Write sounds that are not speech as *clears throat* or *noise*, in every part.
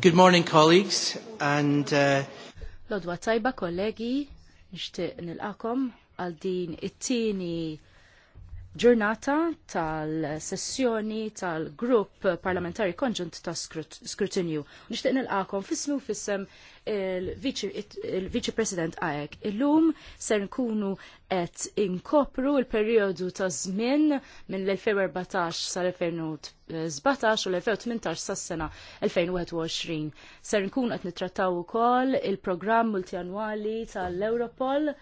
Good morning, colleagues, and... Uh... Lodwa tajba, kollegi, nishtiq nil-akom għal din it-tini ġurnata tal-sessjoni tal-grupp parlamentari konġunt ta' skrutinju. Nishtiq nilqakom fismi u fissem il-Vice President Aek. Illum ser nkunu qed inkopru il-perjodu ta' żmien minn l-2014 sal-2017 u l-2018 sas-sena 2021. Ser nkunu qed nittrattaw ukoll il-programm multjanwali tal-Europol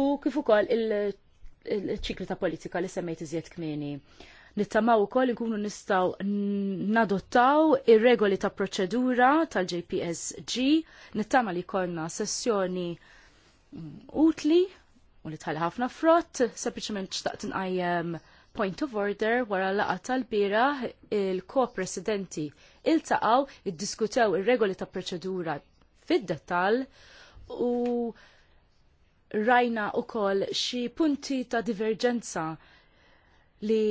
u kif ukoll il- il ċikli ta' politika li semmejt iżjed kmini. Nittamaw ukoll nkunu nistaw nadottaw ir-regoli ta' proċedura tal-JPSG, nittama li konna sessjoni mm, utli u li tħalli ħafna frott, sempliċement xtaqt nqajjem point of order wara laqa tal-bira il-ko-presidenti id iddiskutew ir-regoli ta' proċedura fid-detal u rajna u koll xi punti ta' diverġenza li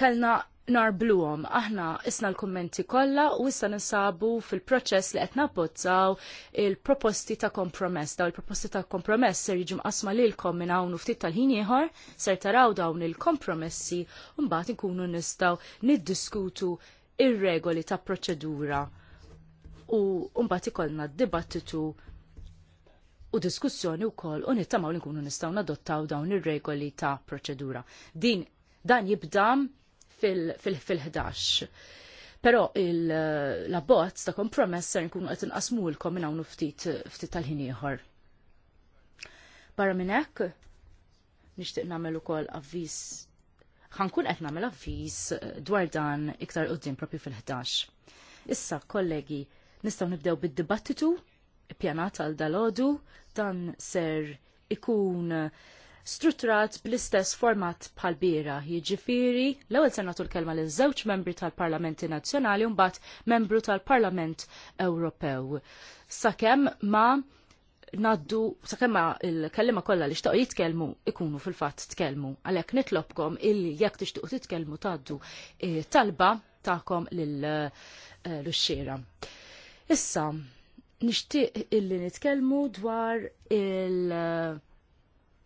kellna narbluhom. Aħna isna l-kommenti kollha u issa ninsabu fil-proċess li qed nabbozzaw il-proposti ta' kompromess. Daw il-proposti ta' kompromess ser jiġu mqasma lilkom minn hawn ftit tal-ħin ieħor, ser taraw dawn il-kompromessi u mbagħad inkunu nistgħu niddiskutu ir-regoli ta' proċedura u mbagħad ikollna d-dibattitu u diskussjoni wkoll u nittamaw li nkunu nistgħu nadottaw dawn ir-regoli ta' proċedura. Din dan jibda fil-11. Pero Però l-abbozz ta' kompromess ser nkunu qed inqasmu lkom minn hawn ftit ftit tal-ħin ieħor. Barra minn hekk nixtieq nagħmel ukoll avviż ħankun qed nagħmel avvis dwar dan iktar qudiem propju fil-11. Issa, kollegi, nistgħu nibdew bid-dibattitu pjanat għal dalodu dan ser ikun strutturat bl-istess format bħal bira, jiġifieri l-ewwel se nagħtu l-kelma l żewġ membri tal-Parlamenti Nazzjonali un mbagħad membru tal-Parlament Ewropew. Sakemm ma naddu sakemm ma il kellima kollha li xtaq jitkellmu ikunu fil-fatt tkellmu. Għalhekk nitlobkom illi jekk tixtuq titkellmu tgħaddu eh, talba tagħkom l-xxiera. Eh, Issa, nixtieq illi nitkellmu dwar il-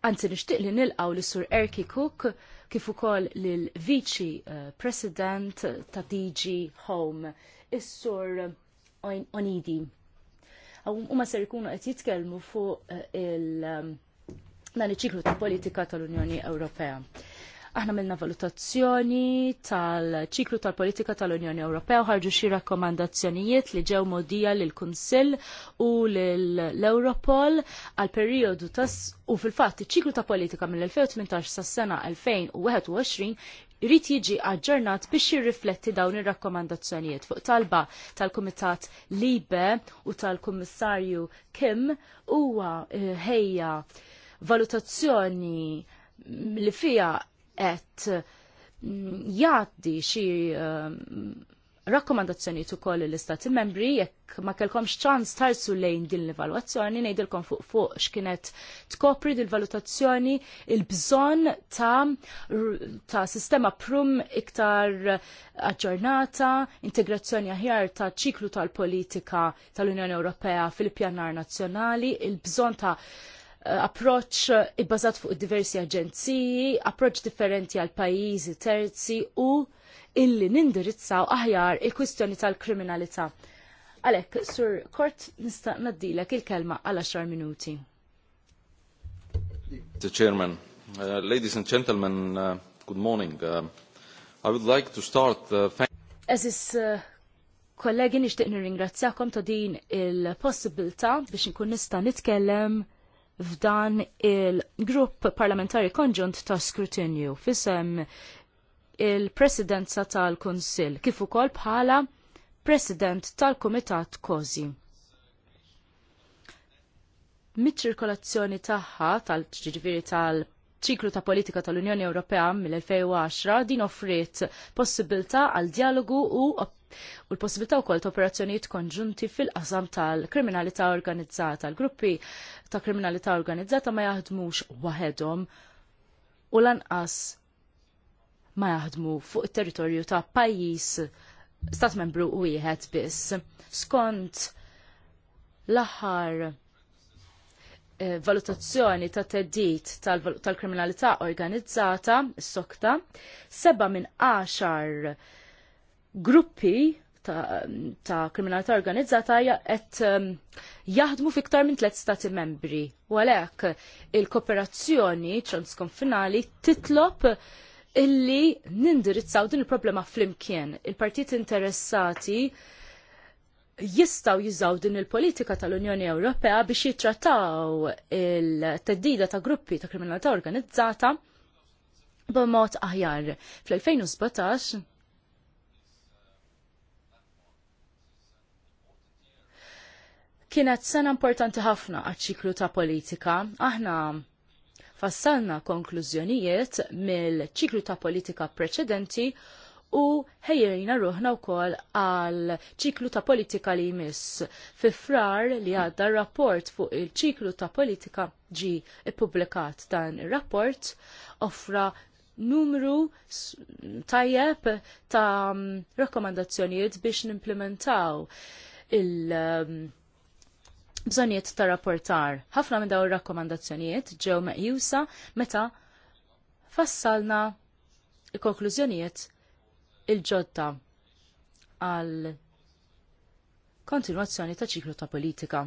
Anzi, nixtieq li nilqaw li sur Erki Cook kif ukoll lil viċi eh, President ta' DG Home, is-sur Onidi. Huma ser ikunu qed jitkellmu fuq eh, il- eh, dan iċ-ċiklu ta' politika tal-Unjoni Ewropea. Aħna milna valutazzjoni tal-ċiklu tal-politika tal-Unjoni Ewropea u ħarġu xi rakkomandazzjonijiet li ġew modija lil kunsill u l-Europol għal periodu tas u fil-fatt iċ-ċiklu ta' politika mill-2018 sas-sena 2021 rrit jiġi aġġornat biex jirrifletti dawn ir-rakkomandazzjonijiet fuq talba tal-Kumitat Libe u tal-Kummissarju Kim huwa eh, ħejja valutazzjoni li fija qed mm, jgħaddi xi ehm, rakkomandazzjoni ukoll l-istati membri jekk ma kellkomx ċans tarsu lejn din l-evalwazzjoni ngħidilkom fuq fuq x'kienet tkopri din valutazzjoni il-bżonn ta' ta' sistema prum iktar aġġornata, integrazzjoni aħjar ta' ċiklu tal-politika tal-Unjoni Ewropea fil-pjanar nazzjonali, il-bżonn ta' Eh, approċ eh, ibbażat fuq diversi aġenziji, approċ differenti għal pajjiżi terzi u illi nindirizzaw aħjar il-kwistjoni tal-kriminalità. Għalek, sur kort nista' naddilek il-kelma għal 10 minuti. Mr. Chairman, uh, ladies and gentlemen, uh, good morning. Uh, I would like to start uh, thank Aziz uh, kollegi nixtieq nirringrazzjakom ta' din il-possibilità biex inkun nista' nitkellem f'dan il-grupp parlamentari konġunt ta' skrutinju fisem il-presidenza tal-Kunsill kif ukoll bħala president tal-Kumitat Kozi. Mit-ċirkolazzjoni tagħha tal-ġiġifieri tal ċiklu ta' politika tal-Unjoni Ewropea mill-2010 din offrit possibilta għal dialogu u u l-possibilità wkoll ta' operazzjonijiet konġunti fil-qasam tal-kriminalità organizzata. L-gruppi ta' kriminalità organizzata ma jaħdmux waħedhom u lanqas ma jaħdmu fuq it-territorju ta' pajjiż stat membru wieħed biss. Skont l-aħħar eh, valutazzjoni ta' teddit tal-kriminalità organizzata, s-sokta, seba minn 10 gruppi ta', ta kriminalità organizzata qed um, jaħdmu fiktar minn tliet stati membri. U għalhekk il-kooperazzjoni transkonfinali titlob illi nindirizzaw din il-problema flimkien. Il-partit interessati jistaw jizzaw din il-politika tal-Unjoni Ewropea biex jitrataw il-teddida ta' gruppi ta' kriminalità organizzata b'mod aħjar. Fl-2017 Kienet sena importanti ħafna għal ċiklu ta' politika. Aħna fassalna konklużjonijiet mill-ċiklu ta' politika preċedenti u ħejjerina ruħna wkoll għal ċiklu ta' politika li jmiss. Fi frar li għadda rapport fuq il-ċiklu ta' politika ġi ippubblikat dan ir-rapport offra numru tajjeb ta' mm, rakkomandazzjonijiet biex nimplementaw il- mm, bżonijiet ta' rapportar. Ħafna minn dawn ir-rakkomandazzjonijiet ġew meqjusa meta fassalna il-konklużjonijiet il-ġodda għal kontinuazzjoni ta' ċiklu ta' politika.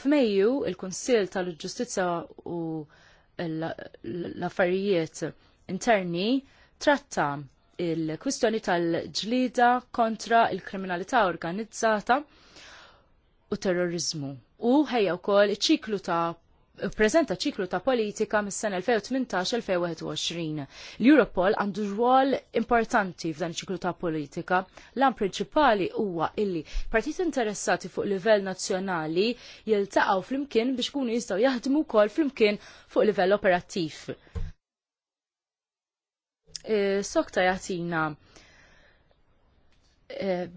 F'Mejju, il-Kunsil tal-Ġustizza u l-affarijiet interni tratta il-kwistjoni tal-ġlida kontra il-kriminalità organizzata u terrorizmu. U ħejja wkoll iċ-ċiklu ta' prezenta ċiklu ta' politika mis-sena 2018-2021. L-Europol għandu rwol importanti f'dan ċiklu ta' politika. l għan prinċipali huwa illi partit interessati fuq livell nazzjonali jiltaqgħu flimkien biex kunu jistgħu jaħdmu wkoll flimkien fuq livell operattiv E, sokta jatina e,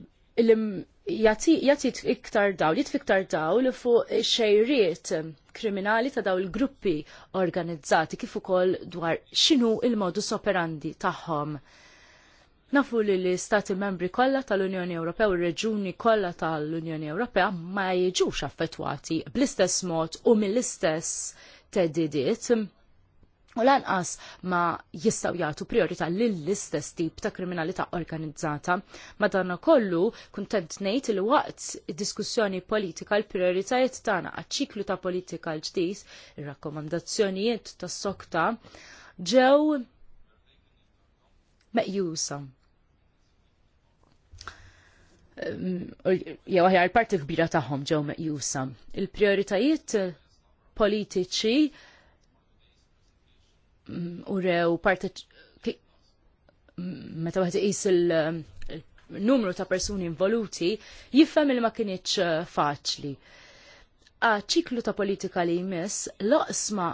jatit iktar dawl, jitfiktar dawl fuq xejriet kriminali ta' daw il-gruppi organizzati kif ukoll dwar xinu il-modus operandi tagħhom. Nafu li l-Stati membri kollha tal-Unjoni Ewropea u r-Reġuni kollha tal-Unjoni Ewropea ma jiġux affettwati bl-istess mod u mill-istess tedidiet u lanqas ma jistaw jagħtu priorità lill-istess tip ta' kriminalità organizzata. Madonna kollu kuntent ngħid li waqt id-diskussjoni politika l-prioritajiet tagħna għaċ-ċiklu ta' politika l-ġdid, ir-rakkomandazzjonijiet tas-sokta ġew meqjusa. Ehm, jew aħjar parti kbira tagħhom ġew meqjusa. Il-prioritajiet politiċi u rew meta wieħed iqis il-numru ta' persuni involuti, jifhem li ma kienieċ eh, faċli. A ċiklu ta' politika li jmiss, laqsma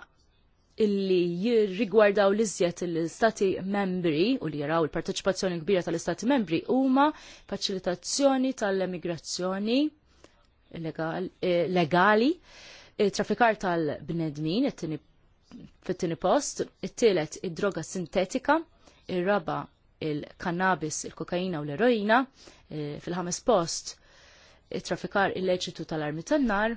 illi jirrigwardaw l-iżjed l-istati membri u li jaraw il-parteċipazzjoni kbira tal-istati membri huma faċilitazzjoni tal-emigrazzjoni eh, legali, trafikar eh, traffikar tal-bnedmin, it-tini fit-tieni post, it-tielet id-droga sintetika, ir-raba il-kannabis, il-kokaina u l-eroina, e, fil-ħames post it-trafikar illeċitu tal-armi tan-nar,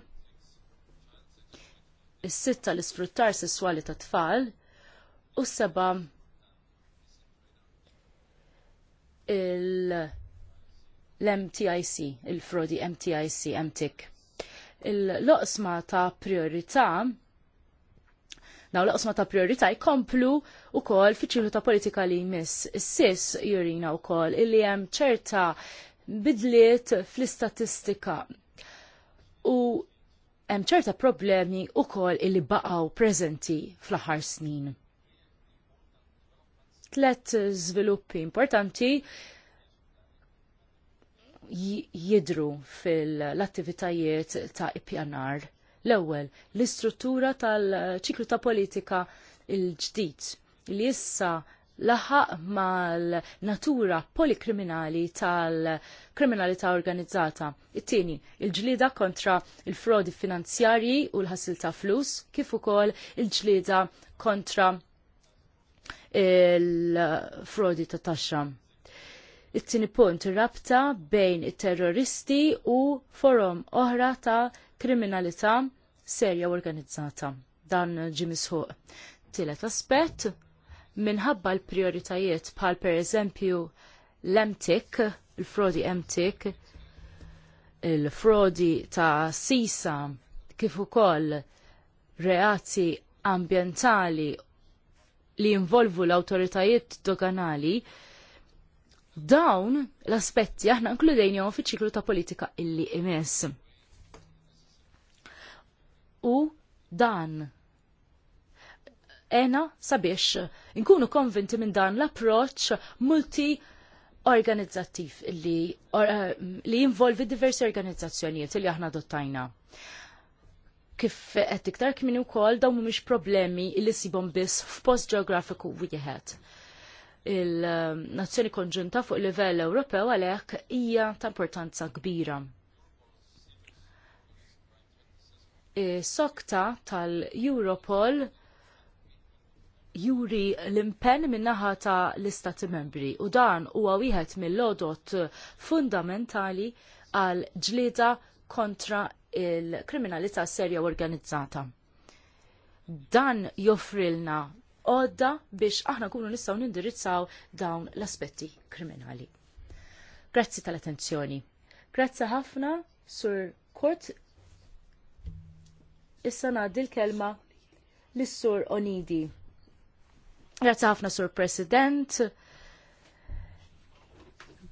is-sitta l-isfruttar sesswali ta' tfal u s-seba l-MTIC, il-frodi MTIC, MTIC. Il-loqsma ta' priorità Naw laqsma ta' priorità jkomplu u kol fiċilu ta' politika li jmiss. Is-sis jurina u kol illi hemm ċerta bidliet fl-istatistika. U hemm ċerta problemi u kol illi baqgħu preżenti fl-aħħar snin tlet zviluppi importanti jidru fil-attivitajiet ta' ipjanar. L-ewwel, l-istruttura tal-ċiklu ta' politika il-ġdid li issa laħaq mal-natura polikriminali tal-kriminalità organizzata. It-tieni, il-ġlida kontra il-frodi finanzjarji u l-ħassil ta' flus, kif ukoll il-ġlida kontra il-frodi ta' taxxa. It-tieni punt, rabta bejn it-terroristi u forum oħra ta' kriminalità serja organizzata. Dan ġimisħuq. Tilet aspett, minħabba l-prioritajiet bħal per eżempju l-emtik, il-frodi MTIC, il frodi mtic il frodi ta' sisa, kif ukoll reati ambientali li involvu l-autoritajiet doganali, dawn l-aspetti aħna inkludejnjom fiċ ċiklu ta' politika illi imess u dan ena sabiex inkunu konvinti minn dan l-approċ multi organizzattiv li, or, uh, li jinvolvi diversi organizzazzjonijiet li aħna dottajna. Kif qed iktar kmini ukoll dawn mhumiex problemi li sibhom biss f'post ġeografiku wieħed. Il-nazzjoni eh, konġunta fuq livell Ewropew għalhekk hija ta' importanza kbira. sokta tal-Europol juri l-impenn min-naħa ta' l-istati membri u dan huwa wieħed mill-lodot fundamentali għal ġlieda kontra il-kriminalità serja organizzata. Dan joffrilna għodda biex aħna kunu nistaw nindirizzaw dawn l-aspetti kriminali. Grazzi tal-attenzjoni. Grazzi ħafna sur Kurt issa ngħaddi l-kelma lis-Sur Onidi. Grazzi ħafna Sur President.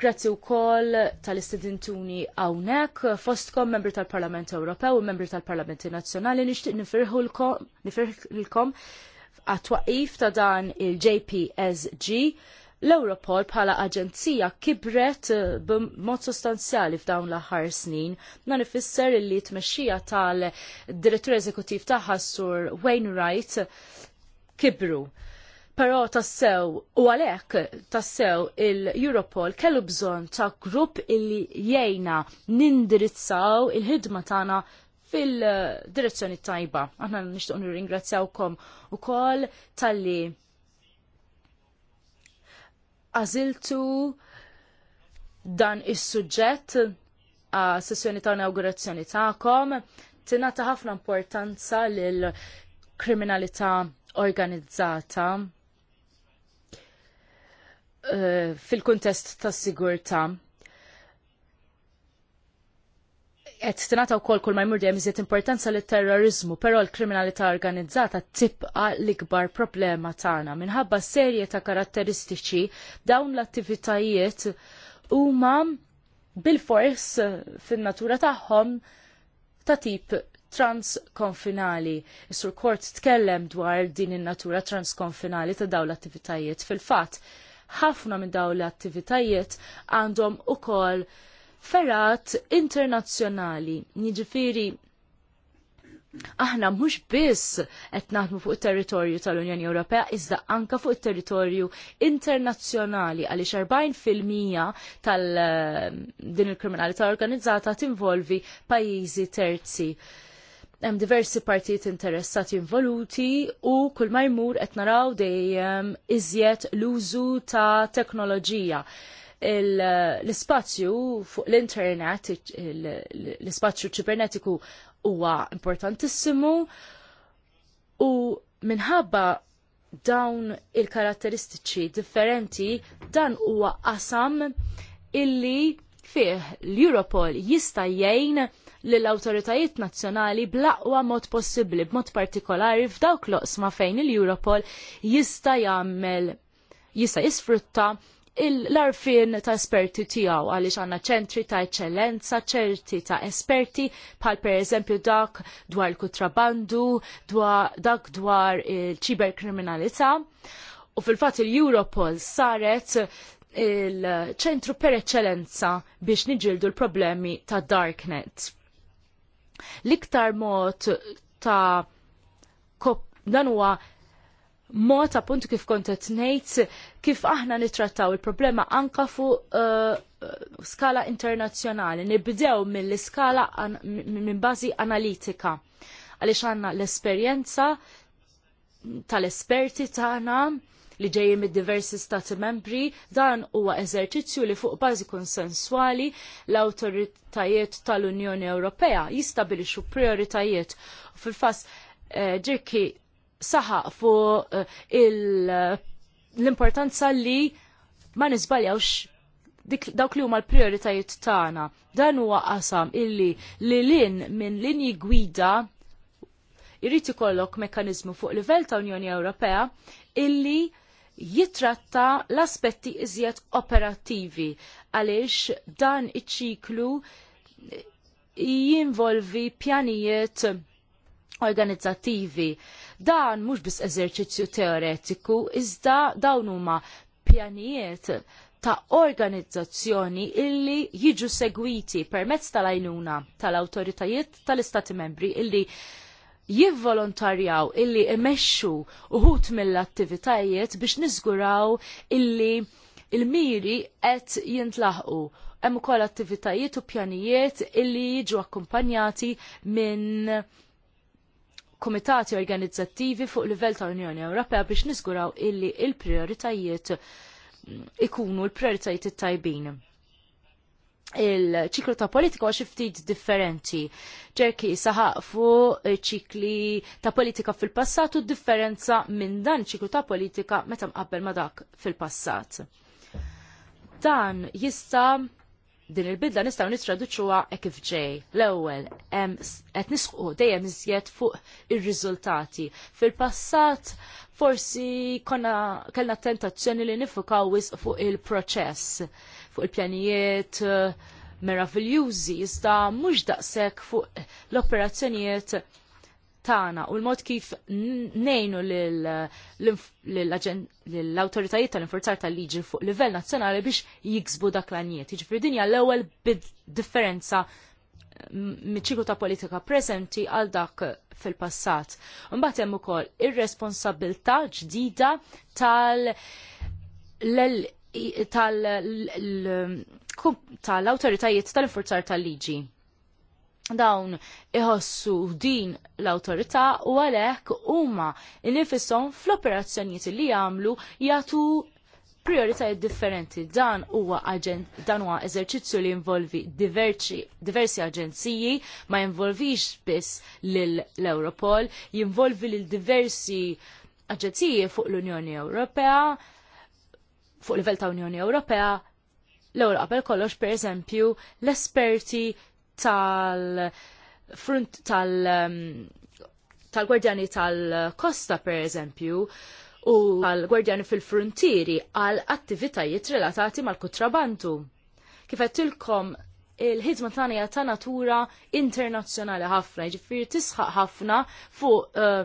Grazzi wkoll tal-istudentuni hawnhekk fostkom membri tal-Parlament Ewropew u membri tal-Parlamenti Nazzjonali nixtieq nifirħilkom għat-twaqif ta' dan il-JPSG l-Europol bħala aġenzija kibret eh, b'mod sostanzjali f'dawn l-aħħar snin. nan ifisser li t tmexxija tal-direttur eżekutiv tagħha sur Wainwright kibru. Però tassew u għalhekk tassew il-Europol kellu bżonn ta' grupp illi jgħinna nindirizzaw il-ħidma tagħna fil-direzzjoni tajba. Aħna nixtieq nirringrazzjawkom ukoll tal-li għażiltu dan is-suġġett għal sessjoni ta' inaugurazzjoni tagħkom tingħata ħafna importanza lil kriminalità organizzata eh, fil-kuntest tas sigurtà qed tingħata wkoll kull ma jmur dejjem iżjed importanza lit terrorizmu, però l-kriminalità organizzata tibqa l-ikbar problema tagħna minħabba serje ta' karatteristiċi dawn l-attivitajiet huma bil-fors fin-natura tagħhom ta' tip transkonfinali. Is-Sur Kort tkellem dwar din in-natura transkonfinali ta' dawn l-attivitajiet fil-fatt ħafna minn dawn l-attivitajiet għandhom ukoll ferat internazzjonali. Jiġifieri aħna mhux biss qed naħdmu fuq it-territorju tal-Unjoni Ewropea iżda anka fuq it-territorju internazzjonali għaliex 40% tal ehm, din il-kriminalità organizzata tinvolvi pajjiżi terzi. Hemm diversi partijiet interessati involuti u kull ma jmur qed naraw dejjem iżjed l-użu ta' teknoloġija Eh, l-spazju fuq l-internet, l-spazju ċibernetiku huwa importantissimu u minħabba dawn il-karatteristiċi differenti dan huwa qasam illi fih l-Europol jista' jgħin lill awtoritajiet nazzjonali blaqwa mod possibbli b'mod partikolari f'dawk l-oqsma fejn il-Europol jista' jagħmel jista' jisfrutta l-arfin ta' esperti tijaw għalix għanna ċentri ta' eccellenza, ċerti ta' esperti pal per eżempju dak dwar il-kutrabandu, dak dwar il-ċiberkriminalità. U fil-fat il-Europol saret il-ċentru per eccellenza biex niġildu l-problemi ta' Darknet. L-iktar mod ta' dan huwa mod appunt kif kont qed ngħid kif aħna nittrattaw il-problema anka fuq uh, uh skala internazzjonali. Nibdew mill-iskala an minn bażi analitika għaliex għandna l-esperjenza tal-esperti tagħna li ġejjin mid-diversi stati membri, dan huwa eżerċizzju li fuq bażi konsensuali l-awtoritajiet tal-Unjoni Ewropea jistabilixu prioritajiet. Fil-fass eh, ġirki saħaq fuq eh, eh, l-importanza li ma nizbaljawx dawk li huma l-prioritajiet tagħna. Dan huwa qasam illi li lin minn linji gwida irrid ikollok mekkaniżmu fuq livell ta' Unjoni Ewropea illi jitratta l-aspetti iżjed operattivi għaliex dan iċ-ċiklu jinvolvi pjanijiet organizzattivi Dan mhux biss eżerċizzju teoretiku, iżda dawn huma pjanijiet ta' organizzazzjoni illi jiġu segwiti permezz tal-għajnuna tal-awtoritajiet tal-istati membri illi jivvolontarjaw illi imexxu uħut mill-attivitajiet biex niżguraw illi il-miri qed jintlaħqu hemm ukoll attivitajiet u pjanijiet illi jiġu akkumpanjati minn komitati organizzattivi fuq livell ta' Unjoni Ewropea biex niżguraw illi il-prioritajiet mm, ikunu l-prioritajiet tajbin il-ċiklu ta' politika għax ftit differenti. Ġerki saħaq fuq ċikli ta' politika fil-passat u differenza minn dan ċiklu ta' politika meta mqabbel ma' dak fil-passat. Dan jista' din il-bidla nistaw nitraduċuha hekk kif ġej. L-ewwel hemm qed nisqu dejjem iżjed fuq ir-riżultati. Fil-passat forsi konna kellna tentazzjoni li nifukaw wisq fuq il-proċess, fuq il-pjanijiet eh, meraviljużi iżda mhux daqshekk fuq l-operazzjonijiet Tana u l-mod kif nejnu l-autoritajiet tal-infurzar tal-liġi fuq livell nazzjonali biex jiksbu dak l anjiet Jiġifieri din hija l-ewwel differenza miċiku ta' politika preżenti għal dak fil-passat. Mbagħad hemm ukoll ir-responsabilità ġdida tal- tal-autoritajiet tal-infurzar tal-liġi dawn iħossu din l-autorità u għalhekk huma nifisom fl-operazzjonijiet li jagħmlu jagħtu prioritajiet differenti. Dan huwa dan huwa eżerċizzju li involvi diversi, diversi aġenziji, ma jinvolvix biss lill-Europol, jinvolvi lil diversi aġenziji fuq l-Unjoni Ewropea, fuq livell ta' Unjoni Ewropea, l-ewwel qabel kollox pereżempju l-esperti tal front tal um, tal-gwardjani tal-kosta per eżempju u tal-gwardjani fil-frontieri għal attivitajiet relatati mal-kutrabantu. Kifet tilkom il-ħidma tagħna ta' natura internazzjonali ħafna, jiġifieri tisħaq ħafna fuq uh,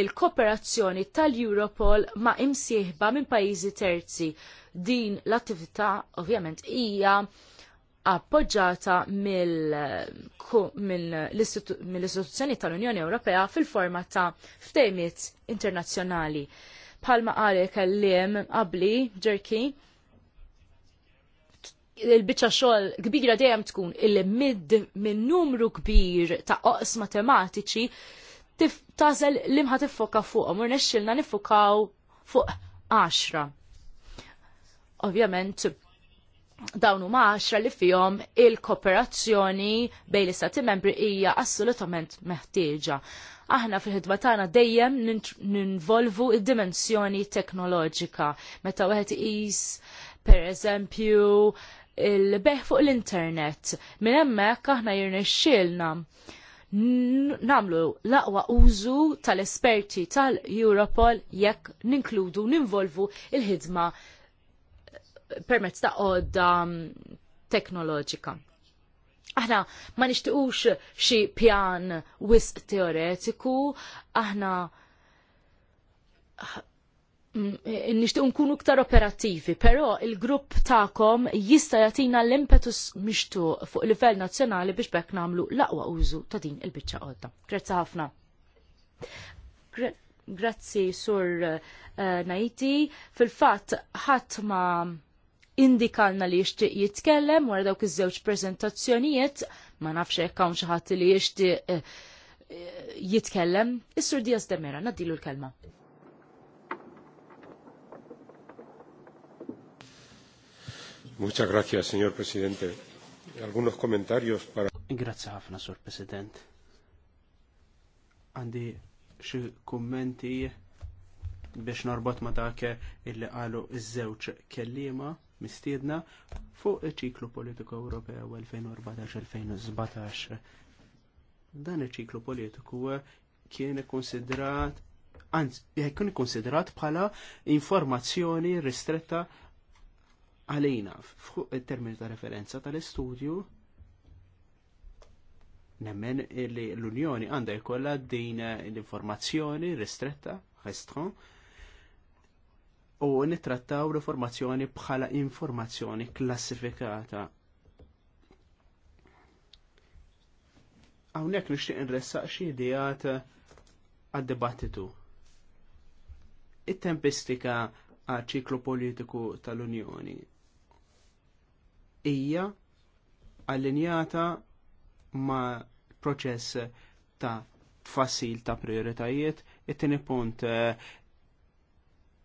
il-kooperazzjoni tal-Europol ma' imsieħba minn pajjiżi terzi. Din l-attività ovvjament hija appoġġata mill-istituzzjoni tal-Unjoni Ewropea fil-forma ta' ftejmiet internazzjonali. Palma għale kellim għabli, ġerki il-bicċa xogħol kbira dejjem tkun il mid minn numru kbir ta' oqs matematiċi tażel limħat tiffoka fuqhom u nexxilna nifokaw fuq 10. Ovvjament, dawn huma għaxra li fihom il-kooperazzjoni bejn l-istati membri hija assolutament meħtieġa. Aħna fil-ħidma tagħna dejjem ninvolvu id-dimensjoni teknoloġika meta wieħed per pereżempju il-beħ fuq l-internet. Minn hemmhekk aħna jirnexxielna namlu l-aqwa użu tal-esperti tal-Europol jekk ninkludu ninvolvu il-ħidma permezz ta' għodda mm, teknoloġika. Aħna ma nixtiqux xi pjan wisq teoretiku, aħna mm, nixtiqu nkunu ktar operattivi, però il-grupp ta'kom jista' jagħtina l-impetus mixtuq fuq livell nazzjonali biex bekk nagħmlu l-aqwa użu ta' din il-biċċa qodda. Grazzi ħafna. Grazzi sur uh, Naiti, fil-fatt ħadd ma' indikalna li jixtieq jitkellem wara dawk iż-żewġ prezentazzjonijiet, ma nafx hekk hawn xi ħadd li jixtieq eh, eh, jitkellem. Is-Sur Diaz Demera, nadilu l-kelma. Muchas gracias, señor presidente. Algunos comentarios para... Grazie ħafna, Sur President. Għandi xi kummenti biex norbot ma dak illi qalu iż-żewġ kellima mistiedna fuq iċ-ċiklu politiku Ewropew 2014-2017. Dan iċ-ċiklu politiku kien ikkonsidrat anzi, jkun ikkonsidrat bħala informazzjoni ristretta għalina fuq il-termini ta' referenza tal-istudju nemmen li l-Unjoni għandha jkollha din l-informazzjoni ristretta restron u nittrattaw l-informazzjoni bħala informazzjoni klassifikata. Hawnhekk nixtieq nressaq xi ideat għad-dibattitu. It-tempistika għal ċiklu politiku tal-Unjoni hija allinjata ma' proċess ta' tfassil ta' prioritajiet, it-tieni punt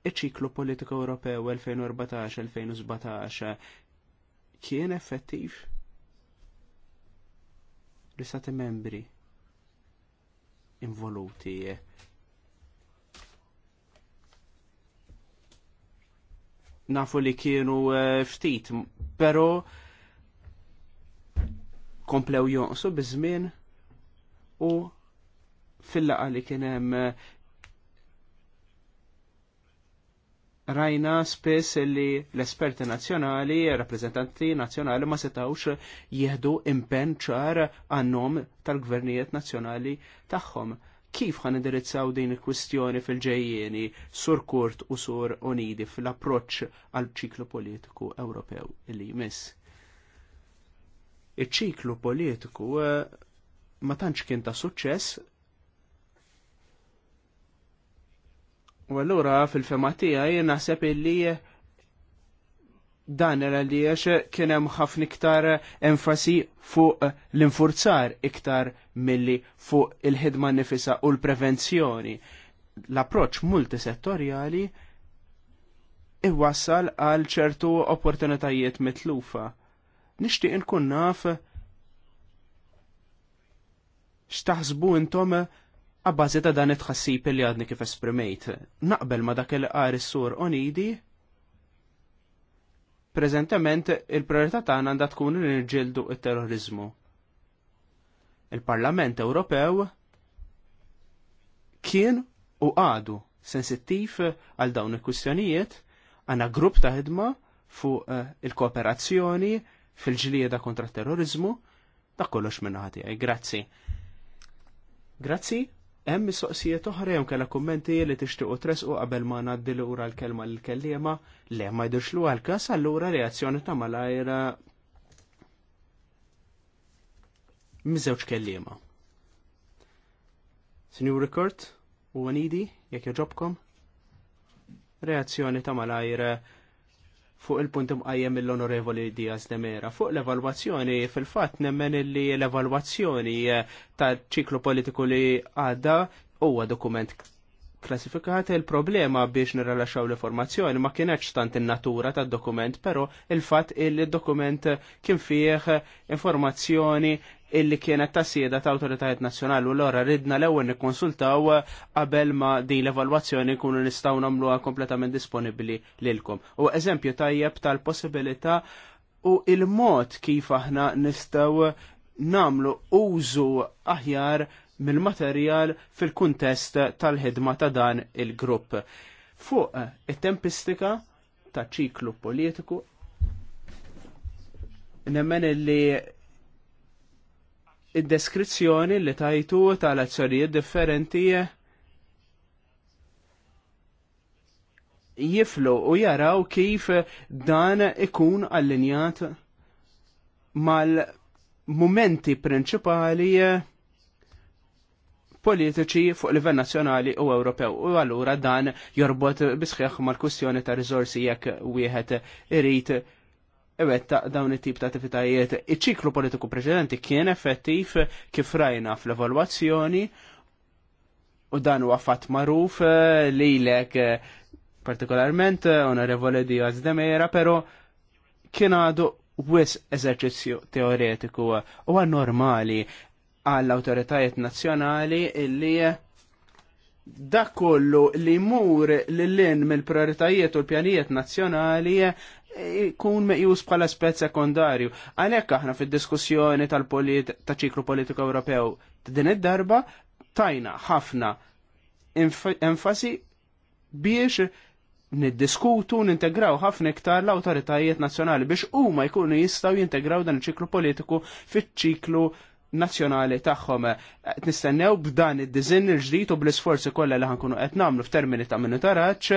iċiklu ċiklu politiku Ewropew 2014-2017 kien effettiv li stati membri involuti nafu li kienu eh, ftit, pero komplew jonqsu bizmin u fil-laqa li kienem rajna spess li l-esperti nazjonali, rappresentanti nazjonali ma setawx jihdu impen ċar għannom tal-gvernijiet nazjonali tagħhom. Kif ħan indirizzaw din il-kwistjoni fil ġejjeni sur kurt u sur onidi fil-approċ għal ċiklu politiku Ewropew li jmiss? Iċ-ċiklu politiku eh, ma tantx kien ta' suċċess U allura fil-fema tiegħi naħseb illi dan era li kien hemm ħafna iktar enfasi fuq l-infurzar iktar milli fuq il-ħidma nifisa u l-prevenzjoni. L-approċ multisettorjali iwassal għal ċertu opportunitajiet mitlufa. Nixtieq inkun naf x'taħsbu intom għabbażi ta' dan it-tħassib li għadni kif esprimejt, naqbel ma dak il-qar is-sur Onidi, Prezentement, il-priorità tagħna għandha tkun li inġildu il terrorizmu Il-Parlament Ewropew kien u għadu sensittiv għal dawn il-kwistjonijiet għandna grupp ta' ħidma fuq eh, il-kooperazzjoni fil-ġlieda kontra terrorizmu, ta' kollox minnaħati. Grazzi. Grazzi, Hemm mistoqsijiet oħra jew kellha kummenti li tixtiequ tresqu qabel ma ngħaddi lura l-kelma l kelliema le ma jdirxlu għal każ allura reazzjoni ta' malajra miżewġ kelliema. Sinju Rikort u Anidi, jekk joġobkom? Reazzjoni ta' malajra fuq il-punt imqajjem mill-Onorevoli Diaz de Mera. Fuq l-evalwazzjoni, fil-fatt nemmen li l-evalwazzjoni eh, ta' ċiklu politiku li għadda huwa dokument klassifikat il-problema biex nirrelaxaw l-informazzjoni ma kienx tant in-natura tad-dokument, però il-fatt il-dokument kien fih informazzjoni illi kienet ta' sieda ta' autoritajiet nazjonali u l-ora ridna l-ewwel nikkonsultaw qabel ma din l-evalwazzjoni kunu nistgħu nagħmluha kompletament disponibbli lilkom. U eżempju tajjeb tal-possibilità u il-mod kif aħna nistgħu namlu użu aħjar mill-materjal fil-kuntest tal-ħidma ta' dan il-grupp. Fuq it-tempistika ta' ċiklu politiku, nemmen li id-deskrizzjoni li tajtu tal-azzjonijiet differenti jiflu u jaraw kif dan ikun allinjat mal-momenti prinċipali politiċi fuq livell nazzjonali u Ewropew. U allura dan jorbot bisħieħ mal-kwistjoni ta' rizorsi jekk wieħed irid ewet ta' dawn it-tip ta' tifitajiet. Iċ-ċiklu politiku preċedenti kien effettiv kif rajna fl-evalwazzjoni u dan huwa fatt magħruf eh, lilek eh, partikolarment eh, onorevole di Azdemera, pero kien għadu wis eżerċizzju teoretiku u normali għall autoritajiet nazzjonali illi dak kollu li mur l-lin mill-prioritajiet u l-pjanijiet nazzjonali kun meqjus bħala aspett sekondarju. Għalhekk aħna fid-diskussjoni tal ta' ċiklu politiku Ewropew din id-darba tajna ħafna enfasi biex niddiskutu, nintegraw ħafna iktar l-autoritajiet nazzjonali biex huma jkunu jistgħu jintegraw dan iċ-ċiklu politiku fiċ-ċiklu nazzjonali tagħhom. Qed nistennew b'dan id-diżinn il-ġdid u bl-isforzi kollha li ħankunu qed nagħmlu f'termini ta' minutaraġġ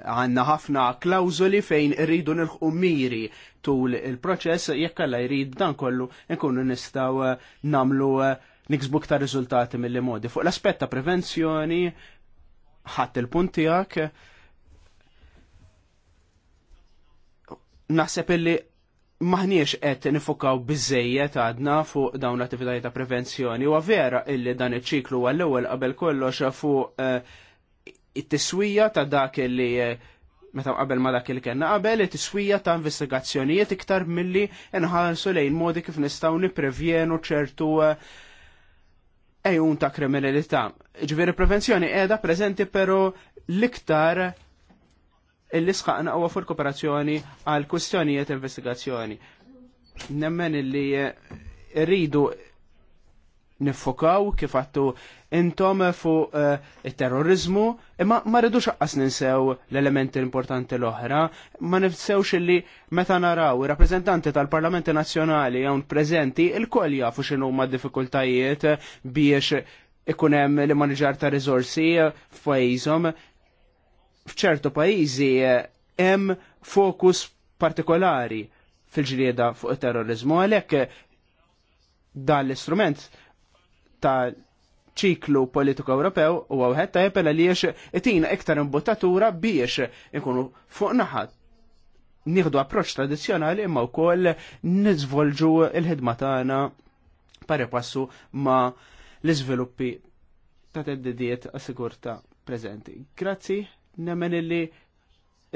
għanna ħafna klawzoli fejn irridu nilħu miri tul il-proċess jekk alla jrid dan kollu nkunu nistaw eh, namlu eh, niksbu ta' riżultati mill modi. Fuq l-aspett ta' prevenzjoni ħadd il-punt tiegħek naħseb illi maħniex qed nifukaw biżejjed għadna fuq dawn l-attivitajiet ta' prevenzjoni u vera illi dan iċ-ċiklu għall-ewwel qabel kollox fuq eh, it-tiswija ta' dak li eh, meta qabel ma dak li kena qabel it-tiswija ta' investigazzjonijiet iktar milli nħarsu lejn modi kif nistgħu nipprevjenu ċertu eh, ejun ta' kriminalità. Ġviri prevenzjoni qiegħda preżenti però l-iktar illi sqaqna huwa fuq kooperazzjoni għal kwistjonijiet investigazzjoni. Nemmen illi eh, rridu nifokaw kif għattu intom fuq eh, il-terrorizmu, imma ma rridux aqqas ninsew l-elementi importanti l-oħra, ma nifsewx illi meta naraw rappresentanti tal-Parlamenti Nazzjonali hawn prezenti, il-koll jafu xinu ma' diffikultajiet biex ikun hemm li manġar ta' riżorsi f'pajjiżhom. F'ċertu pajjiżi eh, hemm fokus partikolari fil-ġlieda fuq it-terrorizmu għalhekk dan l-istrument ta' ċiklu politiku Ewropew u għawħed ta' jepela li jiex itina iktar imbottatura biex ikunu fuq naħat nieħdu approċ tradizjonali imma wkoll nizvolġu il-ħidma tagħna pari passu ma l-iżviluppi ta' teddidiet għas-sigurta preżenti. Grazzi, nemmen illi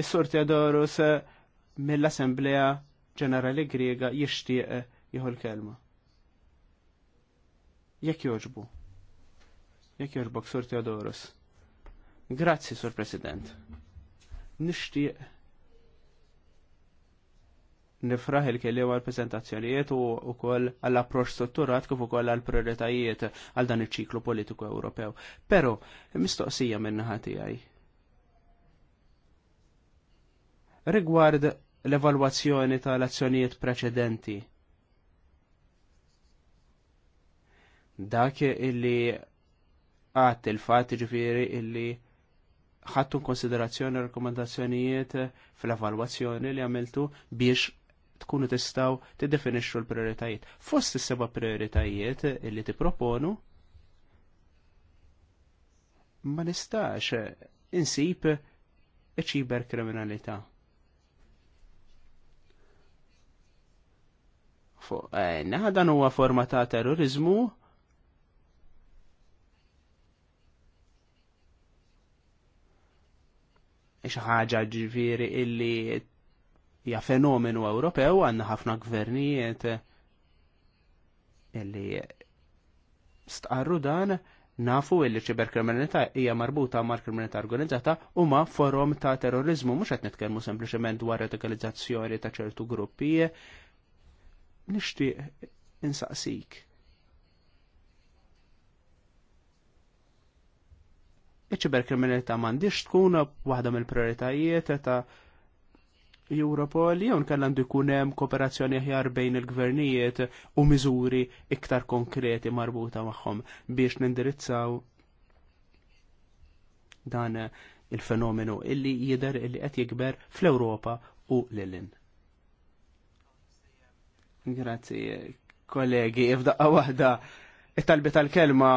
s sorti għadorus mill-Assemblea Ġenerali Griega jixtieq jieħu l-kelma. Jekk joġbu. Jekk joġbok, Sur Teodorus. Grazzi, Sur President. Nishtiq nifraħ il-kelli għal prezentazzjonijiet u wkoll għall approċċ strutturat kif ukoll għall prioritajiet għal dan iċ-ċiklu politiku Ewropew. Però mistoqsija minn naħa tiegħi. Rigward l-evalwazzjoni tal-azzjonijiet preċedenti dak illi għat il-fat ġifiri illi ħattu konsiderazzjoni rekomendazzjonijiet fil-evalwazzjoni li għamiltu biex tkunu tistaw tiddefinixxu l-prioritajiet. Fost s seba prioritajiet li tipproponu ma nistax insib iċiber kriminalità. Fuq, eh, huwa forma ta' terrorizmu xi ħaġa ġifieri illi hija fenomenu Ewropew għandna ħafna gvernijiet illi stqarru dan nafu illi ċiberkriminalità hija marbuta mal kriminalità organizzata u ma forum ta' terrorizmu mhux qed nitkellmu sempliċement dwar radikalizzazzjoni ta' ċertu gruppi. Nixtieq insaqsik. iċ kriminalità m'għandix tkun waħda mill-prioritajiet ta' Europol jew kellha għandu jkun hemm kooperazzjoni aħjar bejn il-gvernijiet u miżuri iktar konkreti marbuta magħhom biex nindirizzaw dan il-fenomenu illi jidher illi qed jikber fl-Ewropa u lilin. Grazzi kollegi, ifdaqqa waħda it-talbi tal-kelma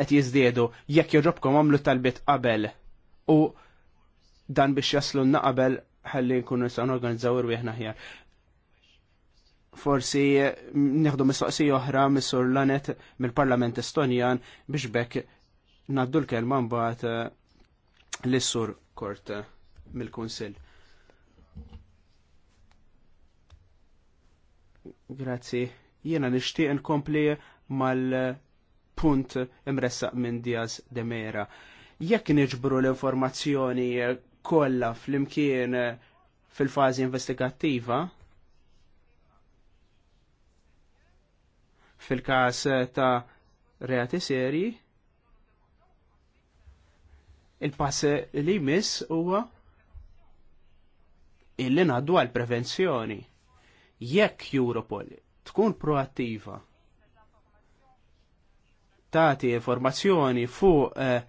qed jiżdiedu jekk jogħġobkom għamlu talbiet qabel u dan biex jaslu na qabel ħalli nkunu nistgħu organizzaw irwieħna ħjar. Forsi mm, nieħdu mistoqsija oħra mis-Sur Lanet mill-Parlament Estonjan biex bekk naddu l-kelma mbagħad eh, l-issur Kort eh, mill-Kunsill. Grazzi. Jiena nixtieq nkompli mal- punt imressaq minn Diaz de Mera. Jekk niġbru l-informazzjoni kollha fl-imkien fil-fażi investigattiva, fil-każ ta' reati serji, il-pass li jmiss huwa illi ngħaddu għal prevenzjoni. Jekk Europol tkun proattiva tagħti informazzjoni fuq xinumma eh,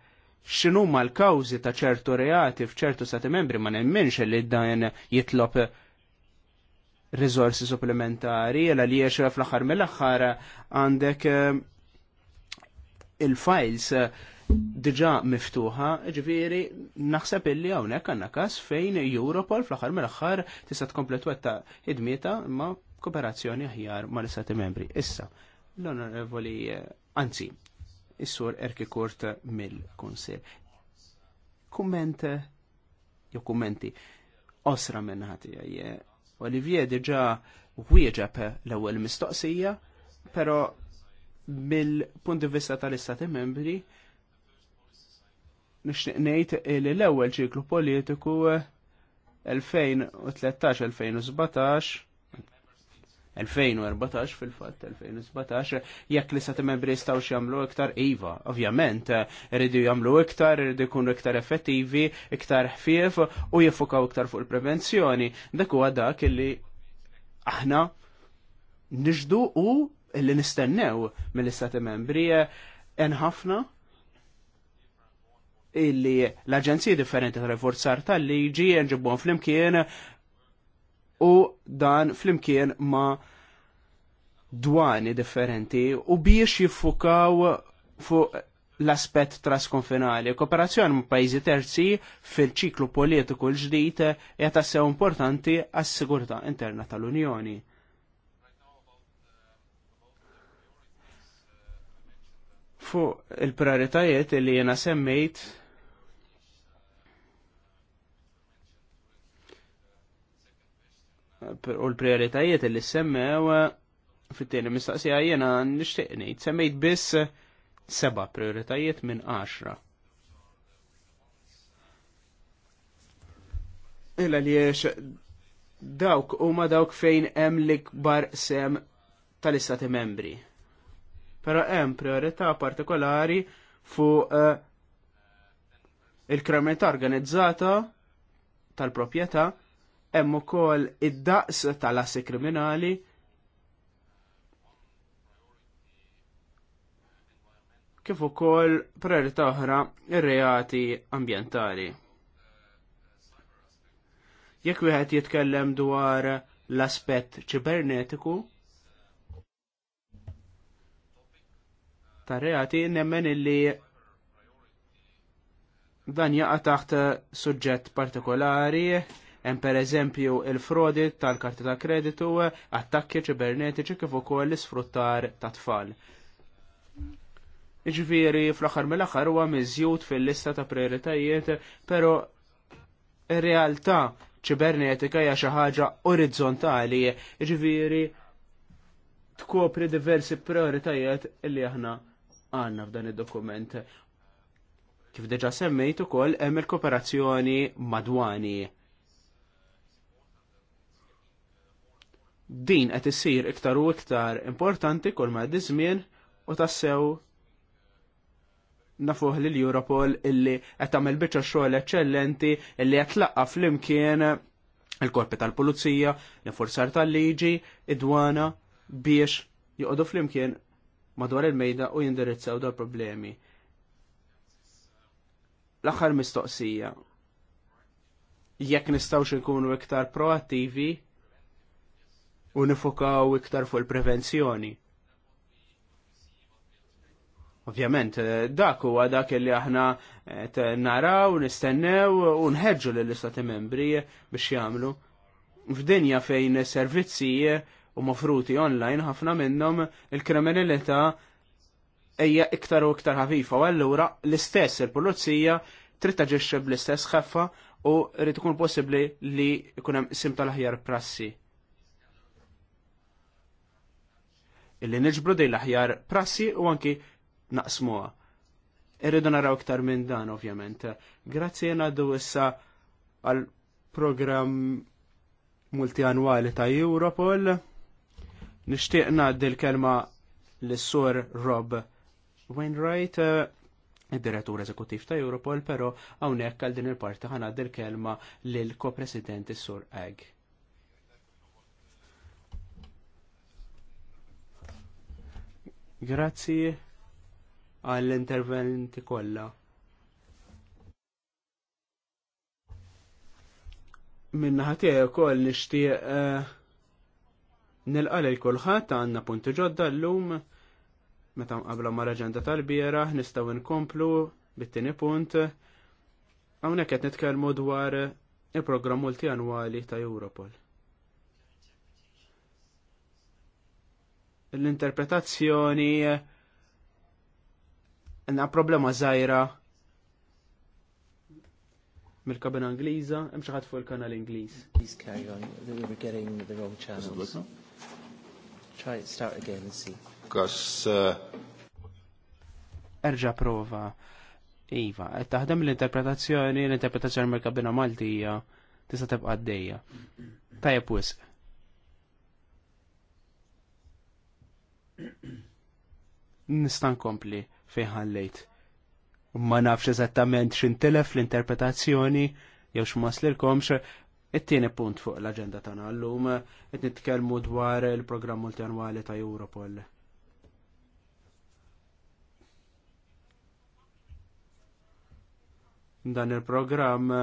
x'inhuma l-kawżi ta' ċertu reati f'ċertu stati membri ma nemminx li dan jitlob risorsi supplementari jela li jiex fl-aħħar mill-aħħar għandek eh, il-files eh, diġa miftuħa, ġviri, naħseb illi hawnhekk għandna każ fejn Europol fl-aħħar mill-aħħar tista' tkompletu id-mieta ma' kooperazzjoni aħjar mal istati membri. Issa, l-onorevoli, anzi, is-sur Erki Kort mill-Kunsil. Kumment jo kummenti osra minn ħatija. Olivier diġà wieġeb l-ewwel mistoqsija, però mill-punt di vista tal-istati membri nixtieq ngħid li l-ewwel ċiklu politiku 2013-2017 eh, 2014 fil-fatt 2017 jekk li sa membri jistgħu jagħmlu iktar iva. Ovvjament eh, irridu jagħmlu iktar, irridu jkunu iktar effettivi, iktar ħfief u jiffukaw iktar fuq il-prevenzjoni. Dak huwa dak li aħna nixdu u illi nistennew mill-istati membri eh, enħafna illi l-Aġenziji differenti tal-Reforzar tal-Liġi fl flimkien u dan flimkien ma' dwani differenti u biex jiffukaw fuq l-aspett trasconfinali. Kooperazzjoni ma' pajjiżi terzi fil-ċiklu politiku l-ġdid hija tassew importanti għas-sigurtà interna tal-Unjoni. Fuq il-prioritajiet li jena semmejt u l-prioritajiet li semmew eh, fit-tieni mistaqsija jiena nixtieq ngħid semmejt biss seba' prioritajiet minn għaxra. Illa li dawk huma dawk fejn hemm l-ikbar sem tal-istati membri. Però hemm priorità partikolari fuq eh, il-kriminalità organizzata tal-proprjetà hemm ukoll id-daqs tal-assi kriminali kif ukoll priorità oħra ir-reati ambjentali. Jekk wieħed jitkellem dwar l-aspett ċibernetiku tar reati nemmen illi dan jaqa' taħt suġġett partikolari Hemm pereżempju il-frodi tal-karti ta' kreditu, attakki ċibernetiċi kif ukoll l-isfruttar ta' tfal. Iġviri fl-aħħar mill-aħħar huwa miżjud fil-lista ta' prioritajiet, però ir-realtà ċibernetika hija xi ħaġa orizzontali, iġviri tkopri diversi prioritajiet li aħna għanna f'dan id-dokument. Kif deġa semmejt ukoll hemm il-kooperazzjoni madwani. din qed issir iktar u iktar importanti kull ma żmien u tassew nafuħ li l-Europol illi qed tagħmel biċċa xogħol eċċellenti illi qed tlaqqa flimkien il-korpi tal-pulizija, l-forzar tal-liġi, id-dwana biex joqogħdu flimkien madwar il-mejda u jindirizzaw dal problemi. L-aħħar mistoqsija. Jekk nistgħux inkunu iktar proattivi u nifokaw iktar fuq il-prevenzjoni. Ovvjament, eh, dak huwa dak li aħna eh, naraw, nistennew u nħeġġu lill-istati membri biex jagħmlu. F'dinja fejn servizzi eh, u mofruti online ħafna minnhom il-kriminalità hija iktar u iktar ħafifa u allura l-istess il-pulizija trid taġixxi bl-istess ħeffa u rrid ikun possibbli li jkun hemm sim tal-aħjar prassi. illi niġbru dej l-aħjar prassi u anki naqsmuha. Irridu naraw iktar minn dan, ovvjament. Grazzi għadu issa għal programm multianwali ta' Europol. Nishtiq naddi l-kelma l-sur Rob Wainwright, eh, id-direttur eżekutiv ta' Europol, pero għawnek għal din il-parti ħanaddi l-kelma l-ko-president sur Egg. Grazzi għall-interventi kollha. Minna ħatija koll nishtiq eh, il kulħadd għandna punti ġodda llum meta qabla mal-aġenda tal-biera nistgħu nkomplu bit-tieni punt hawnhekk qed nitkellmu dwar il-programm multianwali ta' Europol. l-interpretazzjoni għanna problema zaħira mill-kabina Angliza, hemm xi fuq il-kanal Ingliż. Please carry on. We were getting the wrong channels. Try it, start again and see. Because uh... Erġa' prova. Iva, taħdem l-interpretazzjoni, l-interpretazzjoni mill-kabina Maltija tista' tebqa' għaddejja. Tajjeb wisq. *clears throat* Nista' nkompli fejn ħallejt. Ma nafx eżattament x'intilef l-interpretazzjoni jew x'maslilkomx it-tieni punt fuq l-aġenda tagħna llum qed nitkellmu dwar il-programm multjanwali ta' Europol. Dan il-programm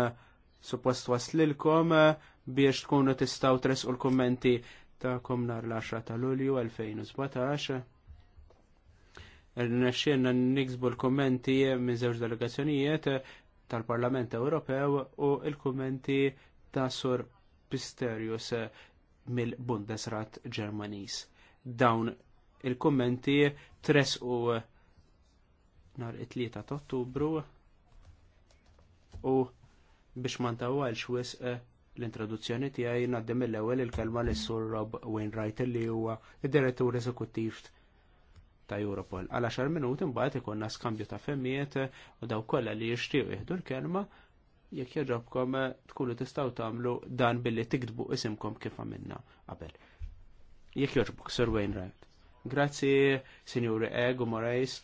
suppost waslilkom biex tkunu tistaw tresqu l-kommenti ta' komnar l-10 ta' Lulju 2017. Rnexxielna niksbu l-kummenti minn żewġ delegazzjonijiet tal-Parlament Ewropew u l-kummenti ta' Sur Pisterius mill-Bundesrat Ġermaniż. Dawn il-kummenti u nhar it-tlieta ta' Ottubru u biex ma ntawalx wisq l-introduzzjoni tiegħi ngħaddim mill-ewwel il-kelma lis sur Rob Wainwright li huwa id-direttur eżekuttiv ta' Europol. Għal xar minuti mbagħad ikunna skambju ta' femmijiet u daw kollha li jixtiequ jieħdu l-kelma jekk jaġobkom tkunu tistgħu tagħmlu dan billi tiktbu isimkom kif għamilna qabel. Jekk jogħġbok, Sir Wainwright. Grazzi, Sinjuri Eg u Morais,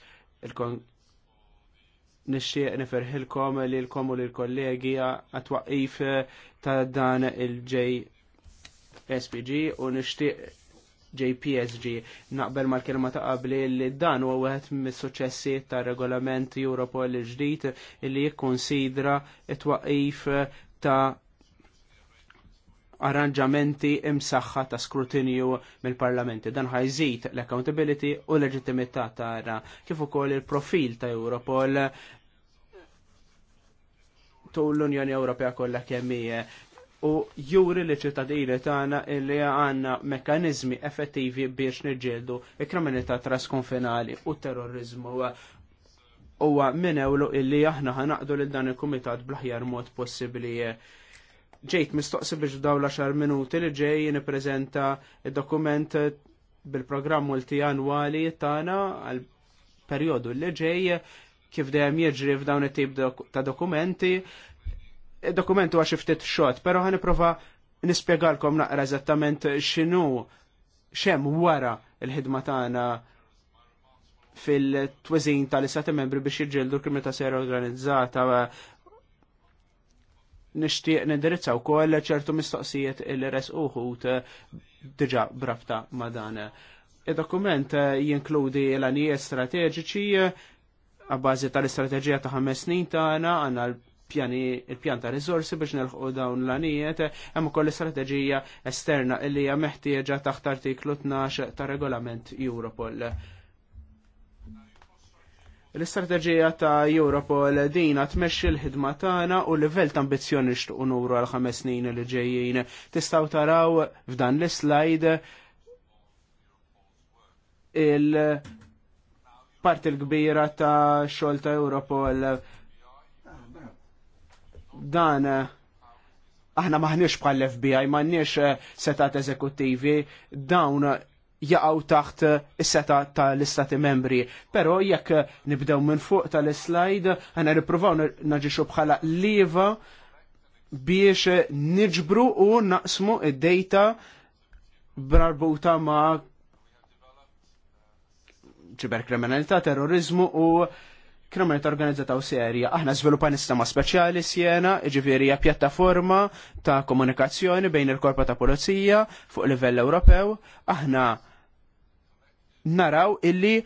nixtieq nifirħilkom li l-kom u l-kollegi għatwaqif ta' dan il-JSPG u nixtieq JPSG. Naqbel mal-kelma ta' qabli li dan huwa wieħed mis-suċessi ta' regolament Europol il-ġdid li jikkonsidra it-twaqif ta' arranġamenti msaħħa ta' skrutinju mill-parlamenti. Dan ħajżid l-accountability u l-leġittimità tara kif ukoll il-profil ta' Europol tu l-Unjoni Ewropea kollha kemm u juri li ċittadini tagħna li għandna mekkaniżmi effettivi biex niġġieldu il-kriminalità trasconfinali u terrorizmu huwa minn ewlu illi aħna ħanaqdu lil dan il-kumitat bl-aħjar mod possibbli ġejt mistoqsi biex daw l-10 minuti li ġej nippreżenta il dokument bil-programm multi annwali tagħna għal perjodu li ġej kif dejjem jiġri f'dawn it-tip ta' dokumenti. il dokument huwa xi ftit xogħod, però ħa nipprova nispjegalkom naqra eżattament x'inhu xem wara l-ħidma tagħna fil twizin tal-istati membri biex jġildu l-kriminalità sera organizzata nishtiq nindirizza wkoll ċertu mistoqsijiet il-res uħut eh, diġa brabta ma' dan. Il-dokument eh, jinkludi l-anijiet strateġiċi għabbażi eh, tal-istrateġija ta' ħames snin tagħna għandna pjani il-pjan ta' rizorsi biex nelħu dawn l-anijiet, hemm ukoll istrateġija esterna li hija meħtieġa taħt artiklu 12 ta' regolament Europol. L-istrateġija ta' Europol dina tmexxi l-ħidma tagħna u livell ta' ambizzjoni xtuq nuru għal ħames snin li ġejjin. Tistgħu taraw f'dan l-slide il parti l-kbira ta' xogħol ta' Europol dan aħna maħniex bħal FBI, maħniex setat eżekuttivi, dawn jaqgħu taħt eh, is-seta tal-istati membri. Però jekk eh, nibdew minn fuq tal-slide, għana nippruvaw naġixu bħala liva biex eh, niġbru u naqsmu id-data brarbuta ma' ċiberkriminalità, terrorizmu u kriminalità organizzata u serja. Aħna żviluppan nistama speċjali sjena, ġifieri hija pjattaforma ta' komunikazzjoni bejn il-korpa ta' pulizija fuq livell Ewropew. Aħna naraw illi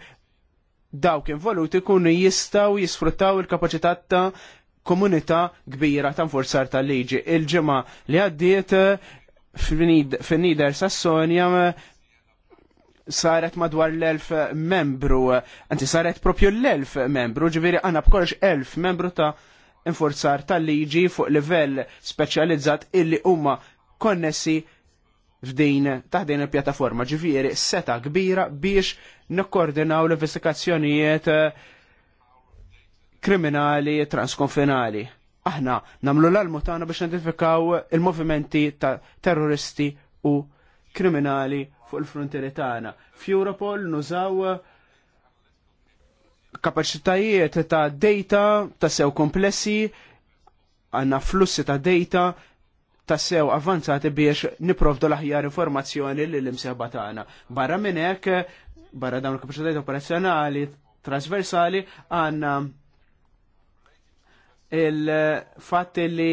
dawk involuti kunu jistaw jisfruttaw il-kapacità ta' komunità kbira ta' forzar tal-liġi. Il-ġemma li għaddiet eh, fil-nider Sassonia eh, saret madwar l-elf membru, għanti eh, saret propju l-elf membru, ġiviri għanna bkorx elf membru ta' enforzar tal-liġi fuq livell speċjalizzat illi huma konnessi f'din taħdin il-pjattaforma ġifieri seta kbira biex nikkoordinaw l-investigazzjonijiet eh, kriminali transkonfinali. Aħna namlu l-almu tagħna biex nidentifikaw il-movimenti ta' terroristi u kriminali fuq il-frontieri tagħna. F'Europol nużaw kapaċitajiet ta' data ta' sew komplessi, għanna flussi ta' data tassew avvanzati biex niprovdu l-aħjar informazzjoni li l-imsebba tagħna. Barra minn hekk, barra dawn il-kapaċitajiet operazzjonali trasversali għandna il-fatt li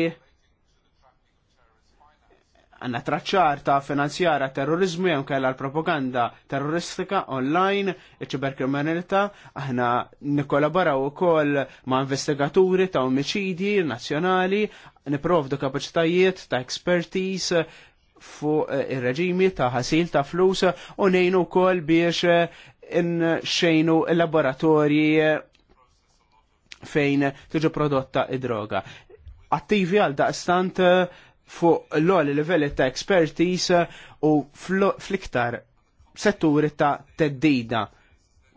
għanna traċċar ta' finanzjara terrorizmu jew kella l-propaganda terroristika online, iċ-ċiberkriminalità, aħna nikkolaboraw ukoll ma' investigaturi ta' omicidi nazzjonali, niprovdu kapaċitajiet ta' expertise fuq eh, ir-reġimi ta' ħasil ta' flus u nejnu wkoll biex eh, xejnu laboratorji eh, fejn tiġi prodotta id-droga. Attivi għal daqstant fuq l-għol livelli ta' expertise u fl-iktar setturi ta' teddida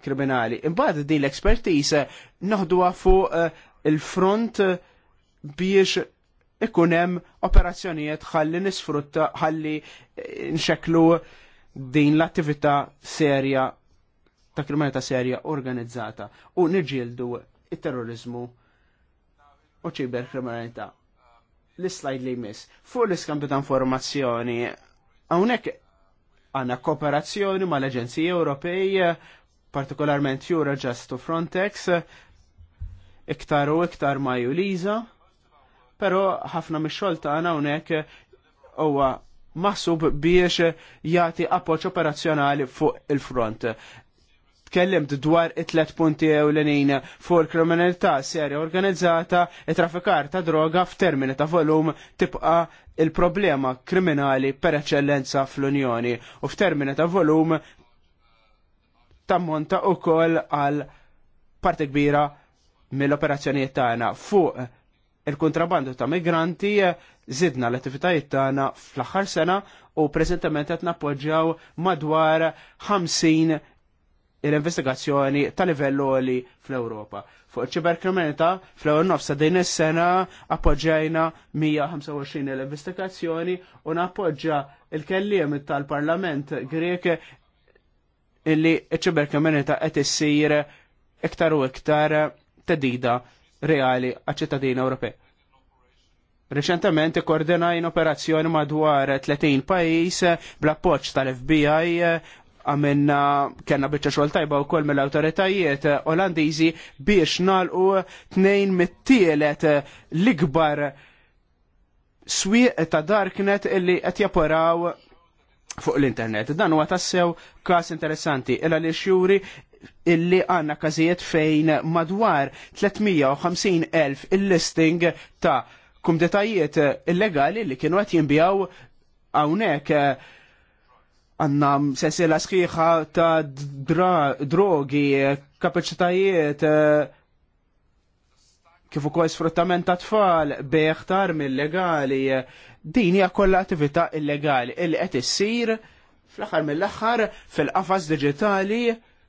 kriminali. Imbagħad din l-expertise noħduha fuq eh, il-front biex ikun hemm operazzjonijiet ħalli nisfrutta ħalli eh, nxeklu din l-attività serja ta' kriminalità serja organizzata u niġieldu it-terrorizmu u ċiberkriminalità l-slide li jmiss. Fuq l-iskambju ta' informazzjoni, hawnhekk għandna kooperazzjoni mal aġenzija Ewropej, partikolarment Just to Frontex, iktar u iktar ma' Juliza, pero ħafna mix-xogħol tagħna hawnhekk huwa maħsub biex jagħti appoġġ operazzjonali fuq il-front tkellimt dwar it-tlet punti ewlenin fuq il-kriminalità serja organizzata e trafikar ta' droga f'termini ta' volum tibqa il-problema kriminali per eccellenza fl-Unjoni u f'termini ta' volum tammonta u koll għal parti kbira mill-operazzjonijiet tagħna fuq il-kontrabandu ta' migranti zidna l-attivitajiet tagħna fl-aħħar sena u preżentament qed nappoġġjaw madwar 50 l-investigazzjoni ta' livellu li fl-Europa. Fuq ċiberkriminalità fl-ewwel nofsa din is-sena appoġġejna 125 l-investigazzjoni u nappoġġja il-kelliem tal-Parlament Grek illi ċiberkriminalità qed issir iktar u iktar tedida reali għaċ-ċittadini Ewropej. Reċentament koordinajn operazzjoni madwar 30 pajis bl-appoċ tal-FBI għamenna kena bieċa xol tajba u kol mill-autoritajiet eh, olandizi biex nalqu tnejn mit-tielet eh, l-ikbar swieq ta' darknet illi qed japoraw fuq l-internet. Dan huwa tassew każ interessanti illa li xjuri illi għanna każijiet fejn madwar 350.000 il-listing ta' kumdetajiet illegali li kienu qed għawnek hawnhekk eh, għanna sensila sħiħa ta' drogi, kapacitajiet, eh, kif ukoll sfruttament ta' tfal beħtar mill illegali, din hija kollha attività illegali illi qed issir fl-aħħar mill-aħħar fil-qafas diġitali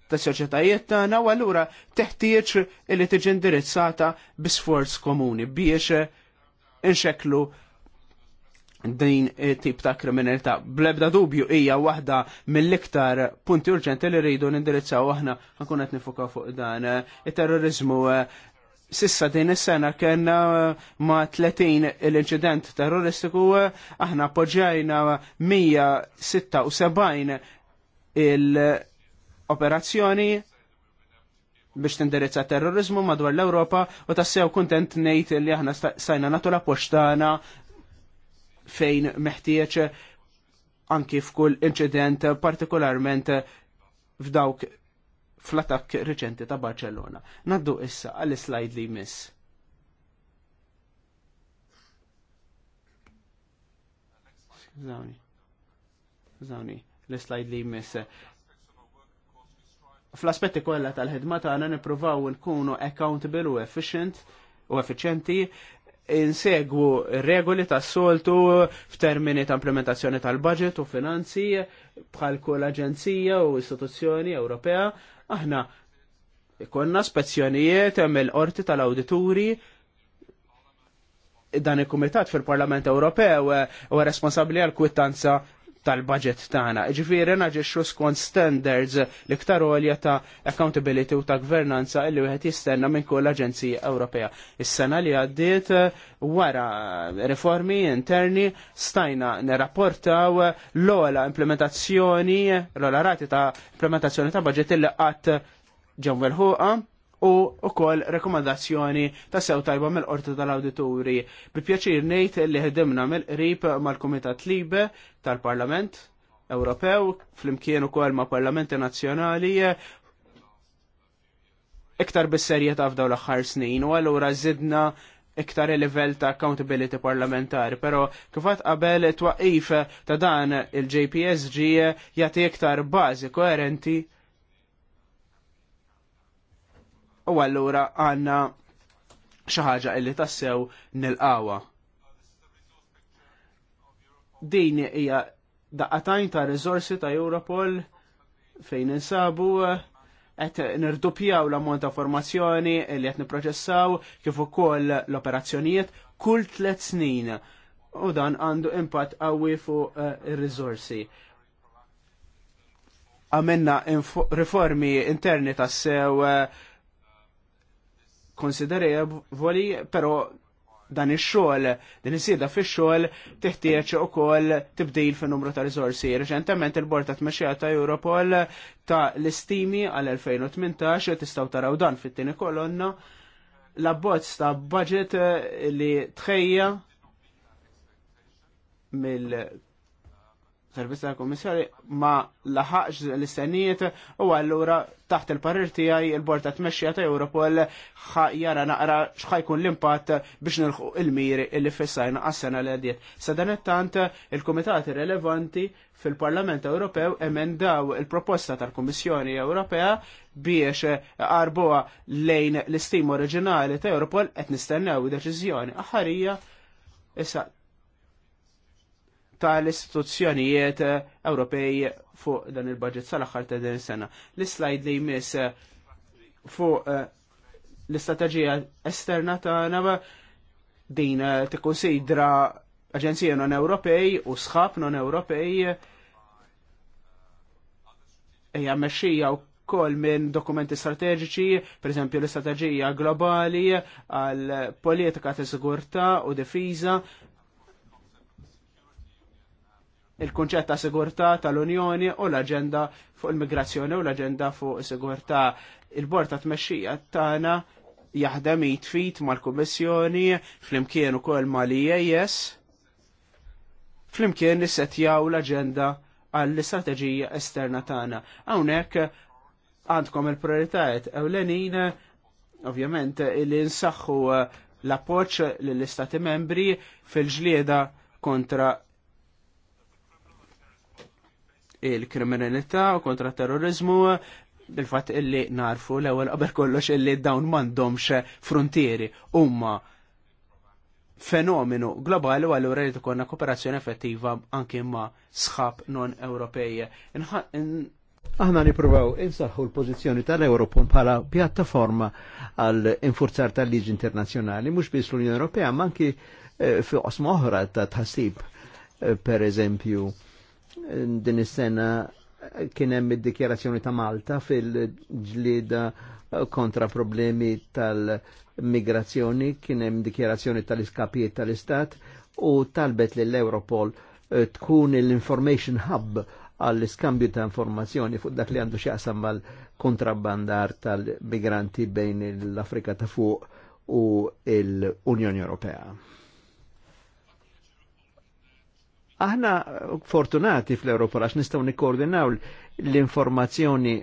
ta' soċjetajiet tagħna u allura teħtieġ illi tiġi indirizzata bi sforz komuni biex inxeklu din tip ta' kriminalità blebda dubju hija waħda mill-iktar punti urġenti li rridu nindirizzaw aħna nkun qed nifuka fuq dan. it terrorizmu eh, sissa din is-sena kellna eh, ma' 30 l-inċident terroristiku eh, aħna appoġġjajna 176 il-operazzjoni biex tindirizza terrorizmu madwar l ewropa u tassew kontent nejt li aħna stajna natu la poċtana fejn meħtieġ anki f'kull inċident partikolarment f'dawk fl-attakk reċenti ta' Barcellona. Naddu issa għall-slide li jmiss. Zawni. Zawni, l-slide li miss. Fl-aspetti kollha tal-ħidma tagħna nippruvaw nkunu accountable u efficient u effiċenti insegwu regoli tas soltu f'termini ta' implementazzjoni tal-budget u finanzi bħal kull aġenzija u istituzzjoni Ewropea. Aħna ikonna spezzjonijiet hemm il-qorti tal-awdituri dan il-Kumitat fil-Parlament Ewropew u responsabbli għal kwittanza tal-budget tagħna. Ġifieri naġixxu skont standards l-iktar għolja ta' accountability u ta' governanza illi wieħed jistenna minn kull aġenzija Ewropea. Is-sena li għaddiet wara riformi interni stajna nirrapportaw l-ola implementazzjoni, l-ola rati ta' implementazzjoni ta' budget illi qatt ġewwel ħuqa u ukoll rekomandazzjoni ta' sew tajba mill-qorti tal-awdituri. Bi pjaċir ngħid li ħdimna mill-qrib mal-Kumitat Libe tal-Parlament Ewropew flimkien ukoll ma' Parlamenti Nazzjonali iktar bis ta' f'daw l-aħħar snin u allura żidna iktar il-level ta' accountability parlamentari, pero kifat qabel twaqif ta' dan il-JPSG jati iktar bazi koerenti u allura għanna xaħġa illi tassew nil-qawa. Din hija daqqatajn ta' rizorsi ta' Europol fejn insabu qed nirdupjaw l-ammont ta' formazzjoni li qed nipproċessaw kif ukoll l-operazzjonijiet kull tliet snin u dan għandu impatt qawwi fuq eh, ir-riżorsi. Għamenna riformi interni tas sew eh, konsiderevoli, pero dan ix-xogħol, din is-sieda fix-xogħol teħtieġ ukoll tibdil fin-numru ta' riżorsi. Reċentement il-Bord ta' Tmexxija ta' Europol ta' l-istimi għal 2018 tistgħu taraw dan fit-tieni kolonna l-abbozz ta' budget li tħejja mill servizz tal kummissjoni ma laħaqx l-istennijiet u allura taħt il-parir tijaj il-bord ta' tmexxija ta' Europol jara naqra x'ħajkun l-impatt biex nilħu il-miri li fissajna għas-sena l-għediet. Sa tant il-kumitati relevanti fil-Parlament Ewropew emendaw il-proposta tal-Kummissjoni Ewropea biex għarboa lejn l-istim oriġinali ta' Europol qed nistennew deċiżjoni aħarija issa tal-istituzzjonijiet eh, Ewropej fuq dan il-budget sal-axħar ta' din sena. L-slide li jmiss eh, fuq eh, l-istrateġija esterna tagħna din tikkonsidra aġenzija non Ewropej u sħab non Ewropej hija mexxija wkoll minn dokumenti strateġiċi, pereżempju l-istrateġija globali għal politika ta' sigurtà u difiża il-kunċett ta' sigurtà tal-Unjoni u l-aġenda fuq il-migrazzjoni u l-aġenda fuq sigurtà il-bord ta' tmexxija tagħna jaħdem jitfit mal-Kummissjoni flimkien ukoll mal-IAS flimkien nissetjaw l-aġenda għall-istrateġija esterna tagħna. Hawnhekk għandkom il l ewlenin ovvjament li nsaħħu l-appoċ l-istati membri fil-ġlieda kontra il-kriminalità u kontra terrorizmu bil-fatt illi narfu l-ewwel qabel kollox illi dawn m'għandhomx frontieri huma fenomenu globali u għallura li tkollna kooperazzjoni effettiva anke ma' sħab non Ewropej. Aħna nipruvaw insaħħu l-pożizzjoni tal-Europol bħala pjattaforma għal infurzar tal-liġi internazzjonali, mhux biss l-Unjoni Ewropea, ma anki eh, fi oħra ta' tħassib, eh, per eżempju, din is-sena kien hemm id-dikjarazzjoni ta' Malta fil-ġlieda kontra problemi tal-migrazzjoni, kien hemm dikjarazzjoni tal-iskapijiet tal-Istat u talbet lill europol eh, tkun l-information hub għall-iskambju ta' informazzjoni fuq dak li għandu xaqsam mal-kontrabbandar tal-migranti bejn l-Afrika ta' fuq u l-Unjoni Ewropea. Aħna fortunati fl-Europa għax nistgħu nikkoordinaw l-informazzjoni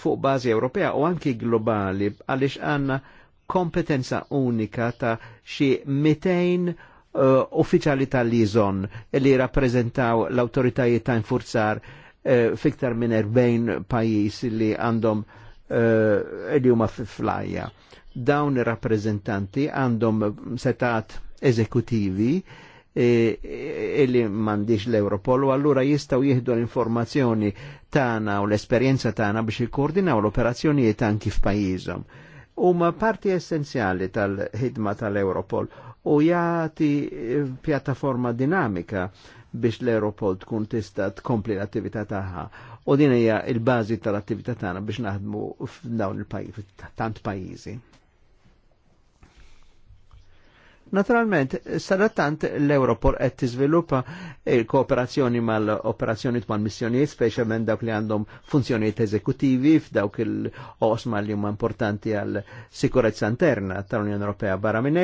fuq bażi Ewropea u anki globali għaliex għandna kompetenza unika ta' xi 200 uh, uffiċali tal-lizon li rappresentaw l-autoritajiet ta' infurzar uh, fiktar minn 40 pajis li għandhom uh, li huma flajja. Dawn ir-rappreżentanti għandhom setat eżekutivi E, e, illi mandiġ l-Europol u allura jistaw jihdu l-informazzjoni tana u l-esperienza tana biex jikkoordinaw l-operazzjonijiet anki U Huma parti essenzjali tal-ħidma tal-Europol u jagħti eh, pjattaforma dinamika biex l-Europol tkun tista tkompli l-attività tagħha. U din hija l-bażi tal-attività tagħna biex naħdmu f'dawn il-pajjiż tant pajjiżi. Naturalment, sarattant l-Europol qed tiżviluppa kooperazzjoni mal-operazzjoni mal-missjonijiet, speċjalment dawk li għandhom funzjonijiet eżekutivi f'dawk il-osma li huma importanti għal sikurezza interna tal-Unjoni Ewropea barra minn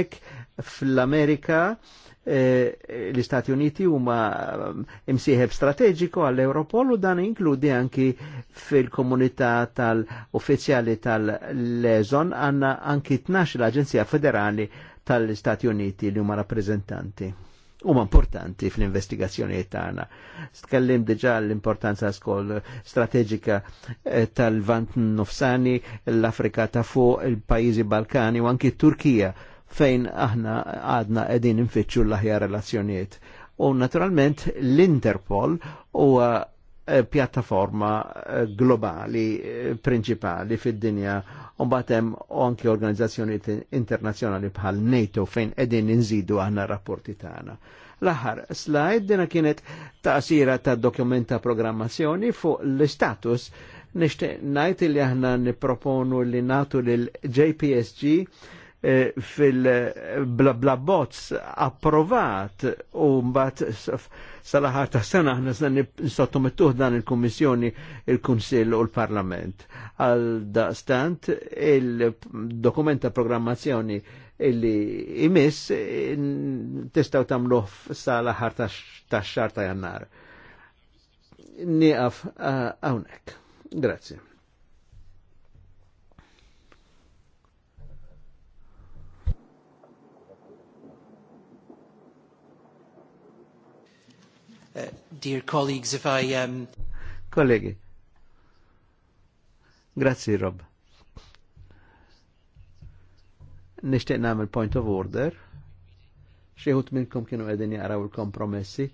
fl-Amerika eh, l-Istati Uniti huma eh, imsieħeb strateġiku għall europol u dan inkludi anki fil-komunità tal-uffiċjali tal-Lezon għanna anki 12 l-Aġenzija Federali tal-Istati Uniti li huma rappreżentanti. Huma importanti fl-investigazzjonijiet tagħna. Stkellim diġà l-importanza skol strateġika eh, tal-Vant Nofsani, l-Afrika ta' fuq, il-Pajjiżi Balkani u anki Turkija fejn aħna għadna qegħdin infittxu l-aħjar relazzjonijiet. U naturalment l-Interpol huwa Eh, pjattaforma eh, globali eh, principali fid-dinja un batem u anki organizzazzjoni internazjonali bħal NATO fejn edin nżidu għanna rapporti tagħna. L-aħħar slide dina kienet taqsira ta' dokumenta programmazzjoni fuq l-status nishtiq najt li aħna nipproponu li natu lil JPSG E, fil bots approvat u mbagħad salaħar ta' sena s sottomettuh dan il-Kummissjoni il-Kunsill u l-Parlament. Għal stant il-dokument ta' programmazzjoni illi imiss testaw tagħmluh salaħar ta' tax-xar ta' jannar. Nieqaf hawnhekk. Grazie. Uh, dear colleagues, if I... Um... Colleghi. Grazzi, Rob. Nishtiq namel point of order. Xieħut minnkom kienu għedin jaqraw il-kompromessi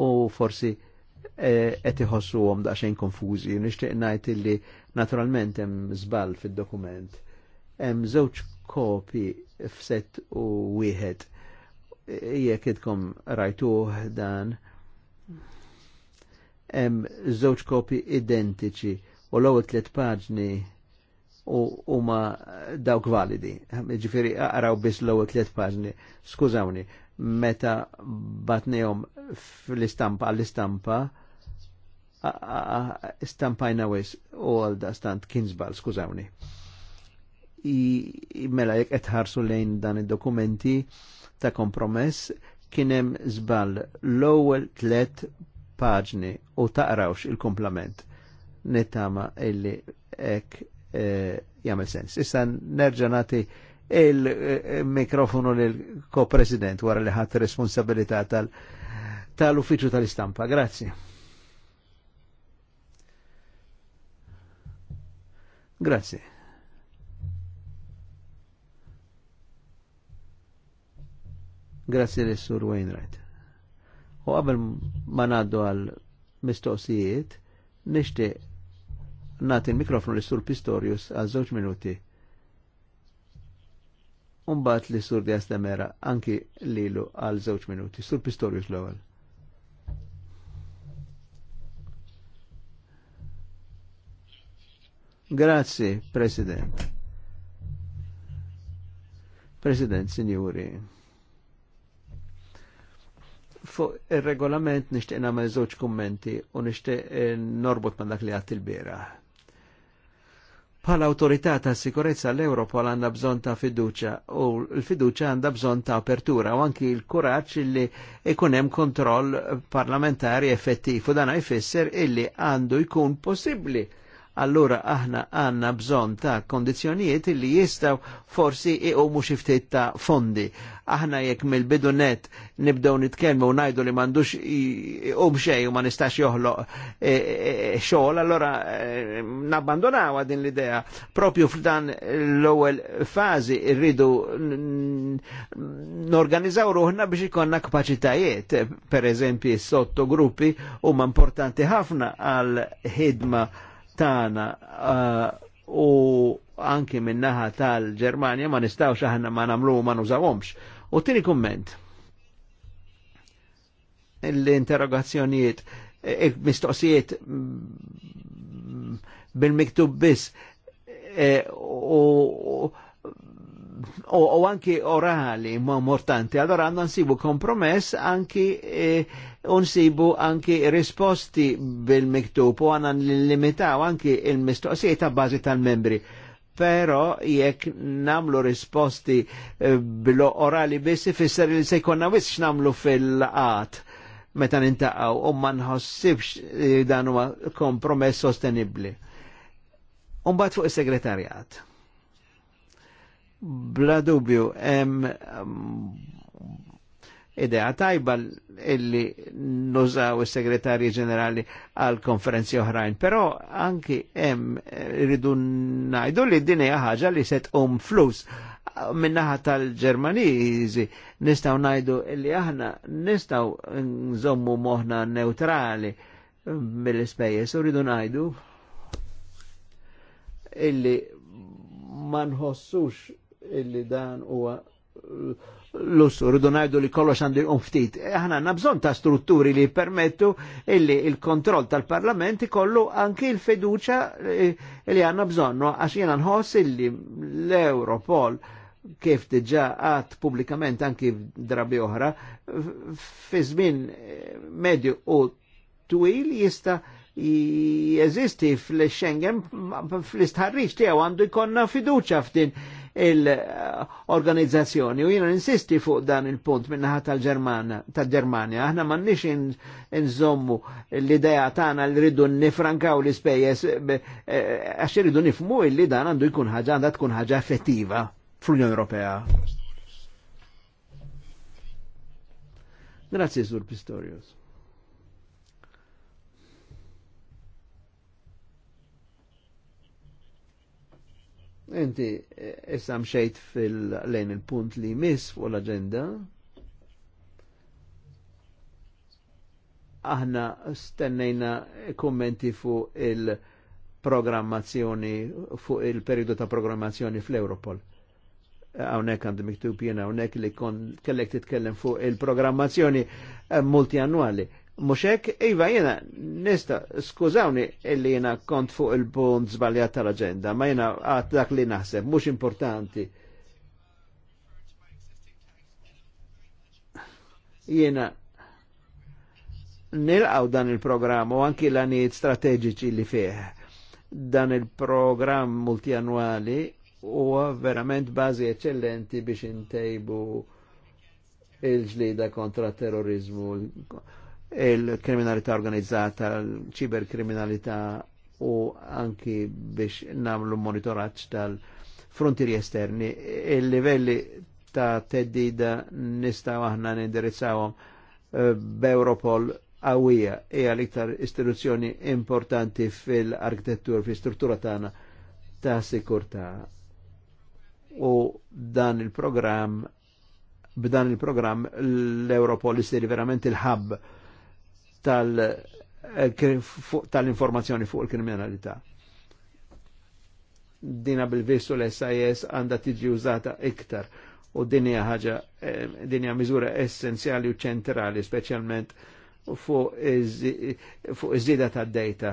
u forsi eh, qed iħossu għom daqsxejn konfużi. Nixtieq ngħid illi naturalment hemm żball fid-dokument. Hemm żewġ kopi f'set u wieħed. Jekk idkom rajtuh dan hemm żewġ kopji identiċi u l-ewwel tliet paġni u huma dawk validi. Ġifieri aqraw biss l-ewwel tliet paġni. Skużawni, meta batnihom fl-istampa għall-istampa stampajna wis u għalda stant kinsbal, skużawni. Mela jek etħarsu lejn dan id-dokumenti ta' kompromess kienem zbal l-ewwel tlet paġni u taqrawx il-komplement nittama illi ek e, sens. Issa nerġa' nagħti il-mikrofonu l ko-president wara li ħat responsabilità tal tal-uffiċċju tal-istampa. Grazzi. Grazie. Grazie. Grazzi l sur Wainwright. U għabel ma naddu għal mistoqsijiet, nishti nati mikrofon mikrofonu l sur Pistorius għal zoċ minuti. Umbat li sur Dias Demera anki lilu għal zoċ minuti. Sur Pistorius l għal Grazie, President. President, signori. Fuq il-regolament nishtiq nagħmel żewġ kummenti u nishtiq eh, norbot ma' dak li għat il-bira. Bħala autorità ta' sikurezza l-Europol għanda bżonn ta' fiduċa u l-fiduċa għandha bżonn ta' apertura u anki l-kuraġġ li ikunem kontroll parlamentari effettiv u dan jfisser illi għandu jkun possibli allura aħna għanna bżon ta' kondizjonijiet li jistaw forsi iqumu xiftit ta' fondi. Aħna jekk mill bidu net nibdew nitkellmu najdu li mandux iqum mxej u ma nistax joħloq e, e, e, xogħol, allora e, nabbandonaw din l-idea. Propju f'dan l-ewwel fażi rridu organizaw ruħna biex ikonna kapaċitajiet, per eżempju sottogruppi huma importanti ħafna għal ħidma tana uh, u anki minnaħa tal-Germania ma nistaw aħna ma namlu ma nużawomx. U tini komment. L-interrogazzjonijiet, il-mistoqsijiet eh, mm, bil-miktub biss eh, u o, o anche orali ma mortanti, allora għanna nsibu kompromess anche eh, sibo anche risposti bil-miktub u għanna limitaw anki il-mistoqsijiet ta' base tal-membri pero jekk namlu risposti eh, bilo orali biss ifisser li se jkollna wis namlu fil-qat meta nintaqgħu u man ħossibx eh, dan huwa kompromess sostenibbli. Umbagħad fuq is-segretarjat bla dubju hemm idea tajba illi nużaw is-segretarji ġenerali għal konferenzi oħrajn, però anki hemm rridu najdu li din hija ħaġa li set um flus minnaħa tal-Ġermaniżi nistgħu ngħidu illi aħna nistgħu nżommu moħna neutrali mill-ispejjeż u rridu najdu illi ma nħossux illi dan huwa l-ussu, rridu li kollox għandu jqum ftit. E, aħna għanna bżon ta' strutturi li permettu illi il-kontroll tal-parlament kollu anki il-fiduċa eh, li għanna No, għax jena nħoss illi l-Europol kif diġa għat publikament anki drabi oħra, fi żmien eh, medju u twil jista' jeżisti fl-Schengen fl-istħarriċ tiegħu għandu jkollna fiduċa f'din il-organizzazzjoni u jina insisti fuq dan il-punt minnaħa tal-Ġermanja. Aħna m'għandniex nżommu l-idea tagħna li rridu nifrankaw l-ispejjeż eh, għax irridu nifmu illi dan għandu jkun ħaġa għandha tkun ħaġa effettiva fl-Unjoni Ewropea. Grazie, Sur Pistorius. Inti issa xejt fil-lejn il-punt li mis fuq l-agenda. Aħna stennejna kommenti fuq il-programmazzjoni, fuq il-periodu ta' programmazzjoni fl-Europol. Hawnhekk għandu miktub jiena hawnhekk li kon kellek titkellem fuq il-programmazzjoni eh, multiannuali Muxek, iva jena, nista, skużawni illi jena kont fuq il-punt zbaljat tal-agenda, ma jena għat dak li naħseb, mux importanti. Jena nilqaw dan il-programm u anki l-għaniet strateġiċi li fieħ Dan il-programm multianwali u verament bazi eccellenti biex intejbu il-ġlida kontra terrorizmu il-kriminalità organizzata, l-ċiberkriminalità u anki biex namlu monitoraċ tal-frontieri esterni. Il-livelli ta' teddida nistaw aħna nindirizzawhom eh, b'Europol għawija e għal iktar istituzzjoni importanti fil-arkitettur, fil-struttura tana ta' sikurta. U dan il program b'dan il program l-Europol isir verament il-ħabb Eh, tal-informazzjoni tal fuq il-kriminalità. Dina bil vissu l-SIS għanda tiġi użata iktar u dinja ħaġa, eh, dinja miżura essenzjali u ċentrali, specialment fuq iż-żida ta' data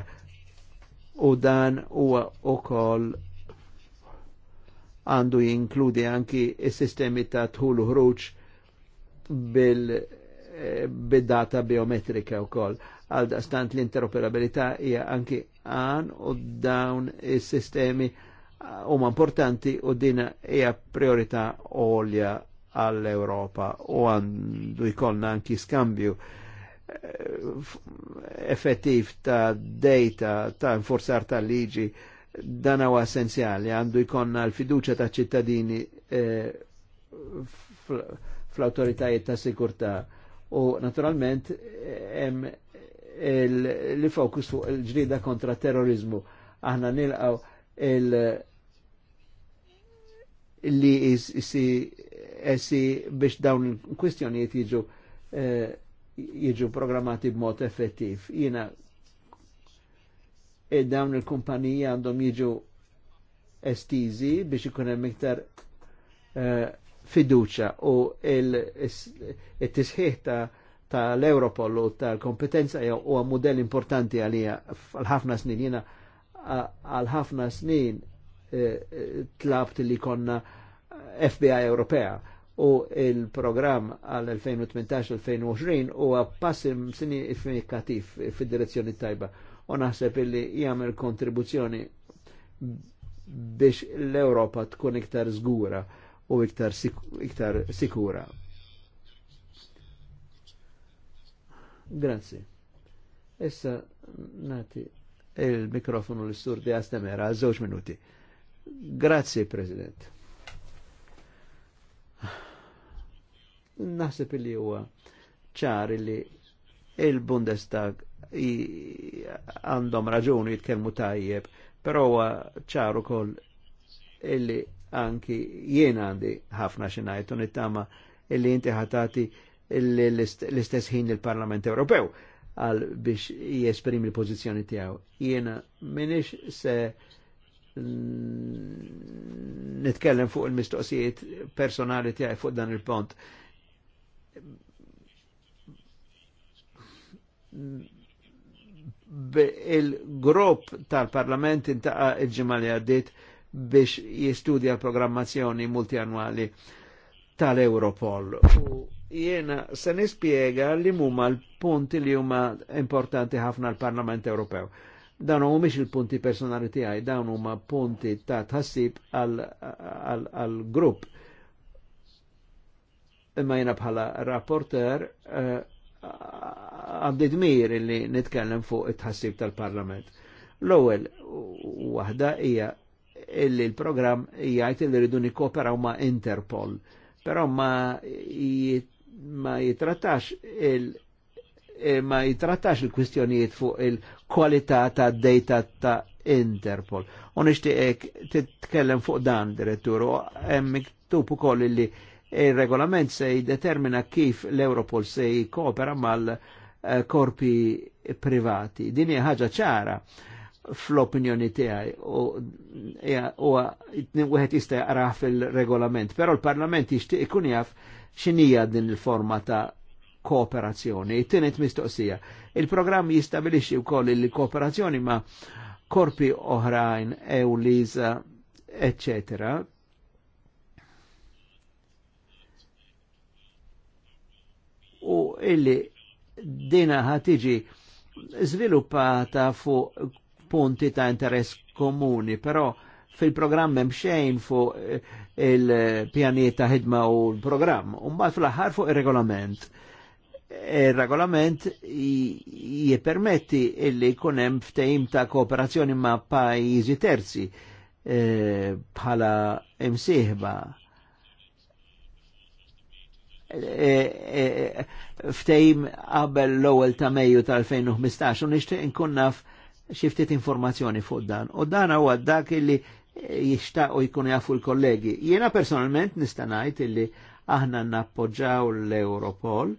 u dan huwa ukoll għandu jinkludi anki s-sistemi ta' tħul u ħruġ bil- bid-data biometrika u koll. Għal stant l-interoperabilità hija anki għan u dawn il sistemi huma importanti u dina hija priorità olja għall-Europa u għandu jkollna anki skambju effettiv ta' data ta' inforzar ta' liġi dan huwa essenzjali għandu jkollna l-fiduċa ta' ċittadini eh, fl-autoritajiet ta' sikurta' u naturalment hemm li fokus fuq il-ġrida kontra terrorizmu. Aħna nilqaw il- li essi biex dawn il-kwistjonijiet jiġu eh, jiġu programmati b'mod effettiv. Jina e dawn il kumpanija għandhom jiġu estizi biex ikun hemm iktar eh, fiduċa u il-tisħiħ ta' tal-Europol u tal-kompetenza u modell importanti għalija għal-ħafna snin jena għal-ħafna snin e, tlabt li konna FBI Ewropea u il program għal għal-2018-2020 u għappassim passim sinifikativ fil-direzzjoni tajba u naħseb illi jgħamil kontribuzzjoni biex l-Europa tkun iktar zgura u iktar, sik iktar sikura. Grazzi. Issa nati il-mikrofonu l-istur di għastemera għal żewġ minuti. Grazzi, President. Naħseb li huwa ċar li il-Bundestag għandhom raġuni jitkellmu tajjeb, però huwa ċar ukoll illi anki jien għandi ħafna xinajt u nittama illi inti ħatati l-istess ħin il-Parlament Ewropew għal biex jesprim il-pozizjoni tijaw. Jiena minix se nitkellem fuq il-mistoqsijiet personali tijaj fuq dan il-pont. Il-grupp tal-parlament intaqa il ġimali għaddit għaddit biex jistudja l-programmazzjoni multianwali tal-Europol. U jena se nispiega li mumma l-punti li huma importanti ħafna l-Parlament Ewropew. Dan u mhix il-punti personali tiegħi, dawn huma punti ta' tħassib għal-grupp. Imma jena bħala rapporter eh, għandi uh, li nitkellem fuq it-tħassib tal-Parlament. L-ewwel waħda hija illi l-program jgħajt li rridu nikoperaw ma' Interpol, però ma, jit, ma jitrattax il- e ma jitrattax il-kwistjonijiet fuq il-kwalità ta' data ta' Interpol. U nixtieqek titkellem fuq dan, direttur, u hemm miktub ukoll li il-regolament se jiddetermina kif l-Europol se jkopera mal-korpi eh, privati. Din hija ħaġa ċara fl-opinjoni tiegħi u wieħed jista' jaqrah fil-regolament, però l-Parlament jixtieq ikun jaf x'inhija din il-forma ta' kooperazzjoni. it mistoqsija. Il-programm jistabilixxi wkoll il kooperazzjoni ma' korpi oħrajn, EULIS, eccetera, u illi dina ħatiġi sviluppata fuq punti ta' interess komuni, però fil-programm hemm xejn fuq eh, il ta' ħidma u l-programm. Umbagħad fl-aħħar fuq ir-regolament. Il-regolament jippermetti illi jkun hemm ftehim ta' kooperazzjoni ma' pajjiżi terzi eh, bħala e, imsieħba. E, qabel l-ewwel ta' Mejju tal-2015 u nixtieq nkun naf xiftit informazzjoni fuq dan. U dan huwa dak illi eh, jishtaqu jkun jafu l-kollegi. Jena personalment nistanajt illi aħna nappoġġaw l-Europol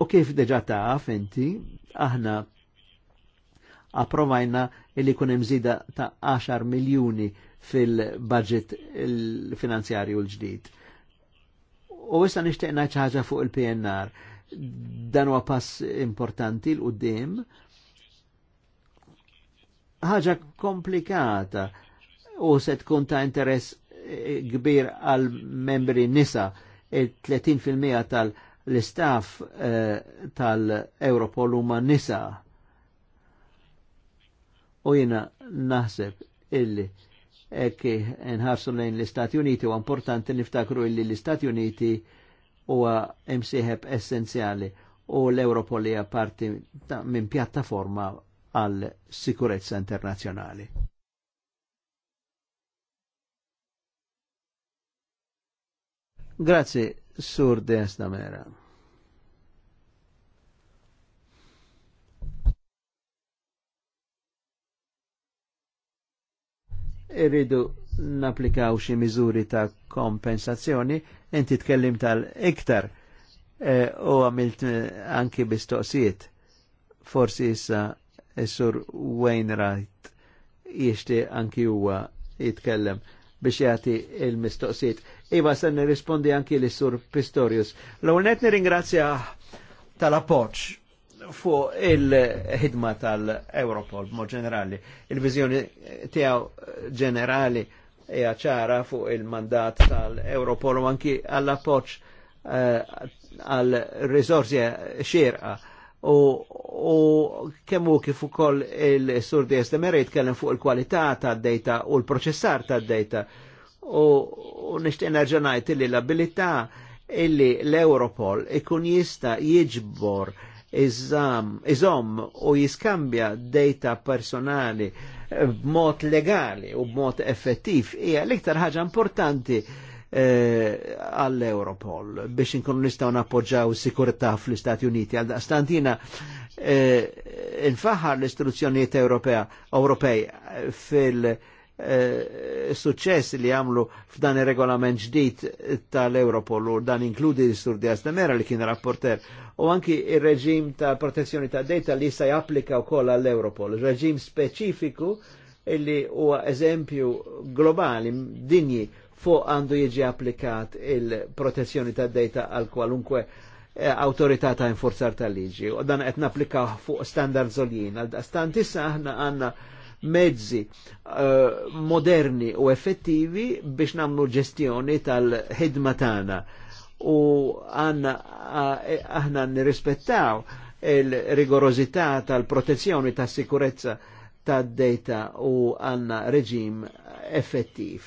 u kif deġa taf inti, aħna approvajna illi kun imżida ta' 10 miljuni fil-budget finanzjarju l-ġdid. U issa nixtieq ngħid ħaġa fuq il-PNR. Dan huwa pass importanti l qudiem ħaġa komplikata u se tkun ta' interess eh, kbir għal membri nisa il-30% tal-istaff eh, tal-Europol huma nisa. U jina naħseb illi ekki nħarsu lejn l-Istati Uniti u importanti niftakru illi l-Istati Uniti huwa imsieħeb essenzjali u l-Europol hija parti minn pjattaforma għal sikurezza internazjonali. Grazie, Sur Dens Namera. Irridu naplikaw xi miżuri ta' kompensazzjoni, inti tkellim tal-iktar eh, u għamilt eh, anki bistoqsijiet. Forsi issa Is-sur Wainwright jishti anki huwa jitkellem biex jati il mistoqsit Iva se nirrispondi anki li sur Pistorius. L-ewwel qed nirringrazzja tal-appoġġ fuq il-ħidma tal-Europol mo ġenerali. il vizjoni tijaw ġenerali hija ċara fuq il-mandat tal-Europol u anki għall-appoġġ eh, għal risorsi xierqa u, u kemmu kif ukoll il-sur DSMR jitkellem fuq il-kwalità tad-data u l-proċessar tad-data u, u nixtieq nerġa' illi l-abilità illi l-Europol ikun jista' jiġbor iżomm u jiskambja data personali b'mod legali u b'mod effettiv hija l-iktar ħaġa importanti Eh, għall-Europol biex inkunu nistgħu nappoġġaw sikurità fl-Istati Uniti. Għal daqstantina eh, infaħar l-istruzzjonijiet Ewropea Ewropej fil- eh, suċċess li għamlu f'dan ir-regolament ġdid tal-Europol u dan inkludi l-istur di li kien rapporter u anki il-reġim ta' protezzjoni ta' data li jista' japplika u koll għall-Europol, reġim speċifiku illi huwa eżempju globali, dinji fuq għandu jiġi applikat il-protezzjoni ta' data għal kwalunkwe eh, autorità ta' inforzar tal-liġi. U dan qed napplika fuq standard zoljien. Għal dastan tissa aħna għandna mezzi eh, moderni u effettivi biex namlu ġestjoni tal-ħidma tagħna. U għanna eh, aħna nirrispettaw il-rigorozità tal-protezzjoni ta' sikurezza tad-data u għanna reġim effettiv.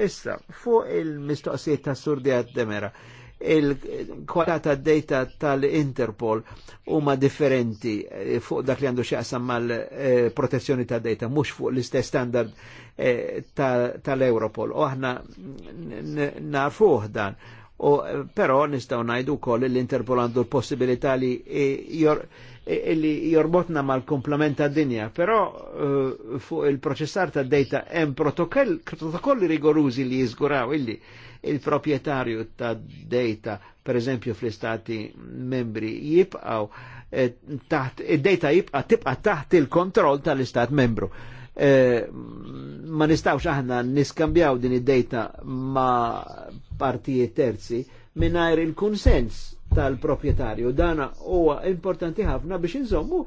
Issa, fuq il-mistoqsijiet ta' surdijat demera, il-kwalità ta' data tal-Interpol huma differenti eh, fuq dak li għandu xaqsam mal-protezzjoni ta' data, mhux fuq l-istess standard eh, tal-Europol. U aħna nafuh dan U però nistgħu ngħidu wkoll l-Interpol għandu l-possibilità li e, jor illi e, e, jorbotna mal komplement ta' dinja, però fuq il-proċessar ta' data hemm protokolli rigorużi li jizguraw illi il-proprietarju ta' data, per eżempju fl-istati membri, jibqaw taħt, id-data jibqa tibqa taħt il-kontroll tal-istat membru. ma nistawx aħna niskambjaw din id-data ma partijiet terzi mingħajr il-kunsens tal-proprjetarju. Dana huwa importanti ħafna biex inżommu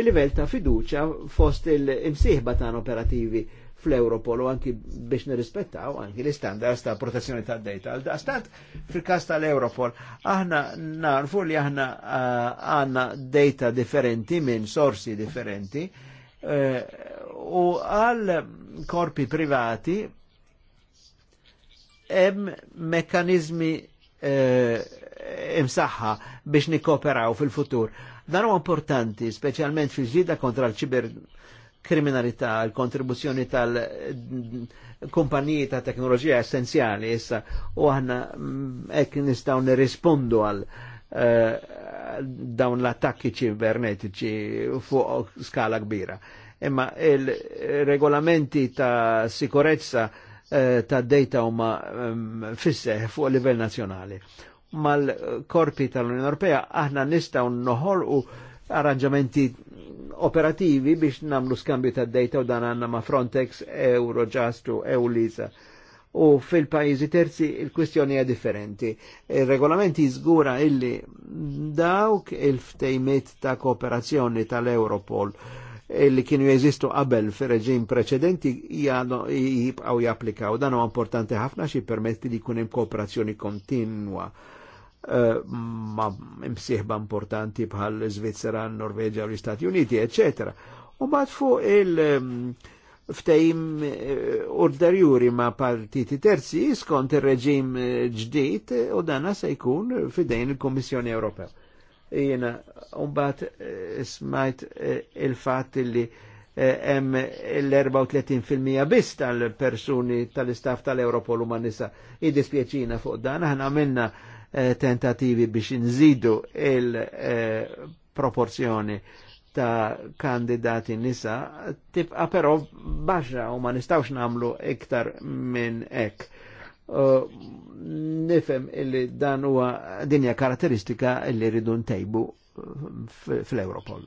il-livell ta' fiduċa fost il-imsieħba ta' operativi fl-Europol u anki biex nirrispettaw anki l-istandards ta' protezzjoni ta' data. Għal daqstant fil-kas tal-Europol, aħna narfu li aħna eh, għanna data differenti minn sorsi differenti eh, u għal korpi privati hemm mekkanizmi eh, imsaħħa biex nikoperaw fil-futur. Dan huwa importanti, speċjalment fil-ġida kontra l-ċiber kriminalità, l-kontribuzzjoni tal-kumpaniji ta' teknoloġija essenzjali issa u aħna mm, hekk nistgħu nirrispondu għal eh, dawn l-attakki ċibernetiċi fuq skala kbira. Imma il-regolamenti ta' sikurezza Eh, ta' data huma ehm, fisse fuq livell nazzjonali. Mal-korpi tal-Unjoni Ewropea aħna nistgħu u arranġamenti operativi biex namlu skambju ta' data u dan għanna ma' Frontex, Eurojust u Eulisa. U fil-pajizi terzi il-kwistjoni hija differenti. Il-regolamenti żgura illi dawk il-ftejmiet ta' kooperazzjoni tal-Europol li kienu jeżistu qabel fir reġim preċedenti jibqaw japplikaw. Dan huwa importanti ħafna xi permetti li jkun hemm kooperazzjoni kontinwa eh, ma imsieħba importanti bħal Svizzera, Norveġa u l-Istati Uniti, eccetera. U mbagħad fuq il- ehm, ftejim eh, urdarjuri ma partiti terzi skont il-reġim eh, ġdid u dana se jkun fidejn il-Kommissjoni Ewropea. Jiena umbat eh, smajt eh, il-fat li eh, hemm l-34% biss tal-persuni tal-istaff tal-Europol huma nisa. Idispjaċina fuq dan, aħna għamilna tentativi biex nżidu il-proporzjoni ta' kandidati nisa tibqa però baxa u ma nistawx namlu iktar minn ek. Eh, nifem illi dan huwa dinja karatteristika illi rridu ntejbu fl-Europol.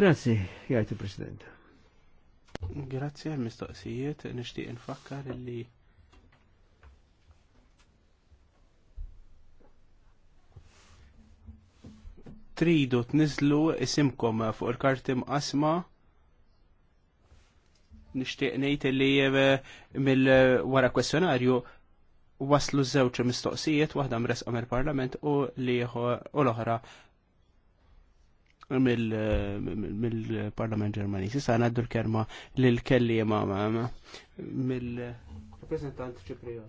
Grazzi, jgħajt president Grazzi għal mistoqsijiet, nishtiq nfakkar illi tridu tniżlu isimkom fuq il-karti mqasma nixtieq ngħid li eh, mill-wara kwestjonarju waslu żewġ mistoqsijiet waħda mres mill-Parlament u li l-oħra eh, mill-Parlament ġermani. Sisa ngħaddu l-kelma lil kelliema mill-rappreżentant Ċipriot.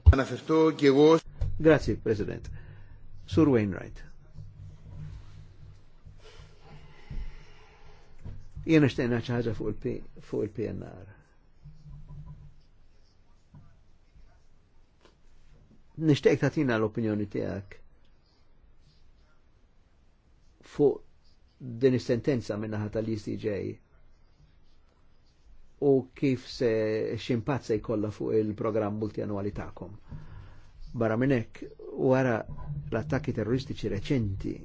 Grazie, President. Sur Wainwright. Jena xtejna ċaħġa fuq il-PNR. nishtiq tatina l-opinjoni tijak fuq din is-sentenza minnaħa tal-ECJ u kif se ximpat se jkollha fuq il-programm multianwali ta'kom. Barra minn hekk wara l-attakki terroristiċi reċenti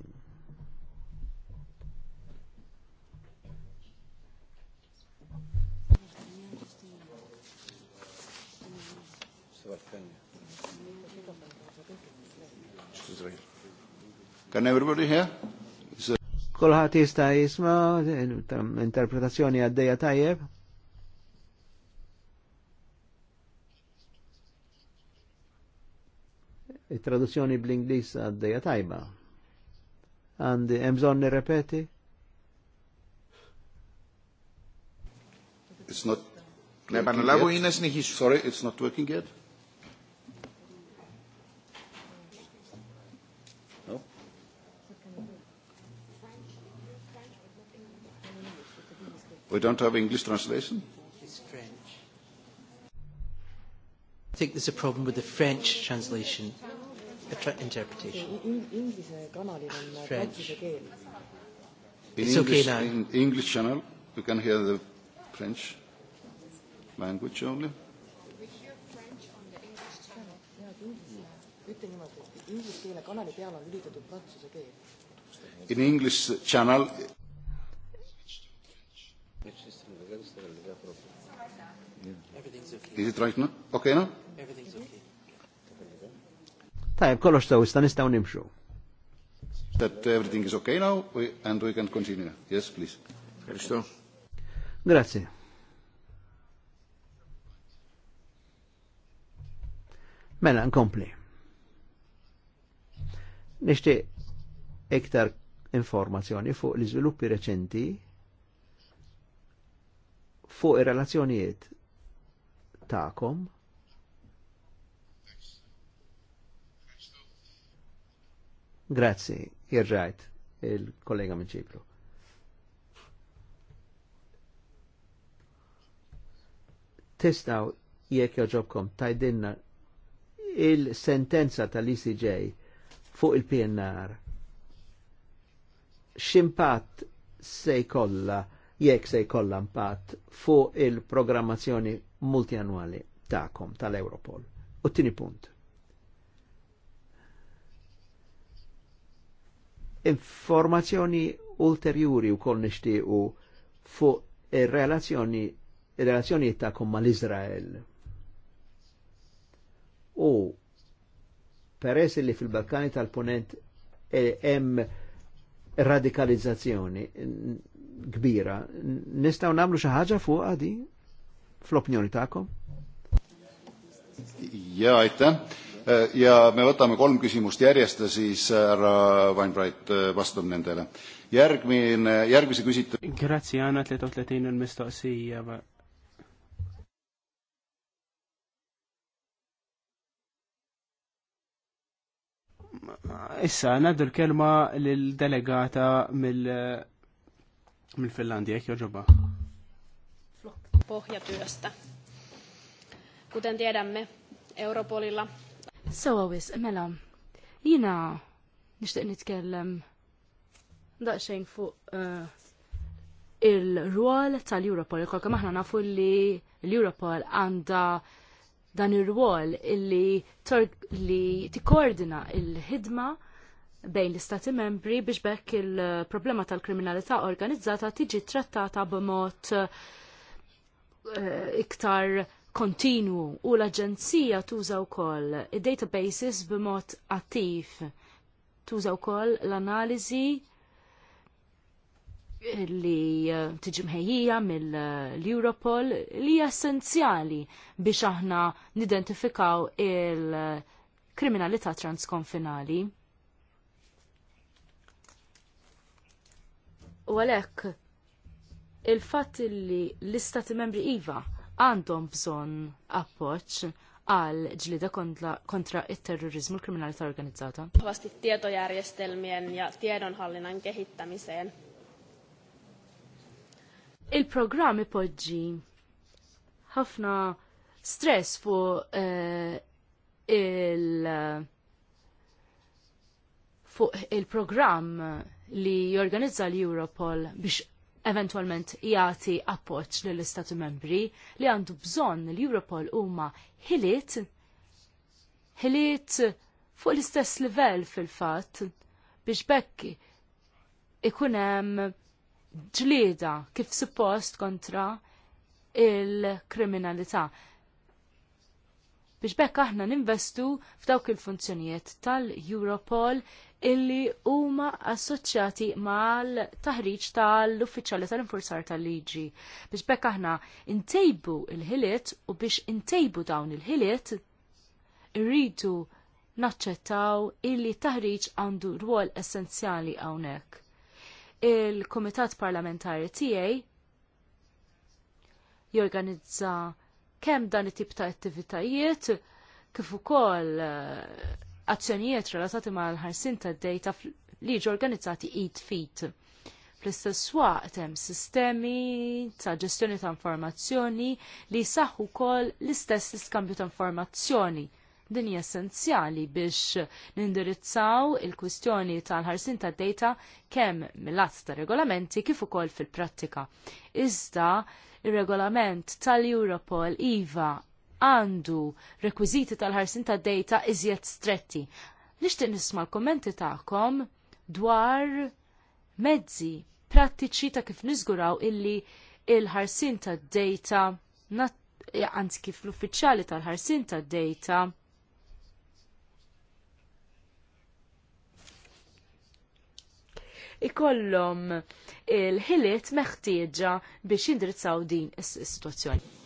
Can everybody hear? Kolħat jista jisma, interpretazzjoni għaddeja tajjeb. traduzzjoni bl-Inglis għaddeja tajba. Għandi, emżonni repeti? It's not, neban labu jina sniħiċ, sorry, it's not working yet. We don't have English translation? It's French. I think there's a problem with the French translation, tra interpretation. Uh, uh, French. In it's English, okay now. In English channel, you can hear the French language only. In English channel Is it right now? Okay now? Everything's okay. Tajb, kollox taw, istan istaw nimxu. That everything is okay now we, and we can continue. Yes, please. Ferishto. Grazie. Mela, nkompli. Nishti iktar informazzjoni fuq l-iżviluppi reċenti fuq ir-relazzjonijiet ta'kom. Grazzi, jirrajt il-kollega minn ċipru. Tistaw jekk joġobkom tajdinna il-sentenza tal-ICJ fuq il-PNR ximpat se jkollha jekk se jkollha impatt fuq il-programmazzjoni multianwali tagħkom tal-Europol. U tini punt. Informazzjoni ulterjuri u koll nixtiequ fuq ir-relazzjoni ir-relazzjoni tagħkom mal-Iżrael. U peress li fil-Balkani tal-Ponent eh, hemm radikalizzazzjoni kbira. Nistaw namlu xi ħaġa fuq għadi fl-opinjoni tagħkom? Ja, għajta. Eh, ja me võtame kolm küsimust järjest siis eh, ära Weinbreit eh, vastab nendele. Järgmine, järgmise küsit-... Grazie, Anna, et olete teinud mistoqsija. Issa, naddu l-kelma l-delegata mill- Minn Finlandia, jek joġoba? Pohjatyöstä. Kuten tiedämme, Europolilla. So wis, mela, jina nishtiq nitkellem daqsxejn fuq eh, il-rwol tal-Europol. Kolka maħna nafu li l-Europol għanda dan ir-rwol illi li tikkoordina il-ħidma il ħidma bejn l-istati membri biex bekk il-problema tal-kriminalità organizzata tiġi trattata b'mod eh, iktar kontinwu u l-Aġenzija tuża wkoll id-databases b'mod attiv. Tuża wkoll l-analiżi li eh, tiġi mħejjija mill-Europol li hija essenzjali biex aħna nidentifikaw il-kriminalità transkonfinali. U għalhekk il fat li l-istati membri iva għandhom bżonn appoġġ għal ġlida kontra, il-terrorizmu l-kriminalità organizzata? t-tieto jarjestelmien ja tiedonhallinnan hittamisen. Il-programm ipoġġi ħafna stress fu eh, il- fuq il-programm li jorganizza l-Europol biex eventualment jagħti appoġġ lill istati membri li għandu bżonn l-Europol huma ħiliet ħiliet fuq l-istess livell fil-fatt biex bekk ikun hemm ġlieda kif suppost kontra il-kriminalità. Biex bekk aħna ninvestu f'dawk il-funzjonijiet tal-Europol illi huma assoċjati mal-taħriġ tal-uffiċjali tal-infurzar tal-liġi. Biex bekk aħna ntejbu il-ħiliet u biex intejbu dawn il-ħiliet irridu naċċettaw illi taħriġ għandu rwol essenzjali hawnhekk. Il-Kumitat Parlamentari tiegħi jorganizza kemm dan it-tip ta' attivitajiet kif ukoll azzjonijiet relatati mal ħarsin tad dejta liġi organizzati eat feet. Fl-istess waqt hemm sistemi ta' ġestjoni ta' informazzjoni li saħħu wkoll l-istess iskambju ta' informazzjoni din hija essenzjali biex nindirizzaw il-kwistjoni tal-ħarsin tad data kemm mill-att ta' regolamenti kif ukoll fil-prattika. Iżda ir-regolament tal-Europol IVA għandu rekwiżiti tal-ħarsin ta' data iżjed stretti. Nixtieq nisma' l-kommenti tagħkom dwar mezzi prattiċi ta' kif niżguraw illi il-ħarsin ta' data anzi kif l-uffiċjali tal-ħarsin ta' data ikollhom il-ħiliet meħtieġa biex jindrizzaw din is-sitwazzjoni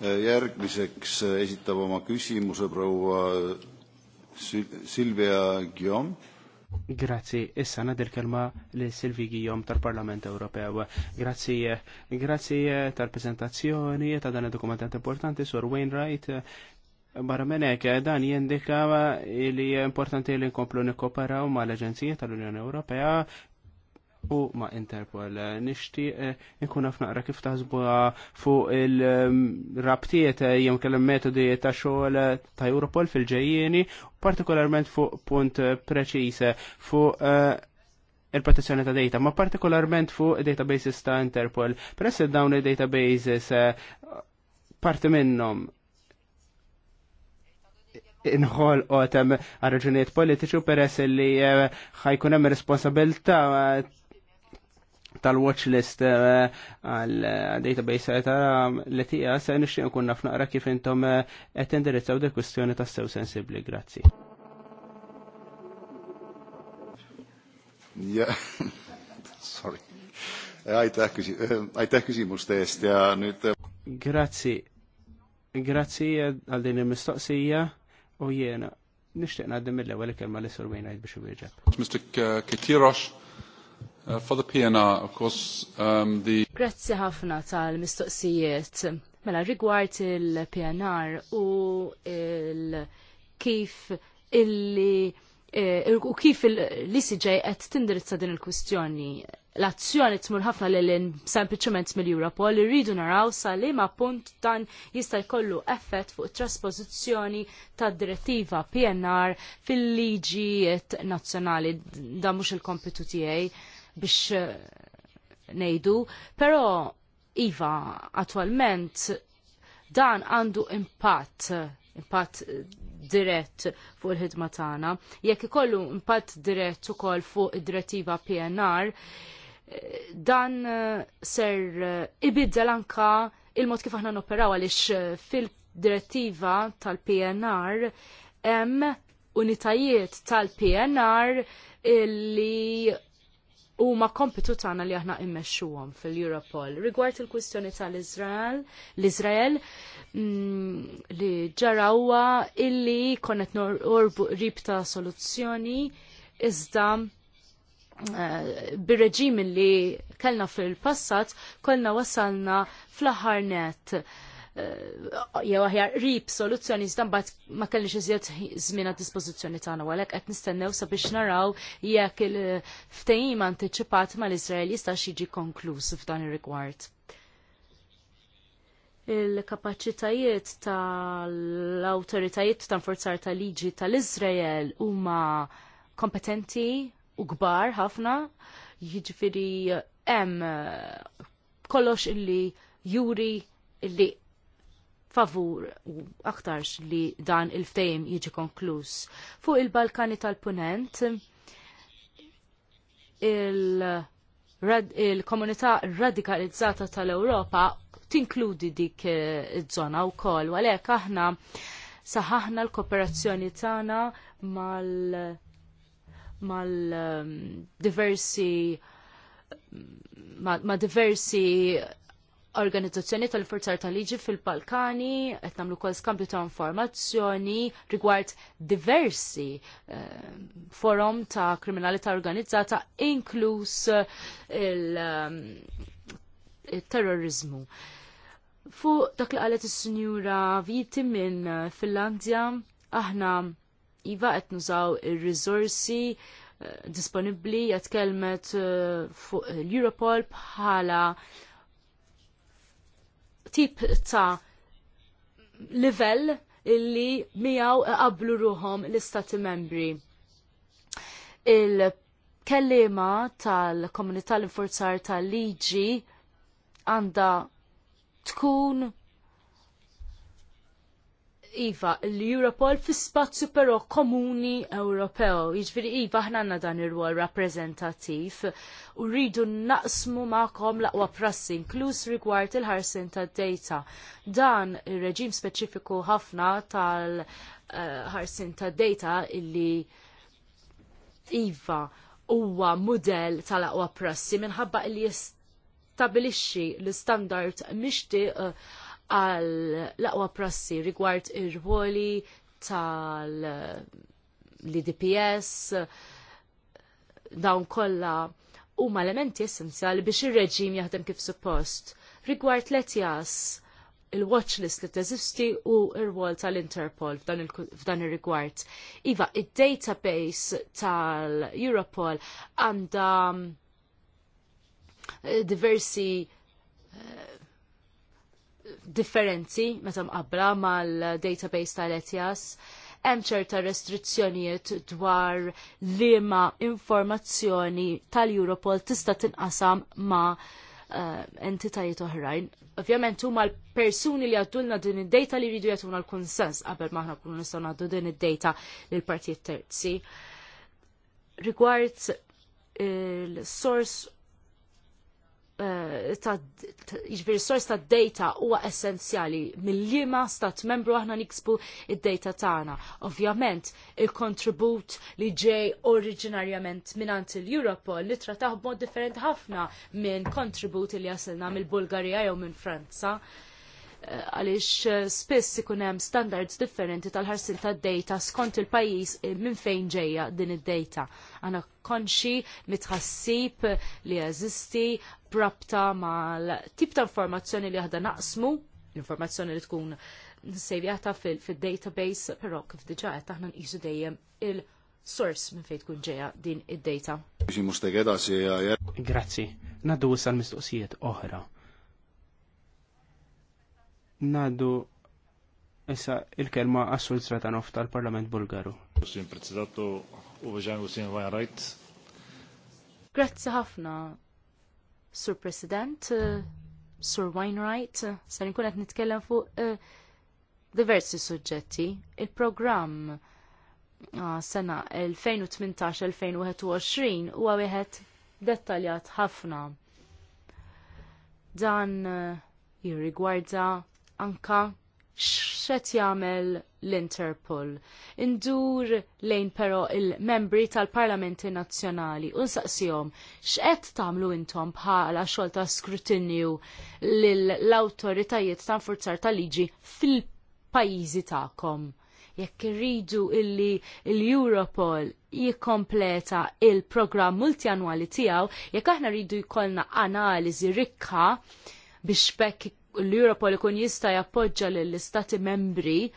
järgmiseks äh, esitab oma küsimuse proua Silvia Gjom. Grazzi, issa nadir kelma li Silvi Gijom tal-Parlament Ewropew. Grazzi, grazzi tal-prezentazzjoni ta' dan il-dokumentant importanti sur Wainwright. Barra menek, dan jindika li importanti li nkomplu nikkoperaw ma l-Aġenzija tal-Unjoni Ewropea u ma' Interpol. Nishti eh, nkun għafna naqra kif taħsbu fuq il-rabtiet eh, jem kellem metodi ta' xogħol ta' Europol fil ġejjeni partikolarment fuq punt preċise fuq eh, il-protezzjoni ta' data, ma partikolarment fuq databases ta' Interpol. Peress dawn il-databases parti minnom inħol otem għarraġuniet politiċu peress li ħajkun hemm responsabilta tal-watch list eh, għal database ta' li tija se nixtieq nkun naf naqra kif intom eh, qed indirizzaw dik kwistjoni ta' sew sensibli. Grazzi. Yeah. *laughs* Sorry. Għajta küsimuste eest ja nüüd Grazzi. Grazzi eh, għal din il-mistoqsija u jena. Nishtiqna għaddim il-lewa li kelma li sur Wejnajt biex iwieġeb. Mr. Kitirosh, Uh, for the PNR, of course, um, the... Grazzi ħafna tal-mistoqsijiet. Mela, rigward il-PNR u il kif illi eh, u kif l-ICJ qed tindirizza din il-kwistjoni. L-azzjoni tmur ħafna l sempliċement sempliciment mill-Europol irridu naraw sa li ma punt dan jista' jkollu effett fuq trasposizzjoni ta' direttiva PNR fil-liġijiet nazzjonali dan mhux il-kompitu tiegħi biex eh, nejdu, pero Iva, attualment dan għandu impatt, impatt dirett fuq il-ħidma tagħna. Jekk ikollu impatt dirett ukoll fuq id-direttiva PNR, dan eh, ser eh, ibiddel anka il-mod kif aħna noperaw għaliex fil-direttiva tal-PNR hemm unitajiet tal-PNR illi u ma kompitu tagħna li aħna immexxuhom fil-Europol. Rigward il-kwistjoni tal-Izrael, l-Izrael mm, li ġarawa illi konnet norbu rib ta' soluzzjoni iżda uh, bir-reġim li kellna fil-passat kollna wasalna fl ħarnet net jew aħjar rib soluzzjoni iżda mbagħad ma kellix iżjed żmien għad dispożizzjoni tagħna għalhekk qed nistennew sabiex naraw jekk il-ftehim antiċipat mal-Iżrael jistax jiġi konkluż f'dan ir-rigward il-kapacitajiet tal-autoritajiet tal-forzar tal-liġi tal-Izrael huma kompetenti u kbar ħafna, jiġifieri hemm kollox illi juri illi favur u aktarx li dan il fejm jiġi konkluż. Fuq il-Balkani tal-Punent, il-komunità il radikalizzata tal-Ewropa tinkludi dik eh, iż-żona wkoll, għalhekk aħna saħaħna l-kooperazzjoni tagħna mal mal ehm, diversi ma, ma diversi organizzazzjoni tal-forzar tal-liġi fil-Balkani, qed nagħmlu kol skambju ta' informazzjoni rigward diversi eh, forum ta' kriminalità organizzata, inkluż il-terrorizmu. Il um, Fuq dak li qalet is-sinjura Viti minn Finlandja, aħna iva qed nużaw ir risorsi eh, disponibbli jgħat kelmet eh, fuq l-Europol bħala tip ta' livell illi miaw qablu ruhom l-istati membri. Il-kellima tal-komunità l-infurzar tal-liġi għanda tkun Iva, l-Europol fi spazju però komuni Ewropew. Jiġifieri Iva aħna għandna dan ir-rwol rappreżentattiv u rridu naqsmu maqom l-aqwa prassi inkluż rigward il-ħarsin tad-data. Dan ir-reġim speċifiku ħafna tal-ħarsin eh, tad-data illi Iva huwa mudell tal-aqwa prassi minħabba li jistabilixxi l-istandard mixtieq eh, għal laqwa prassi rigward ir-ruoli tal-DPS, dawn kollha huma elementi essenzjali biex ir-reġim jaħdem kif suppost. Rigward l-ETIAS, il list li teżisti u r-wol tal-Interpol f'dan ir-rigward. Iva, id-database tal-Europol għandha eh, diversi uh, differenzi meta mqabbla mal-database tal letias hemm ċerta restrizzjonijiet dwar liema informazzjoni tal-Europol tista' tinqasam ma' uh, entitajiet oħrajn. Ovvjament huma l-persuni li għaddulna din id-data li jridu jagħtuna l-kunsens qabel maħna kunu nistgħu ngħaddu din id-data lil partijiet terzi. Rigward il-source Eh, ġviri jiġifieri sors ta' data huwa essenzjali mill-liema stat membru aħna niksbu id-data tagħna. Ovvjament il-kontribut li ġej oriġinarjament minant il-Europol li trataħ b'mod differenti ħafna minn kontribut li jasilna mill-Bulgarija jew minn Franza. Eh, għaliex eh, spiss ikun hemm standards differenti tal-ħarsil tad-data skont il-pajjiż minn fejn ġejja din id-data. Għana konxi mitħassib li jeżisti brabta mal-tip ta' informazzjoni li aħna naqsmu, l-informazzjoni li tkun sejjata fil-database, fil però kif diġa qed aħna nqisu dejjem il-source minn fejn tkun ġejja din id-data. Grazzi, naddu wisal mistoqsijiet oħra Naddu issa il-kelma għassul Zratanov tal-Parlament Bulgaru. Sin Prezzidatu, uveġan u sin Wajrajt. Grazzi ħafna, Sur President, eh, Sur Wainwright, sa' nkun qed nitkellem fuq eh, diversi suġġetti. Il-programm ah, sena 2018-2021 huwa wieħed dettaljat ħafna. Dan uh, jirrigwarda anka x'qed jagħmel l-Interpol. Indur lejn però il-membri tal-Parlamenti Nazzjonali u nsaqsihom x'qed tagħmlu intom bħala xogħol ta' skrutinju lill-awtoritajiet ta' forzar tal-liġi fil-pajjiżi tagħkom. Jekk irridu illi l-Europol jikkompleta il-programm multjanwali tiegħu, jekk aħna rridu jkollna analiżi rikka biex bekk l-Europol ikun jista' jappoġġa lill-istati membri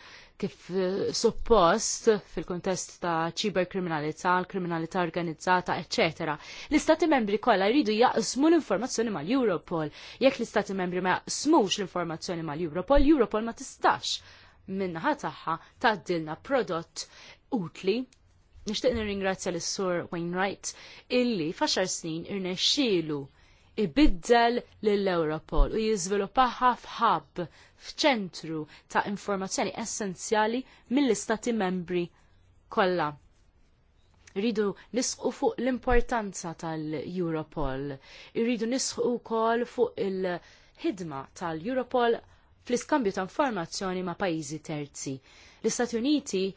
kif eh, suppost fil-kontest ta' ċiberkriminalità, kriminalità organizzata, etc. L-istati membri kollha jridu jaqsmu l-informazzjoni mal-Europol. Jekk l-istati membri ma jaqsmux l-informazzjoni mal-Europol, Europol ma tistax minnaħa tagħha tgħaddilna prodott utli nixtieq nirringrazzja lis sur Wainwright illi faxar snin irnexxielu ibiddel lill-Europol u jizviluppaha fħab f'ċentru ta' informazzjoni essenzjali mill-istati membri kollha. Rridu nisqu fuq l-importanza tal-Europol. Irridu nisqu wkoll fuq il-ħidma tal-Europol fl-iskambju ta' informazzjoni ma' pajjiżi terzi. L-Istati Uniti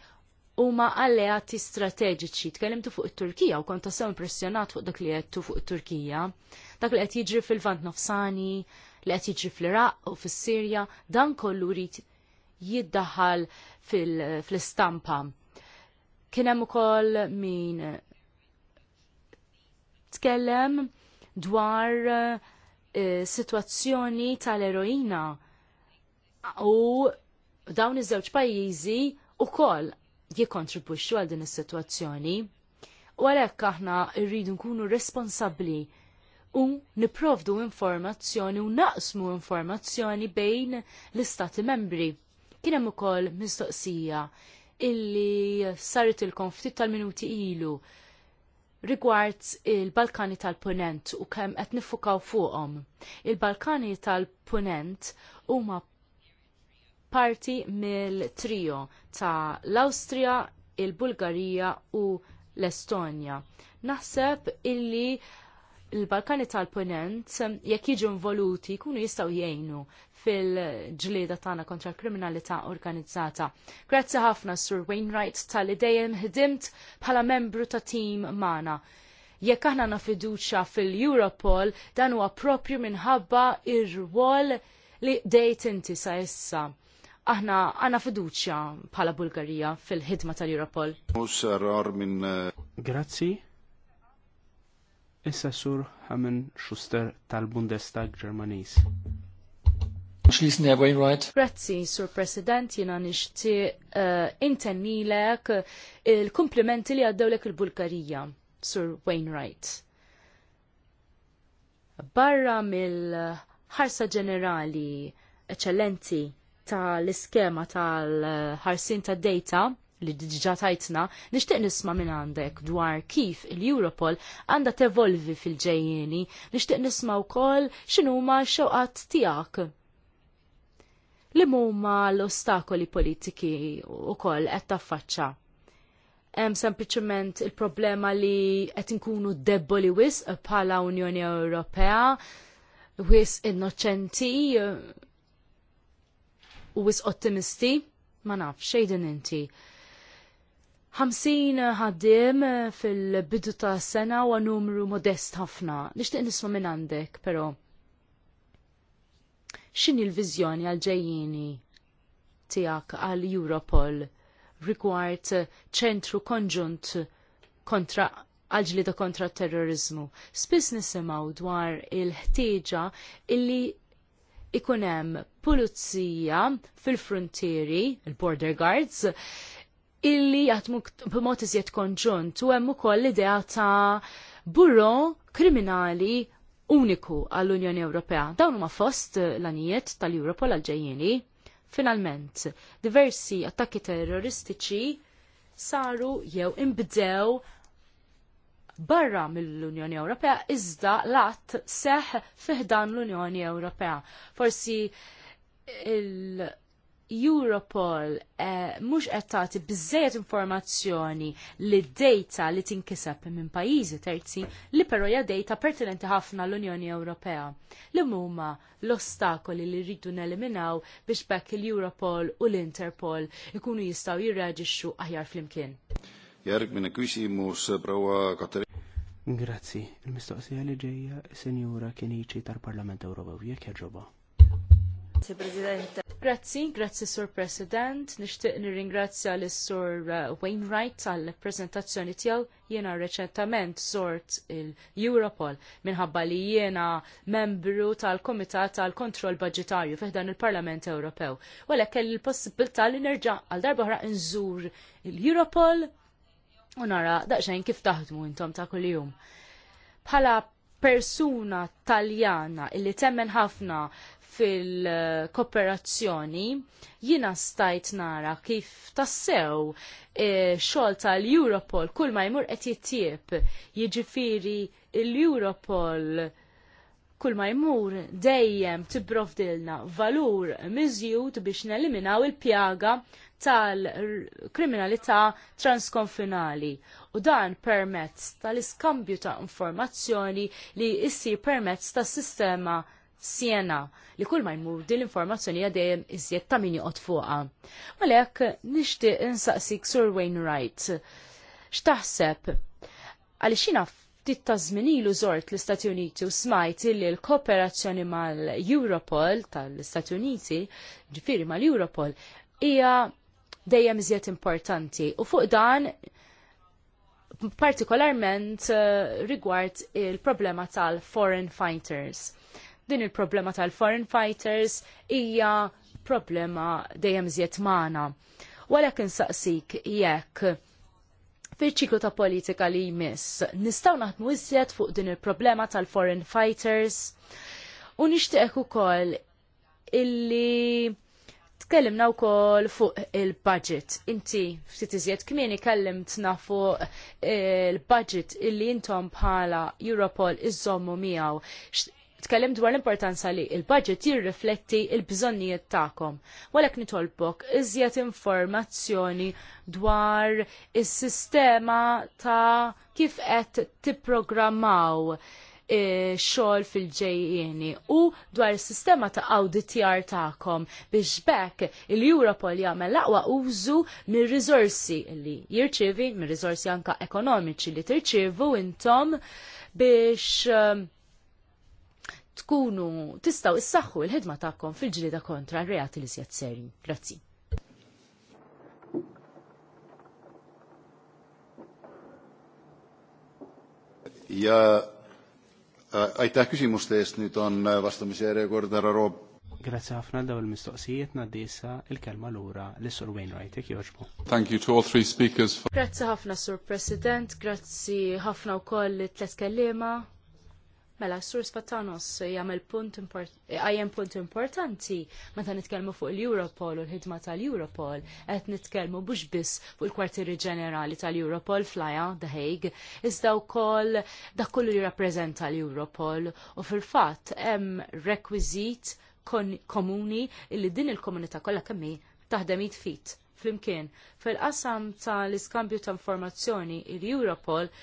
huma alleati strateġiċi. Tkellimtu fuq it-Turkija u kont tassew impressjonat fuq dak li qed fuq it-Turkija. Dak li qed jiġri fil-Vant Nofsani, li qed jiġri fl-Iraq u fis-Sirja, dan kollu rrid jiddaħħal fl-istampa. Kien hemm ukoll min tkellem dwar sitwazzjoni eh, situazzjoni tal-eroina u dawn iż-żewġ pajjiżi ukoll jikontribuċu għal din is-sitwazzjoni. U għalhekk aħna rridu nkunu responsabbli u niprovdu informazzjoni u naqsmu informazzjoni bejn l-istati membri. Kien hemm ukoll mistoqsija illi saret il-konflitt tal-minuti ilu rigward il-Balkani tal-Punent u kemm qed nifukaw fuqhom. Il-Balkani tal-Punent huma parti mill-trio ta' l-Awstrija, il-Bulgarija u l-Estonja. Naħseb illi il-Balkani tal-Ponent jekk jiġu involuti jkunu jistgħu jgħinu fil-ġlieda tagħna kontra l-kriminalità organizzata. Grazzi ħafna Sur Wainwright tal-li dejjem ħdimt bħala membru ta' tim magħna. Jekk aħna na fiduċa fil-Europol dan huwa proprju minħabba ir-rwol li dejt inti sa issa aħna għana fiduċja bħala Bulgarija fil-ħidma tal-Europol. Eh, Grazzi. Issa sur Hamen Schuster tal-Bundestag Ġermanis. Grazzi, Sur President, jina nixti uh, intennilek eh, il-komplimenti li għaddewlek il-Bulgarija, Sur Wainwright. Barra mill-ħarsa ġenerali, eccellenti, tal-iskema tal-ħarsin ta' data li diġa tajtna, nishtiq nisma minn għandek dwar kif il-Europol għanda tevolvi fil-ġejjeni, nishtiq nisma u koll xinuma xoqat tijak. Li mumma l-ostakoli politiki u koll għetta faċċa. Hemm sempliciment il-problema li qed inkunu debboli wisq bħala Unjoni Ewropea, wis innoċenti u wis ottimisti, ma naf, xejden inti. 50 ħaddiem fil-bidu ta' sena u numru modest ħafna. Nixtieq nisma' minn għandek, però. X'inhi l-viżjoni għal-ġejjini tiegħek għal Europol rigward ċentru konġunt kontra għal-ġlida kontra terrorizmu. Spiss nisimaw dwar il-ħtieġa illi ikun hemm pulizija fil-frontieri, il-border guards, illi jaħdmu b'mod iżjed konġunt u hemm ukoll l-idea ta' buro kriminali uniku għall-Unjoni Ewropea. Dawn huma fost l-anijiet tal-Europol għal-ġejjieni. Finalment, diversi attakki terroristiċi saru jew imbdew barra mill-Unjoni Ewropea iżda l-att seħ fiħdan l-Unjoni Ewropea. Forsi il- Europol eh, mhux qed tagħti biżejjed informazzjoni li data li tinkiseb minn pajjiżi terzi li però hija data pertinenti ħafna l-Unjoni Ewropea. Li huma l-ostakoli li rridu neliminaw biex bekk il-Europol u l-Interpol ikunu jistgħu jirreġixxu aħjar flimkien. Järgmine küsimus proua Katariina. Grazzi. Il-mistoqsija li ġejja Senjura Kenici tal-Parlament Ewropew jekk jaġoba. Grazzi, President. Grazzi, grazzi, Sur President. Nixtieq nirringrazzja l sur uh, Wainwright għall prezentazzjoni tiegħu jiena reċentament sort il-Europol minħabba li jiena membru tal-Komitat tal-Kontroll Budgetarju fiħdan il-Parlament Ewropew. Walek kelli l-possibilità li nerġa' għal darba nżur il-Europol u nara daqsxejn kif taħdmu intom ta' kuljum. Bħala persuna taljana illi temmen ħafna fil-kooperazzjoni, jina stajt nara kif tassew e, xol tal-Europol kull ma jmur qed jittieb jiġifieri l-Europol kull ma jmur dejjem tibrofdilna valur miżjud biex neliminaw il-pjaga tal-kriminalità transkonfinali u dan permezz tal-iskambju ta' informazzjoni li jsir permezz tas sistema Siena li kull ma jmur din l-informazzjoni għadejem iżjed ta' min joqgħod fuqha. Malek nixtieq insaqsik Sur Wainwright. X'taħseb? Għaliex jiena ftit ta' żmien ilu żort l-Istati Uniti u smajt li l-kooperazzjoni mal-Europol tal-Istati Uniti, ġifieri mal-Europol, hija dejjem iżjed importanti. U fuq dan partikolarment eh, rigward il-problema tal-foreign fighters. Din il-problema tal-foreign fighters hija problema dejjem iżjed magħna. Walek insaqsik jekk fil-ċiklu ta' politika li jmiss. Nistaw naħdmu iżjed fuq din il-problema tal-foreign fighters u nixtieq ukoll illi Tkellimna wkoll fuq il-budget. Inti ftit iżjed kmieni kellimtna fuq eh, il-budget illi intom bħala Europol iżommu miegħu. Tkellim dwar l-importanza li il-budget jirrifletti il-bżonnijiet tagħkom. Walek nitolbok iżjed informazzjoni dwar is-sistema ta' kif qed tipprogrammaw E, xogħol fil-ġejjieni u dwar is-sistema ta' awditjar tagħkom biex bekk il-Europol jagħmel aqwa użu mir-riżorsi li jirċievi, mir-riżorsi anka ekonomiċi li tirċievu intom biex um, tkunu tistaw issaħħu il-ħidma tagħkom fil-ġlieda kontra r-reati li sjed seri. Grazzi. Ja Eh, aitäh küsimuste eest, nüüd on eh, vastamise järjekord härra Roob. Grazzi ħafna daw il-mistoqsijiet naddisa il-kelma lura li sur Wainwright, jek joġbu. Thank you to all three speakers. For... Grazzi ħafna, Sur President, grazie ħafna u koll tlet kellima Mela, s-sur Spatanos jagħmel punt għajem punt importanti meta nitkellmu fuq l-Europol u l-ħidma tal-Europol, qed nitkellmu mhux biss fuq il-kwartieri ġenerali tal-Europol flaja The Hague, iżda wkoll dak kollu li rappresenta l-Europol u fil-fatt hemm rekwiżit komuni li din il-komunità kollha kemm taħdem jitfit flimkien. Fil-qasam tal-iskambju ta' informazzjoni, l-Europol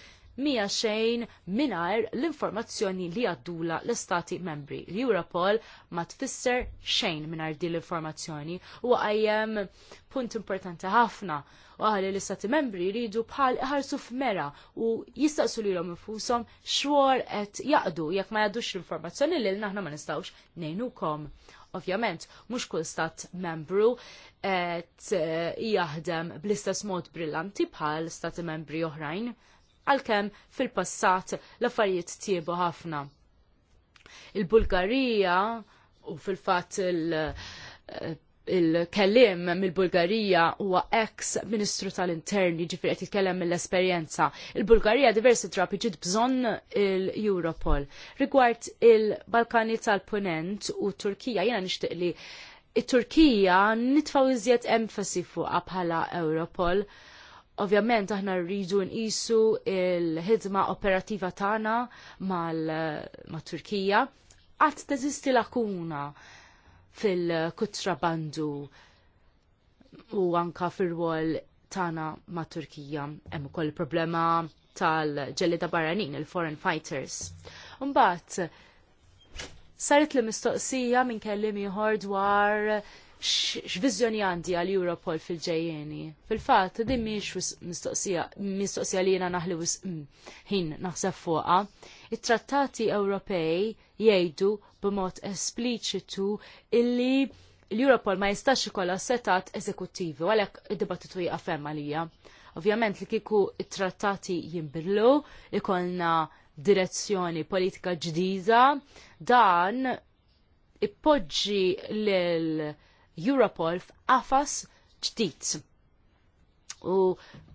mija xejn mingħajr l-informazzjoni li għaddula l-Istati membri. L-Europol ma tfisser xejn mingħajr din l-informazzjoni u għajjem punt importanti ħafna u għalli l-Istati membri jridu bħal iħarsu f'mera u jistaqsu li l-om infusom xwar et jaqdu jekk ma jaddux l-informazzjoni li l-naħna ma nistawx kom. Ovvjament, mux kull stat membru et jahdem bl-istess mod brillanti bħal stati membri oħrajn għalkemm fil-passat l-affarijiet tiebu ħafna. Il-Bulgarija u fil-fatt il- il-kellim mill-Bulgarija huwa ex Ministru tal-Interni ġifieri qed jitkellem mill-esperjenza. Il-Bulgarija diversi drabi ġiet bżonn il-Europol. Rigward il-Balkani tal-Punent u Turkija jiena nixtieq li it-Turkija nitfaw iżjed enfasi fuqha bħala Europol Ovvjament aħna rridu nqisu il-ħidma operattiva tagħna mal-Turkija qatt teżisti lakuna fil-kutrabandu u anka fir-rwol tagħna mat Turkija. Hemm ukoll problema tal-ġellida barranin, il-foreign fighters. Mbagħad saret li mistoqsija minn kellim ieħor dwar x'viżjoni għandi għal Europol fil-ġejjeni. Fil-fatt din mhix mistoqsija li jiena naħli mm, ħin naħseb fuqha. It-trattati Ewropej jgħidu b'mod espliċitu illi l-Europol ma jistax ikollha setat eżekuttivi, għalhekk id-dibattitu jgħafem għalija. Ovvjament li kieku it-trattati jinbidlu, ikollna direzzjoni politika ġdida, dan ippoġġi lil Europol f'qafas ġdid. U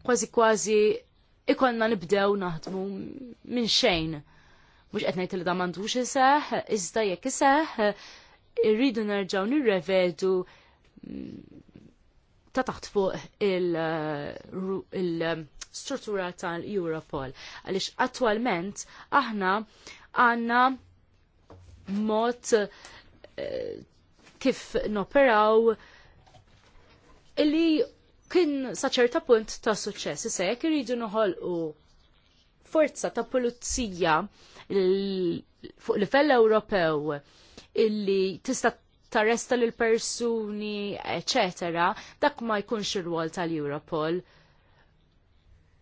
kważi kważi ikonna nibdew naħdmu minn xejn. Mhux qed ngħid li da m'għandux iseħħ, iżda jekk iseħħ, irridu nerġgħu nirrevedu ta' taħt fuq il-struttura il um, tal-Europol. Għalix attualment aħna għanna mod eh, kif noperaw illi kien saċerta punt ta' suċċess issa jekk iridu noħolqu forza ta' pulizija fuq livell Ewropew illi tista' tarresta l persuni eċetera, dak ma jkunx ir-rwol tal-Europol.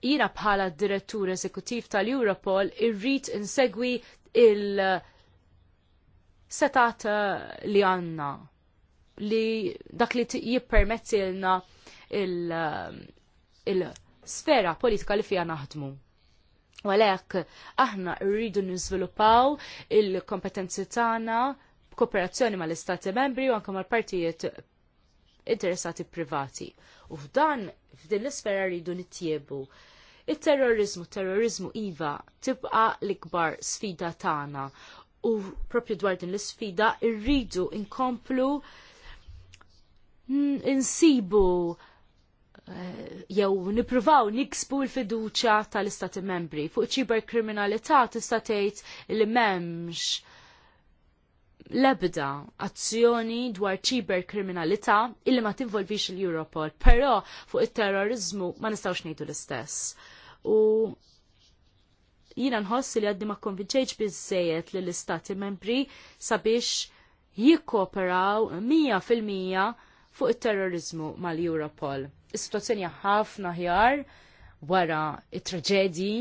Jina bħala direttur eżekutiv tal-Europol irrid insegwi il- setat eh, li għanna li dak li jippermetti lna il-sfera il eh, politika li fija naħdmu. Għalek, aħna rridu nizvilupaw il-kompetenzi tagħna b'kooperazzjoni mal-Istati membri u anke mal-partijiet interessati privati. U f'dan, f'din l-isfera rridu nittiebu. Il-terrorizmu, terrorizmu iva, tibqa l-ikbar sfida tagħna u propju dwar din l-sfida irridu inkomplu insibu eh, jew nipruvaw niksbu l-fiduċa tal-istati membri. Fuq ċiber kriminalità tista' tgħid li m'hemmx l-ebda azzjoni dwar ċiber kriminalità illi ma tinvolvix l-Europol, però fuq it-terrorizmu ma nistgħux ngħidu l-istess. U jina nħoss li għaddi ma konvinċejċ bizzejet li l-istati membri sabiex jikkooperaw 100% fuq il-terrorizmu mal-Europol. Is-situazzjoni ħafna ħjar wara il traġedji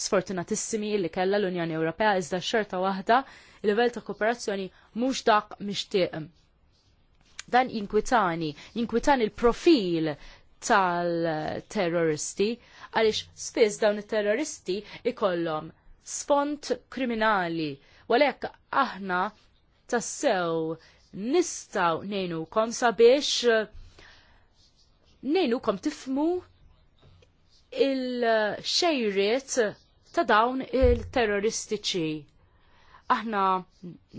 sfortunatissimi li kella l-Unjoni Ewropea iżda xorta waħda il-livell ta' kooperazzjoni mhux dak mixtieq. Dan jinkwitani, jinkwitani il profil tal-terroristi għaliex spiss dawn it-terroristi ikollhom spont kriminali. Walek aħna tassew nistaw kom sabiex kom tifmu il-xejriet ta' dawn il-terroristiċi. Aħna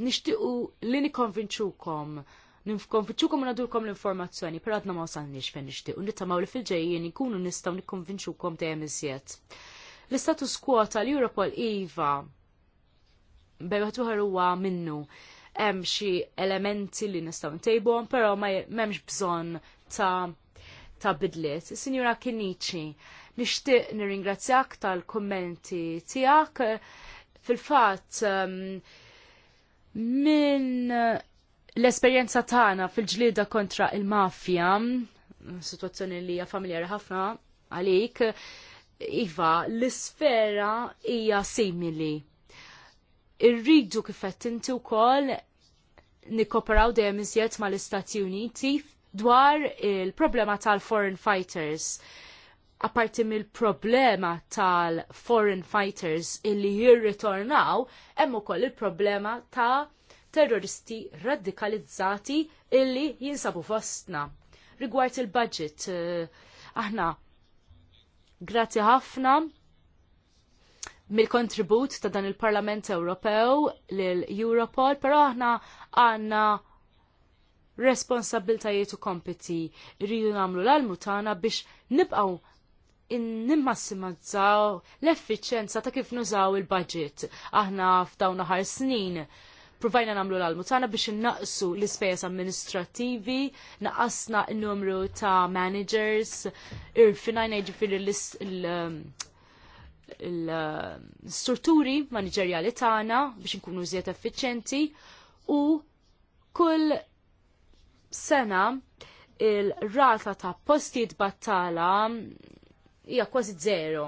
nishtiqu li nikonvinċukom nifkom fiċukom nadurkom l-informazzjoni, pero għadna ma wasalniex fejn nixtieq u nittamaw li fil-ġejjien ikunu nistgħu nikkonvinċukom dejjem iżjed. L-istatus quo tal-Europol iva bejwet uħar huwa minnu hemm xi elementi li nistgħu ntejbuhom, però m'hemmx bżonn ta' ta' bidliet. Sinjura Kinici, nixtieq nirringrazzjak tal-kummenti tiegħek fil-fatt um, minn L-esperjenza tagħna fil-ġlieda kontra il-mafja, situazzjoni li hija familjari ħafna għalik, iva, l-isfera hija simili. Irridu kif qed inti wkoll nikkoperaw dejjem iżjed mal-Istati Uniti dwar il-problema tal-foreign fighters apparti mill-problema tal-foreign fighters illi jirritornaw, hemm ukoll il-problema ta' terroristi radikalizzati illi jinsabu fostna. Rigward il-budget, eh, aħna grazi ħafna mill-kontribut ta' dan il-Parlament Ewropew l-Europol, pero aħna għanna responsabiltajiet u kompiti rridu namlu l-almutana biex nibqaw nimmassimazzaw l-effiċenza ta' kif nużaw il-budget. Aħna f'dawn ħar snin provajna namlu l-almu tagħna biex innaqsu l-ispejjeż amministrattivi, naqasna n-numru ta' managers, irfinajna ġifieri l-strutturi um, um, manageriali tagħna biex nkunu iżjed effiċenti, u kull sena il-rata ta' postijiet battala hija kważi zero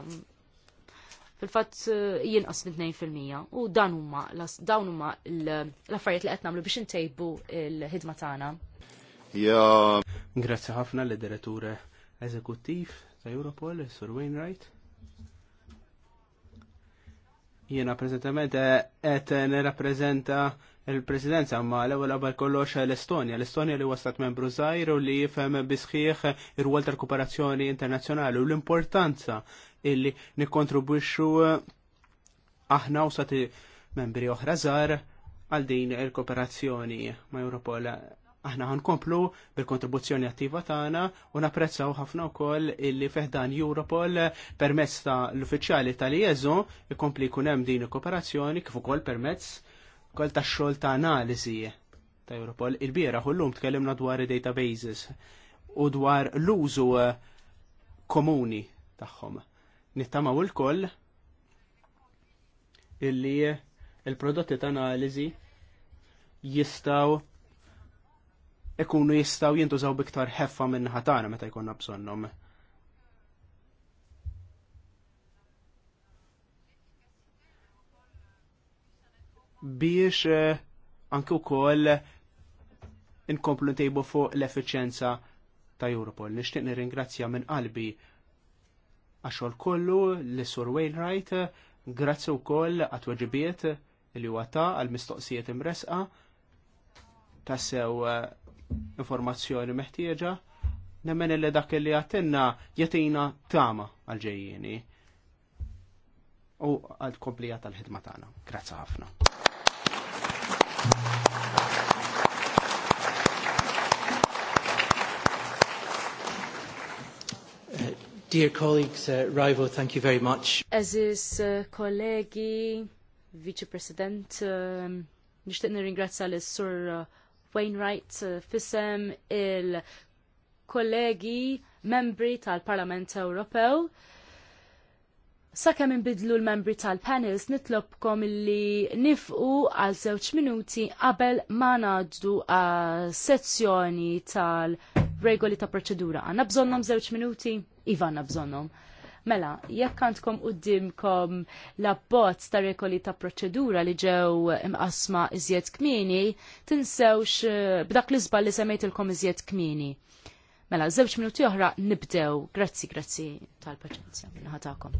fil-fatt eh, jinqas minn 2% u dan huma dawn huma l-affarijiet li qed nagħmlu biex intejbu l-ħidma tagħna. Ja. Grazzi ħafna li direttur eżekuttiv ta' Europol, Sir Wainwright. Jiena preżentament eh, qed nirrappreżenta il-presidenza ma l-ewwel qabel kollox l-Estonja. L-Estonja li wasat membru żgħir u li jifhem bisħiħ ir wol tal-kooperazzjoni internazzjonali u l-importanza illi nikkontribwixxu eh, aħna u sati membri oħra żgħar għal din il-kooperazzjoni ma' Europol. Aħna ħankomplu bil-kontribuzzjoni attiva tagħna u napprezzaw ħafna wkoll illi feħdan Europol eh, permezz ta' l-uffiċjali tal-IEZO ikompli jkun hemm din il-kooperazzjoni kif ukoll permezz ukoll tax-xogħol ta' analiżi ta' Europol. Il-biera kullum tkellimna dwar databases u dwar l-użu eh, komuni tagħhom nittamaw il-koll illi il-prodotti ta' analiżi jistaw ikunu jistaw jintużaw biktar ħeffa minn ħatana meta jkunna bżonnhom. biex eh, anke wkoll inkomplu ntejbu fuq l-effiċjenza ta' Europol. Nixtieq nirringrazzja minn qalbi għaxol kollu li Sur Wainwright, grazzi u koll għat-weġibiet li għata għal-mistoqsijiet imresqa, tassew eh, informazzjoni meħtieġa, nemmen li dak li għatinna jatina tama għal-ġejjini u għal komplijat tal-ħidma tagħna. Grazzi ħafna. Dear colleagues, uh, Rival, thank you very much. Aziz uh, kollegi, Vice President, um, nishtiq nirringrazzja l sur uh, Wainwright uh, fissem il-kollegi membri tal-Parlament Ewropew. Sakemm inbidlu l-membri tal-panels nitlobkom li nifqu għal żewġ minuti qabel ma ngħaddu għal sezzjoni tal- -panels, regoli ta' proċedura. Għanna bżonnom zewċ minuti? Iva bżonnom. Mela, jekk għandkom qudiemkom la abbozz ta' regoli ta' proċedura li ġew imqasma iżjed kmini, tinsewx eh, b'dak l iżbal li semmejtilkom iżjed kmini. Mela, żewġ minuti oħra nibdew. Grazzi, grazzi tal-paċenzja minna ħatakom.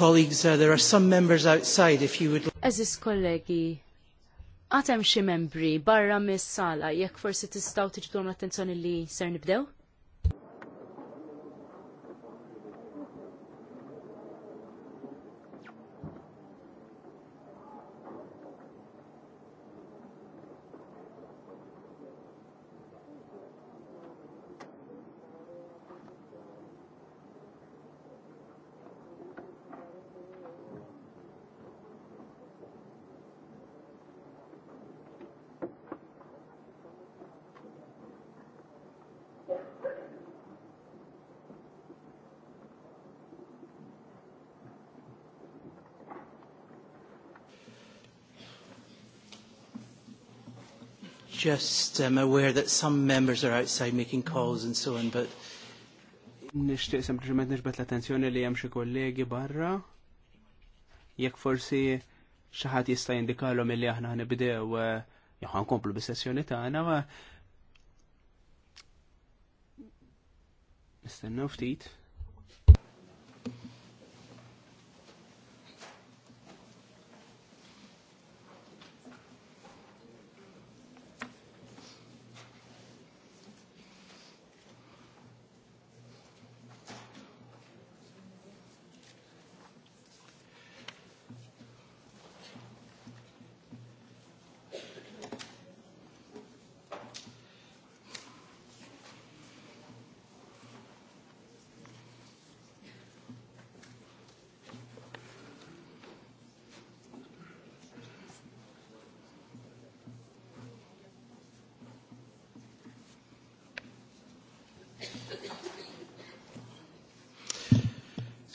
colleagues, uh, there are some members outside if you would like. Eżis kollegi, għatem xi membri barra mis-sala, jekk forsi tistgħu tiġbdu l-attenzjoni li ser nibdew? just um, aware that some members are outside making calls and so on, but... Nishtiq sempliciment nixbet l-attenzjoni li hemm xi kollegi barra. Jek forsi xi ħadd jista' jindikalhom li aħna ħnibdew eh, jew komplu bis-sessjoni tagħna ma nistennew ftit.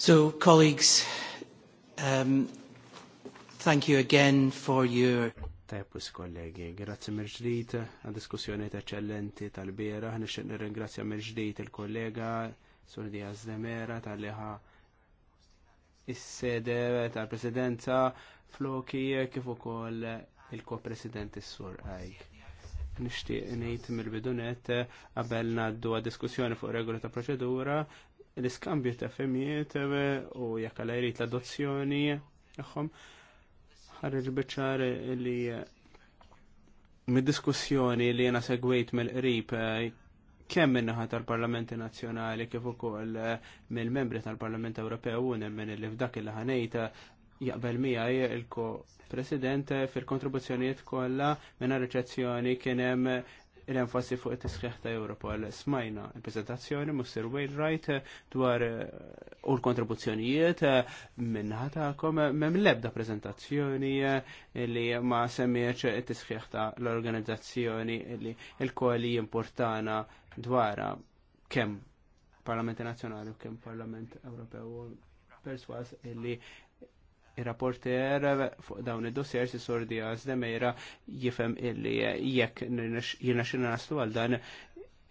So, colleagues, um, thank you again for your... Tajbus kollegi, grazzi mirġdijt għad diskussjoni eccellenti tal-bira, nixin nirringrazzja mirġdijt il-kollega Sur Diaz tal-liħa is-sede tal-presidenza Floki kif ukoll il-ko-president is-sur Ajk nishtiq ngħid mill-bidunet qabel d-dua diskussjoni fuq regola ta' proċedura l-iskambju ta' femijiet u jekk għal jrid l-adozzjoni tagħhom ħareġ biċċar li mid-diskussjoni li jena segwejt mill-qrib eh, kemm minnaħa tal-Parlamenti Nazzjonali kif ukoll eh, mill-membri tal-Parlament Ewropew unem minn li f'dak il ħanejta eh, jaqbel mija il-ko President fil-kontribuzzjonijiet kollha minna reċezzjoni kien hemm l-enfasi fuq it-tisħiħ ta' għal Smajna il-prezentazzjoni Mr. Wainwright dwar eh, u l-kontribuzzjonijiet eh, minnaħa ta'kom mem lebda prezentazzjoni eh, li ma semmieċ it-tisħiħ ta' l-organizzazzjoni li il-koli importana dwara kemm Parlamenti Nazzjonali u kemm Parlament Ewropew perswas li il-rapporter fuq dawn id-dossier si sordi għaz Mejra jifem illi jekk jina xina naslu għal dan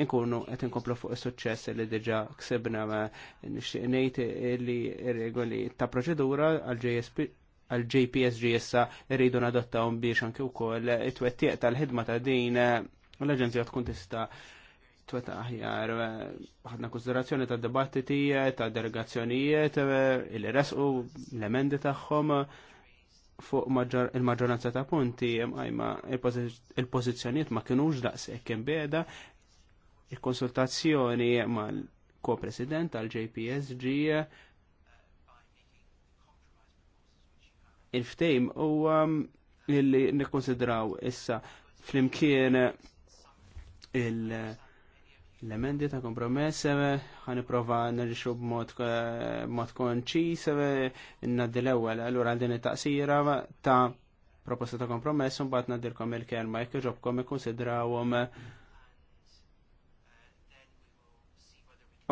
inkunu qed inkomplu fuq is-suċċess li diġà ksibna nixtieq ngħid li regoli ta' proċedura għal JPSG issa rridu nadottawhom biex anke wkoll it-twettieq tal-ħidma ta' din l-Aġenzija tkun tista' tweta ħjar eh, ħadna konsiderazzjoni ta' dibattiti, eh, ta' delegazzjonijiet, eh, il-resqu l-emendi tagħhom fuq il-maġġoranza ta' punti imma il-pożizzjonijiet ma kinux daqshekk beda il-konsultazzjoni mal-ko-president tal-JPSG il-ftejm u li nikkonsidraw issa flimkien il- l-emendi ta' kompromess għan iprofa nerġu b-mod eh, konċis naddi l-ewwel allura għal din it-taqsira ta' proposta ta' kompromess un bat nadirkom il-kelma jekk iġobkom ikkonsidrawhom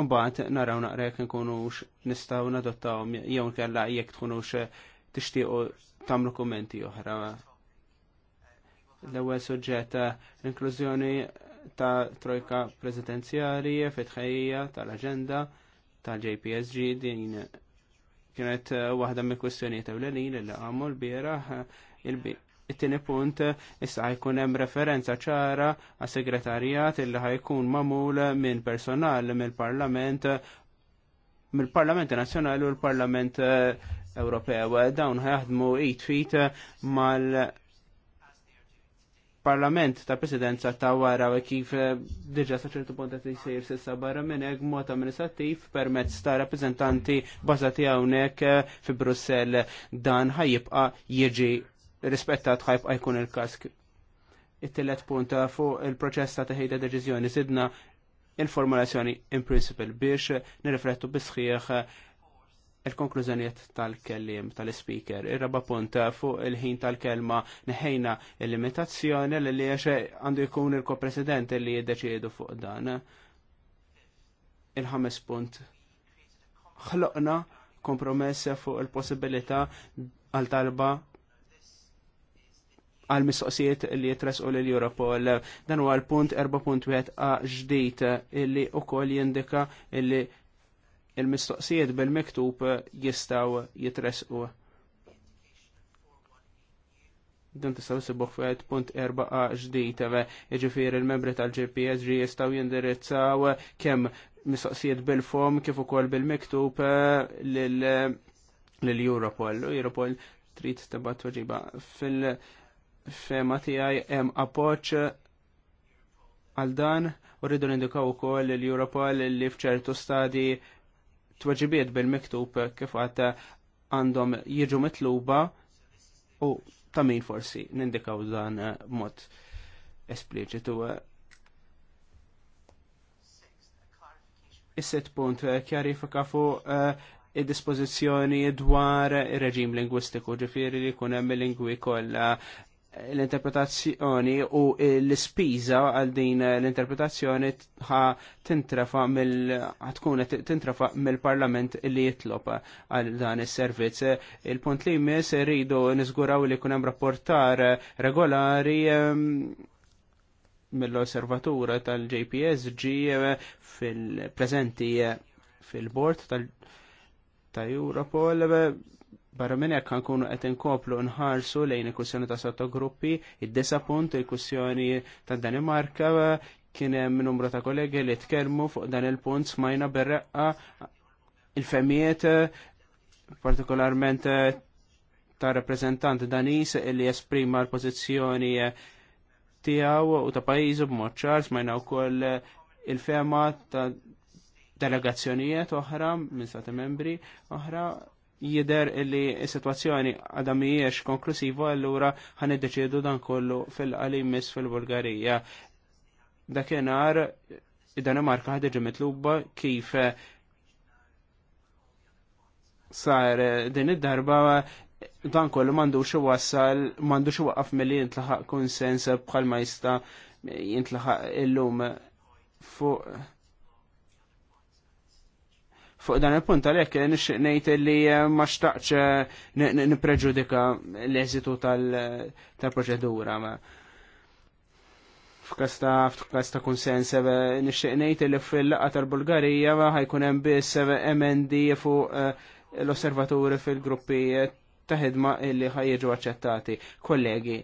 Mbagħad naraw naqra jekk nkunux nistgħu nadottawhom jew nkella jekk tkunux tixtiequ tagħmlu kummenti oħra. L-ewwel suġġett eh, l-inklużjoni ta' trojka prezidenzjali fitħejja tal-agenda tal-JPSG din kienet eh, waħda mill kwistjonijiet ewlenin li għamlu l-bieraħ it-tieni punt issa ħajkun hemm referenza ċara għas segretarjat illi ħajkun mamul minn personal mill-Parlament mill-Parlament Nazzjonali u l-Parlament eh, Ewropew. Dawn ħajħdmu 8 fit mal- parlament ta' presidenza ta' wara u kif eh, diġa saċertu punt qed jsir sissa barra minn hekk mod amministrattiv permezz ta' rappreżentanti bażati hawnhekk eh, fi Brussell dan ħajjibqa' jiġi rispettat ħajbqa' jkun il-kask. It-tillet punt eh, fuq il-proċess ta' teħida deċiżjoni sidna il-formulazzjoni in principle biex nirriflettu bisħieħ il-konklużjoniet tal-kellim tal-speaker. Ir-raba punt fuq il-ħin tal-kelma neħejna il-limitazzjoni li għaxe għandu jkun il-ko-president li jiddeċiedu fuq dan. Il-ħames punt. Ħloqna kompromess fuq il-possibilità għal talba għal mistoqsijiet li jitresqu l Europol. Dan huwa l-punt 4.1 ġdid illi wkoll jindika illi il-mistoqsijiet bil-miktub jistaw jitresqu. Dan tistaw sibuħ fet punt erba' ġdijt, ġifir il-membri tal-GPS ġi jistaw jindirizzaw kem mistoqsijiet bil-fom kif ukoll bil-miktub eh, lill europol Europol trid tibgħat tweġiba fil-fema tiegħi hemm appoġġ għal dan u rridu nindikaw ukoll l-Europol li f'ċertu stadi tweġibiet bil-miktub kif għat għandhom jiġu mitluba u ta' min forsi nindikaw dan mod espliċitu. is sitt punt eh, kjarifika fuq eh, id-dispożizzjoni dwar ir-reġim lingwistiku ġifieri li jkun hemm lingwi kollha l-interpretazzjoni u l-spiża għal din l-interpretazzjoni ħa tintrafa mill tkun tintrafa mill-Parlament li jitlob għal dan is-servizz. Il-punt li jmiss rridu niżguraw li kunem hemm rapportar regolari ehm, mill-osservatura tal-JPSG fil-prezenti fil-bord tal-Europol Barra minn hekk nkunu qed inkoplu nħarsu lejn il-kwissjoni ta' sottogruppi, id desa punt il-kwissjoni ta' Danimarka kien hemm numru ta' kollegi li tkellmu fuq dan il-punt smajna berreqqa il-femijiet partikolarment eh, ta' rappresentant Danis li jesprima l-pożizzjoni eh, tiegħu u ta' pajjiżu b'mod ċar smajna wkoll eh, il-fema ta' delegazzjonijiet oħra minn stati membri oħra jider li situazzjoni għadha mhijiex konklusiva allura ħan iddeċiedu dan kollu fil-qalim miss fil-Bulgarija. Dakinhar id-Danimarka ħad iġi mitluba kif eh, sar eh, din id-darba eh, dan kollu mandu xo wassal, mandu xi waqaf milli jintlaħaq konsens bħal ma jista' jintlaħaq illum fuq fuq dan il-punt għalek nixtieq ngħid li eh, ma xtaqċ eh, nippreġudika l-eżitu tal-proċedura. Fkasta, ta' konsens eh, nixtieq ngħid li fil-laqgħa tal-Bulgarija ħajkun hemm biss MND fuq l-osservaturi fil-gruppi ta' ħidma illi ħajġu aċċettati. Kollegi,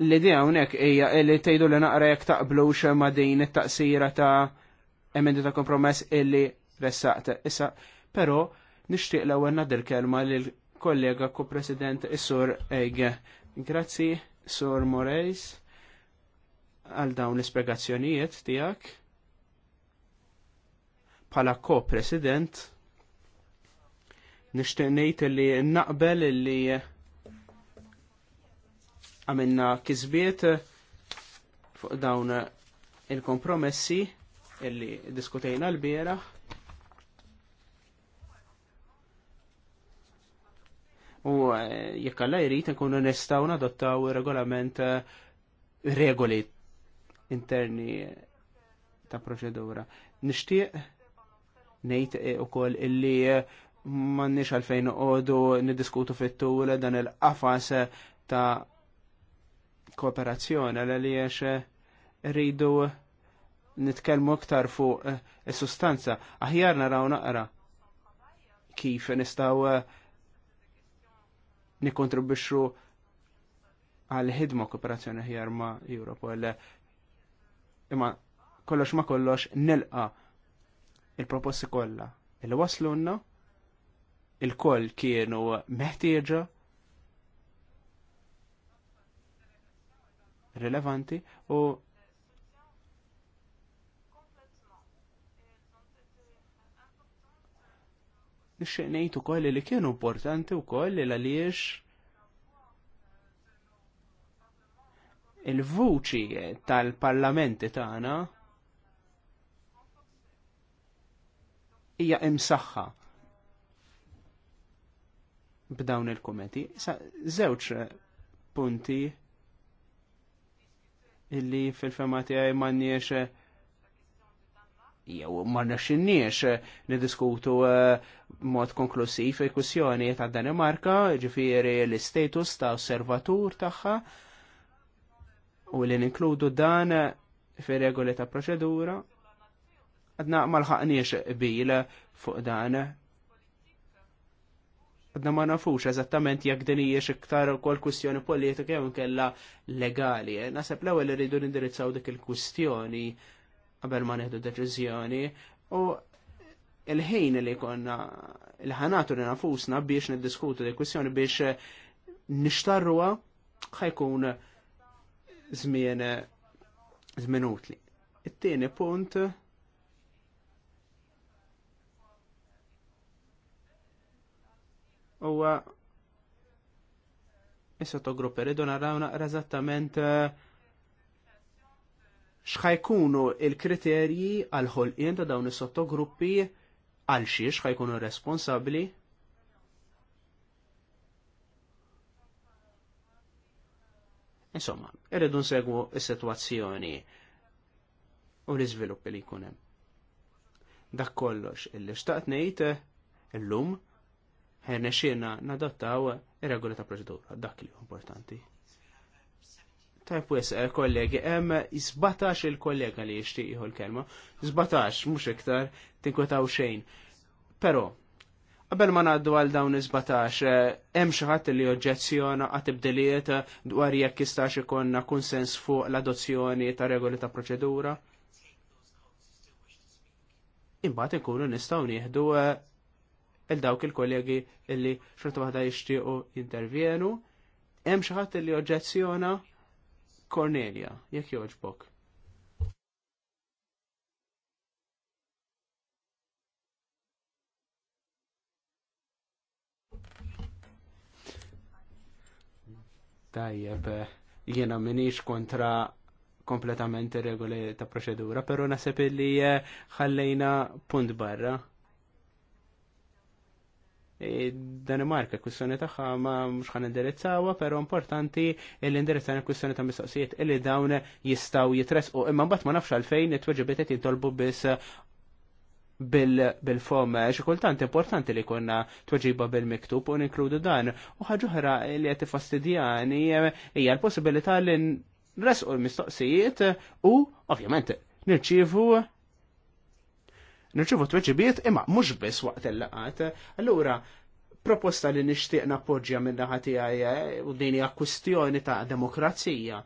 L-idea hawnhekk hija li tgħidu li naqra jekk taqblux ma' din it-taqsira ta' emendi ta' kompromess illi ressaqt. Issa, però nixtieq l-ewwel nadir kelma l kollega ko-president is-sur Ege. Grazzi, sur Moreis, għal dawn l-ispjegazzjonijiet tiegħek. Bħala ko-president, nixtieq ngħid li naqbel illi għamilna kisbiet eh, fuq dawn eh, il-kompromessi illi diskutejna l-biera. U eh, jekk alla jrid nkunu nistgħu nadottaw regolament regoli interni ta' proċedura. Nixtieq ngħid ukoll illi m'għandniex għalfejn noqogħdu niddiskutu fit-tul dan il-qafas ta' kooperazzjoni għal li eh, rridu nitkellmu aktar fuq eh, is-sustanza. Aħjar naraw naqra kif nistgħu eh, nikontribuxu għal ħidma kooperazzjoni aħjar ma' Europol. Imma kollox ma kollox nilqa il-proposti kollha il waslunna il-koll kienu meħtieġa rilevanti u nixxieq ngħid ukoll li kienu importanti wkoll li għaliex il-vuċi tal-parlamenti tagħna hija imsaħħa b'dawn il-kumeti. Sa żewġ punti illi fil-fema tiegħi m'għandniex jew ma nexxinniex niddiskutu eh, mod konklusiv il-kwissjoni ta' Danimarka, ġifieri l-istatus ta' osservatur tagħha u li ninkludu dan fir-regoli ta' proċedura. Għadna malħaqniex bil fuq dan għadna ma nafux eżattament jekk din hija iktar ukoll kwistjoni politika jew kella legali. Eh, Naseb l-ewwel iridu nindirizzaw dik il-kwistjoni qabel ma neħdu deċiżjoni u il-ħin li konna il-ħanatu li nafusna biex niddiskutu dik kwistjoni biex eh, nixtarruha ħajkun zmien eh, żmien utli. It-tieni punt huwa is sottogrupp irridu naraw naqra eżattament eh, xħajkunu l kriterji għal ħolqien ta' dawn is-sottogruppi għal xiex ħajkunu responsabbli Insomma, irridu nsegwu is-sitwazzjoni u l iżviluppi li jkun hemm. Dak kollox illi xtaqt ngħid eh, illum xiena nadottaw ir-regoli ta' proċedura, dak li importanti. Tajb wis eh, kollegi, hemm 17 il-kollega li jishti jieħu l-kelma, 17 mhux iktar tinkwetaw xejn. Però qabel ma ngħaddu għal dawn 17 eh, hemm xi ħadd li oġġezzjona għat ibdiliet dwar jekk jistax ikonna konsens fuq l-adozzjoni ta' regoli ta' proċedura. Imbagħad inkunu nistgħu nieħdu eh, il-dawk il-kollegi illi xorta waħda jixtiequ intervjenu. Hemm xi ħadd illi oġġezzjona Cornelia, jekk jogħġbok. Tajjeb, jiena minix kontra kompletament regoli ta' proċedura, pero nasib li eh, ħallejna punt barra. E, Danimarka kwistjoni tagħha ma mhux ħan indirizzawa, però importanti li il kwistjoni ta' mistoqsijiet illi dawn jistgħu jitresqu imma mbagħad ma nafx għalfejn it-tweġibiet qed jintolbu biss bil-fom, xi kultant importanti li konna tweġiba bil-miktub u ninkludu dan. U oħra li qed ifastidjani hija l-possibilità li nresqu l-mistoqsijiet u ovvjament nirċievu nirċivu t-weġibiet imma mhux biss waqt il-laqat. Allura, proposta li nixtieq nappoġġja minn naħa tiegħi eh, u din hija kwistjoni ta' demokrazija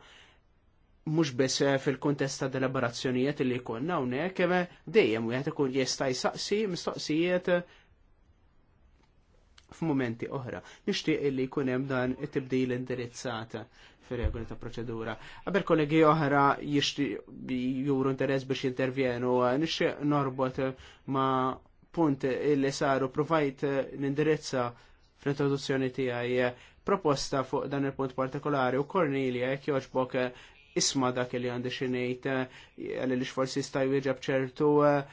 mhux biss eh, fil-kuntest ta' deliberazzjonijiet li jkollna hawnhekk dejjem wieħed ikun jista' jsaqsi mistoqsijiet f'momenti oħra. Nixtieq li jkun hemm dan it-tibdil indirizzata fir-regoli ta' proċedura. Għaber kollegi oħra juru interess biex jintervjenu, nixtieq norbot ma' punt illi saru provajt l-indirizza fl-introduzzjoni tiegħi proposta fuq dan il-punt partikolari u Cornelia jekk joġbok isma dak li għandi xinejt għalli li xforsi staj wieġab ċertu eh,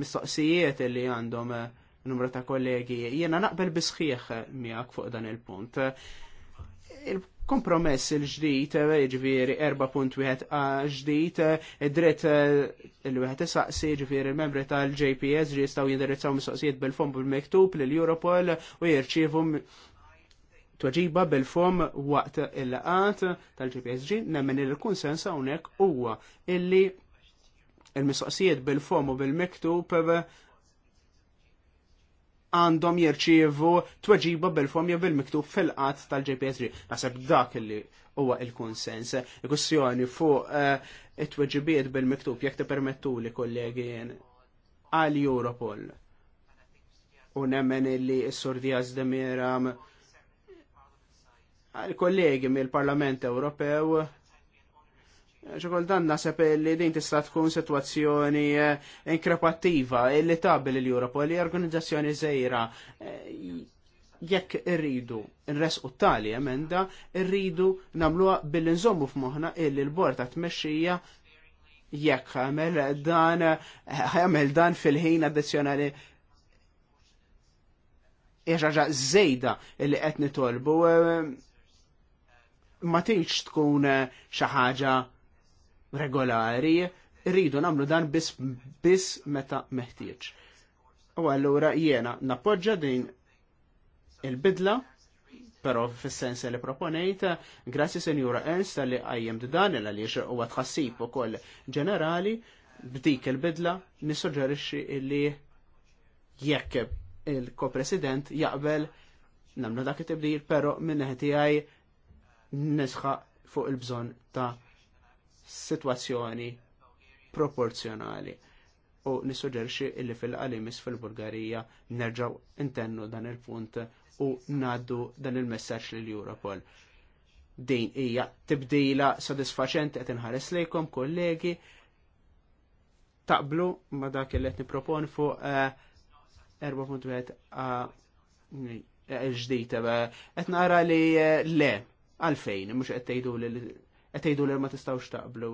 mistoqsijiet li għandhom eh, numru ta' kollegi. Jena naqbel bisħieħ miegħek fuq dan il-punt. Il-kompromess il-ġdijt, ġviri 4.1 ġdijt, id-dritt il-wieħed isaqsi ġviri jiġifieri il-membri tal-JPS ġi jistaw jindirizzaw mistoqsijiet bil fom bil-mektub l-Europol u jirċivu tuġiba bil-fom waqt il-laqat tal-GPSG nemmen il-konsens hawnhekk huwa illi il-mistoqsijiet bil-fom u bil-miktub għandhom jirċievu tweġiba bil-fom jew bil-miktub fil-qatt tal-JPSG. Naseb dak li huwa il-konsens. Il-kussjoni fuq eh, it-tweġibiet bil-miktub jekk permettu li kollegi għal Europol. U nemmen li s-sur Diaz de għal kollegi mill-Parlament Ewropew ċekol dan nasab li din tista' tkun situazzjoni eh, inkrepattiva li tabel l-Europol li organizzazzjoni zejra eh, jekk irridu nres u tali emenda irridu namluwa billi nżommu f'moħħna illi l borta t tmexxija jekk għamel dan għamel dan fil-ħin addizzjonali ħaġa żejda li qed nitolbu eh, ma tiġ tkun xi ħaġa regolari, rridu namlu dan bis, bis meta meħtieġ. U allura jiena nappoġġa din il-bidla, pero fis-sens li proponejt, grazzi Senjura Ernst li għajjem dan il għaliex u għatħassib u koll ġenerali, b'dik il-bidla nissuġġerixxi li jekk il-ko-president jaqbel namlu dak it-tibdil, pero minneħti ħti nisħaq fuq il-bżon ta' situazzjoni proporzjonali u nissuġġerxi illi fil-qalimis fil-Bulgarija nerġaw intennu dan il-punt u naddu dan il-messaġġ l Europol. Din hija tibdila sodisfaċenti qed inħares lejkom kollegi taqblu ma dak li qed niproponi fuq 4.1 eh, eh, ġdid eh, qed nara li le għalfejn mhux qed tgħidu li għetajdu tgħidu li ma tistgħux taqblu.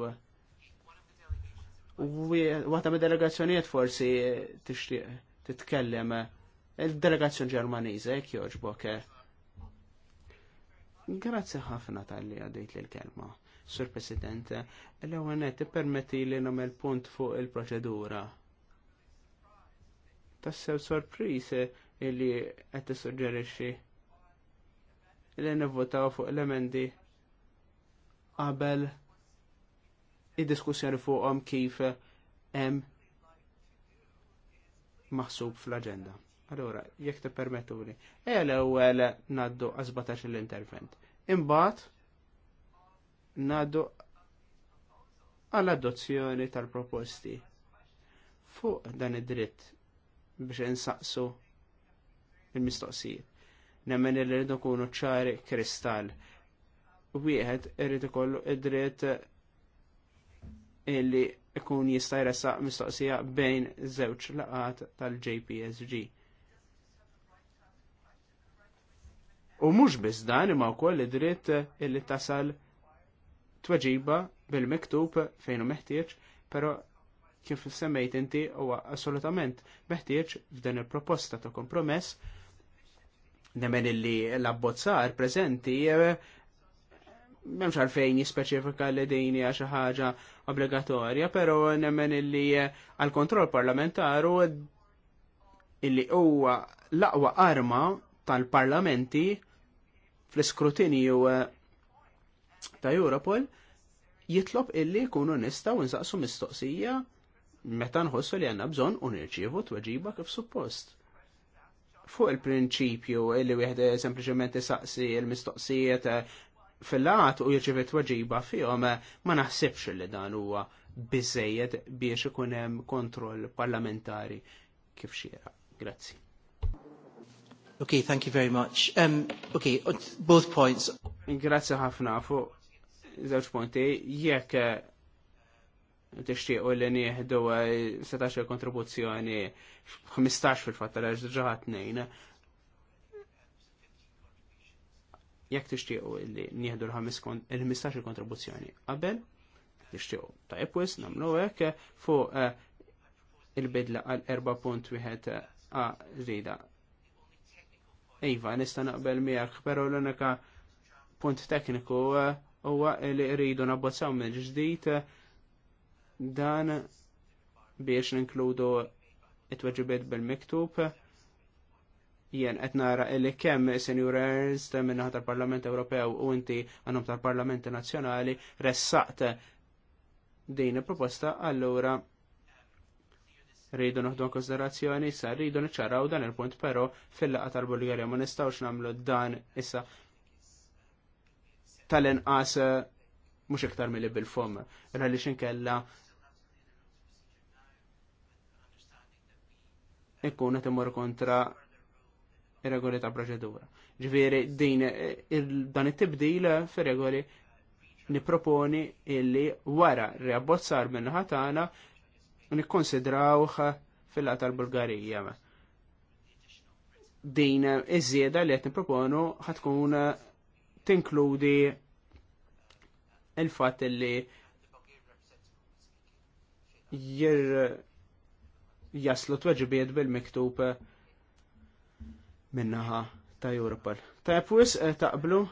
għata me delegazzjonijiet forsi tixtieq titkellem il-delegazzjoni Ġermaniża jekk jogħġbok. Grazzi ħafna tal-li għaddejt li l-kelma, Sur President. L-għonet, permetti li nomel punt fuq il-proċedura. Tassew sorprise illi għet t-sugġerixi li nivvotaw fuq l-emendi qabel id-diskussjoni fuqhom kif eh, hemm maħsub fl-aġenda. Allora, jekk te li. E l-ewwel ngħaddu għażbatax l-intervent. Imbagħad ngħaddu għall-adozzjoni tal-proposti fuq dan id-dritt biex insaqsu il-mistoqsijiet. Nemmen li rridu kunu ċari kristall wieħed irid ikollu id-dritt illi ikun jista' jressaq mistoqsija bejn żewġ laqat tal-JPSG. U mhux biss dan imma wkoll id-dritt illi tasal tweġiba bil-miktub fejn hu meħtieġ, però kif semmejt inti huwa assolutament meħtieġ f'dan il-proposta ta' kompromess nemmen illi l-abbozzar preżenti memx għalfejn jispeċifika li dini għax ħaġa obbligatorja, pero nemmen illi eh, għal kontroll parlamentaru illi huwa l-aqwa arma tal-parlamenti fl-iskrutinju eh, ta' Europol jitlob illi kunu nistaw nsaqsu mistoqsija meta nħossu li għanna bżon u nirċievu wagġiba kif suppost. Fuq il-prinċipju illi wieħed sempliċement saqsi il-mistoqsijiet eh, fil-lat u jirġivet waġiba fihom ma naħsibx li dan huwa biżejjed biex ikun hemm kontroll parlamentari kif xiera. Grazzi. Okay, thank you very much. Um, okay, both points. Grazzi ħafna fuq żewġ punti. Jekk eh, tixtiequ li nieħdu 16 eh, kontribuzzjoni 15 fil-fatt għal ġaħat nejn jekk tixtiequ li nieħdu l-15 kontribuzzjoni qabel, tixtiequ ta' epwis nagħmlu hekk fuq eh, il-bidla għal 4.1 eh, a rida. Iva, nista' naqbel miegħek, però l-unika punt tekniku eh, huwa li rridu nabbozzaw mill ġdid dan biex ninkludu it-tweġibiet bil-miktub jien qed nara illi kemm Senjur Ernst minnaħa tal-Parlament Ewropew u inti għandhom tal-Parlamenti Nazzjonali ressaqt din il-proposta allura rridu noħdu konsiderazzjoni issa rridu niċċaraw dan il-punt però fil-laqa tal-Bulgarja ma nistgħux nagħmlu dan issa tal-inqas eh, mhux iktar milli bil-fom għaliex inkella ikkun qed imorru kontra regoli ta' proċedura. Ġviri, din eh, dan it-tibdil fir regoli niproponi illi wara riabbozzar minn ħatana nikkonsidrawħ fil-lat tal-Bulgarija. Din iż-żieda li qed nipproponu ħatkun tinkludi il-fatt illi jir jaslu tweġibiet bil-miktub minnaħa ta' Europol. Ta' jepwis eh, taqblu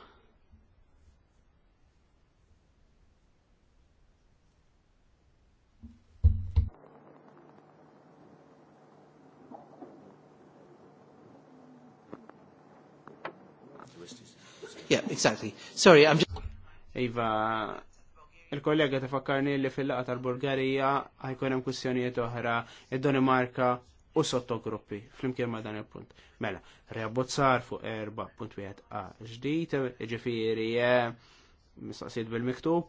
Yeah, exactly. Sorry, I'm just... Iva, il-kollega tafakkarni li fil-laqa tal-Bulgarija għajkunem hemm kwistjonijiet oħra, id-Danimarka u sottogruppi flimkien ma' dan il-punt. Mela, reabbozzar fuq 4.1 a ġdijt, ġifiri eh, mistaqsijiet bil-miktub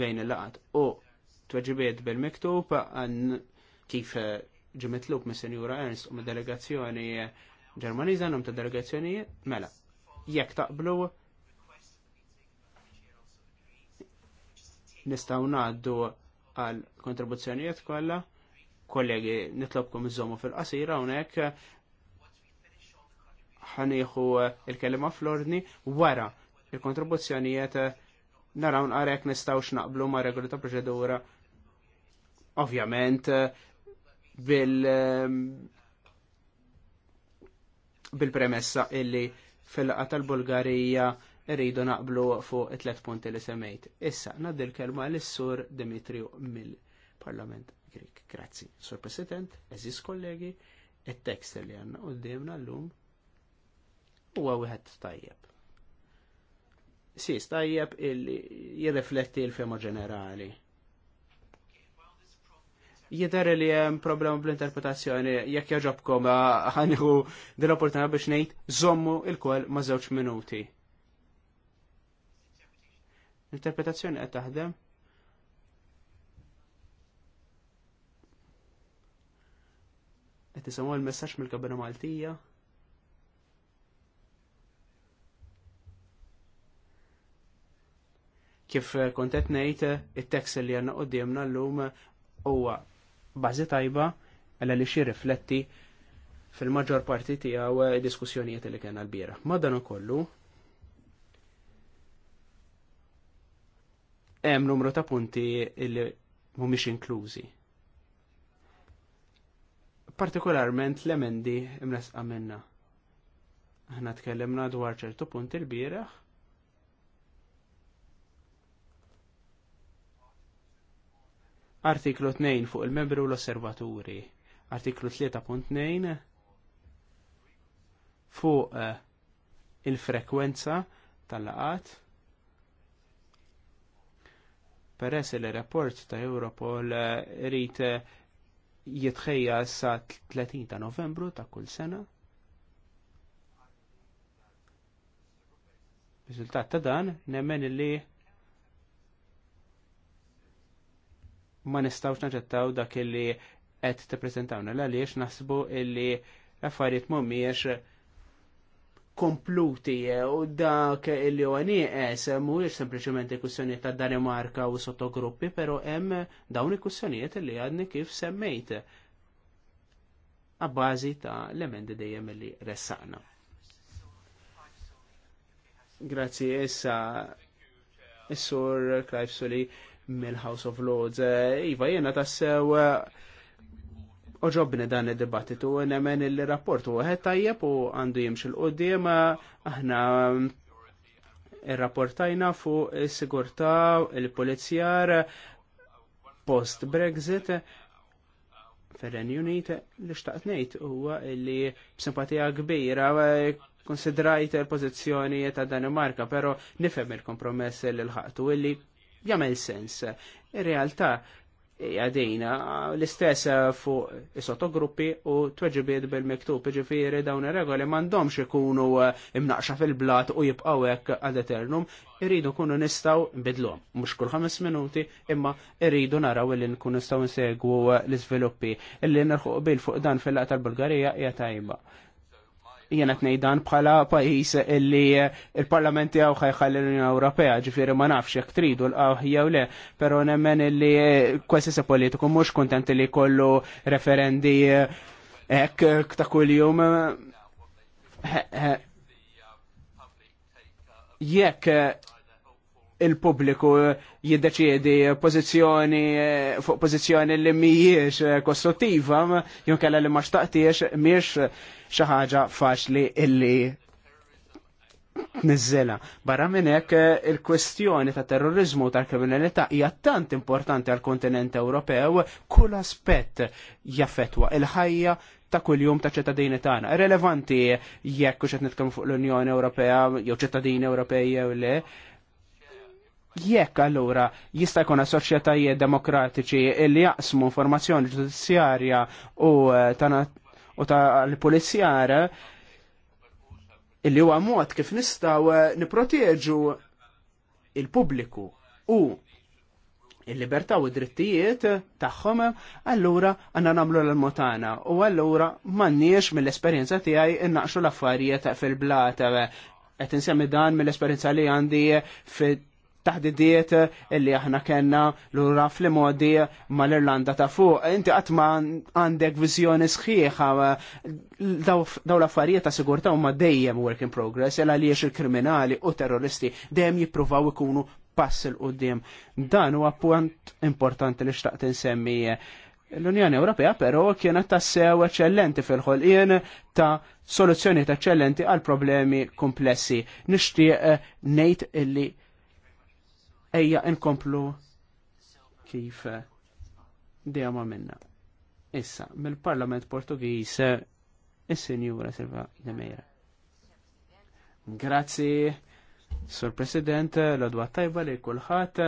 bejn il-laqat u tweġibiet bil-miktub għan kif eh, ġimitluk mis senjura Ernst u mid delegazzjoni eh, Ġermaniza nom ta' delegazzjoni mela. Jekk taqblu nistaw naddu għal kontribuzzjonijiet kollha Kollegi, nitlobkom iżommu fil-qasira unek ħanieħu eh, il-kelima fl-ordni wara il-kontribuzzjonijiet naraw nqarek nistaw x'naqblu ma' regoli ta' proċedura. Ovvjament eh, bil eh, bil-premessa illi fil-laqa tal-Bulgarija rridu naqblu fuq it-tlet punti li semmejt. Issa, naddi l-kelma l-sur Dimitriu mill-Parlament Grek. Grazzi. Sur President, eżis kollegi, et tekst li għanna u d-demna l-lum u għawihet tajjeb. Si, tajjeb illi jirrifletti il-fema ġenerali. Jidher li jem problema bl-interpretazzjoni, jekk jaġobkom ħaniħu din opportunità biex ngħid żommu l kol ma' żewġ minuti. L-interpretazzjoni qed taħdem? tisimaw il-messaġġ mill-Kabina Maltija. Kif kontet ngħid it-tekst li għandna l llum huwa bażi tajba għalla li xie rifletti fil-maġġor parti tiegħu diskussjonijiet li kellna l-bira. Ma u kollu, hemm numru ta' punti li mhumiex inklużi partikolarment l-emendi imresqa minna. Aħna tkellimna dwar ċertu punt il-bieraħ. Artiklu 2 fuq il-membru l-osservaturi. Artiklu 3.2 fuq eh, il-frekwenza tal-laqat. Peress il-rapport ta' Europol eh, rrit eh, jitħejja sa 30 ta' novembru ta' kull sena. Riżultat ta' dan nemmen li ma nistawx naċċettaw dak li qed tippreżentawna l għaliex naħsbu illi affarijiet mhumiex kompluti eh, u dak li għani nieqes eh, mhuwiex sempliċement il kussjoniet ta' Danimarka u sottogruppi, pero hemm dawn il li għadni kif semmejt għabbażi ta' l-emendi dejjem li ressaqna. Grazzi issa is-sur Clive Sully mill-House of Lords. Eh, iva, jena tassew oġobni dan id-dibattitu, nemmen il-rapport u għed tajjeb u għandu jimxil qoddim aħna il-rapportajna fu il-sigurta, il-polizjar, post-Brexit, Ferren Unit, li xtaqt nejt huwa li b'simpatija kbira konsidrajt il-pozizjoni ta' Danimarka, pero nifhem il-kompromess li l-ħaqtu illi jagħmel sens. Ir-realtà jadina l-istess eh, fuq is-sottogruppi u tweġibiet bil-miktub, ġifiri dawn ir-regoli m'għandhomx ikunu eh, imnaqxa fil-blat u jibqgħu hekk ad eternum, irridu kunu nistgħu nbidlhom. Mhux kull ħames minuti, imma irridu naraw li nkun nistgħu nsegwu eh, l-iżviluppi. Illi nerħuq bil fuq dan fil-laqta tal-Bulgarija hija tajba jena t-nejdan bħala pajis illi il-parlament jaw ħajħalli l-Unjoni Ewropea, ġifiri ma nafx jek tridu l-qaw jew le, pero nemmen illi kwasisa politiku mux kontent li kollu referendi eh, ek eh, ta' kull-jum. Eh, jek, il-pubbliku eh, jiddeċiedi pożizzjoni eh, fuq pożizzjoni li mhijiex eh, kostruttiva jew kellha li ma xtaqtiex mhiex xi ħaġa faċli illi nizzela. Barra minn hekk il-kwestjoni ta' terrorizmu tal kriminalità hija tant importanti għal kontinent Ewropew kull aspett jaffetwa il-ħajja ta' kuljum ta' ċittadini tagħna. Irrelevanti jekk qed nitkellmu fuq l-Unjoni Ewropea jew ċittadini Ewropej jew le, Jekk allura jista' jkun soċjetajiet demokratiċi li jaqsmu informazzjoni ġudizzjarja u eh, tal-polizzjar illi huwa mod kif nistgħu eh, nipproteġu il-pubbliku u il-libertà u drittijiet tagħhom, allura għandna nagħmlu l-motana. U allura m'għandniex mill-esperjenza tiegħi innaqxu l-affarijiet fil-blata. Qed insemmi dan mill-esperjenza li għandi fit taħdidiet eh, illi aħna kena l-ura fl-modi mal-Irlanda ta' fuq. Inti għatma għandek vizjoni sħiħa eh, daw l-affarijiet ta' sigurta' huma dejjem work in progress, illa li il-kriminali u terroristi dejjem jippruvaw ikunu pass il-qoddim. Dan huwa punt importanti li xtaqt insemmi. L-Unjoni Ewropea però kienet tassew eccellenti fil-ħolqien ta' soluzzjoni ta' eccellenti għal problemi komplessi. Nixtieq eh, ngħid illi ejja inkomplu kif eh, dejjem minna. Issa, mill-Parlament Portugiż eh, is-Sinjura Silva Nemeira. Grazzi, Sur President, l-odwa tajba li kulħadd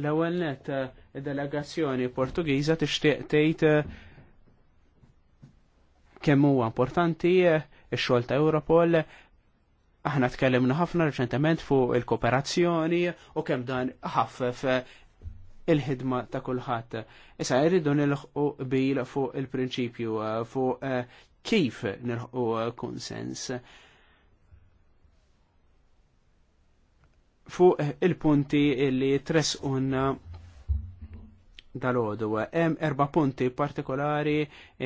l-ewwel net eh, delegazzjoni Portugiża tixtieq tgħid kemm huwa importanti ix-xogħol ta' Europol Aħna tkellimna ħafna reċentement fuq il-kooperazzjoni u kemm dan ħaffef il-ħidma ta' kulħadd. Issa jridu nilħqu bil fuq il-prinċipju fuq eh, kif nilħqu konsens. Fuq eh, il-punti li tresqunna dal-ħodu. Hemm erba punti partikolari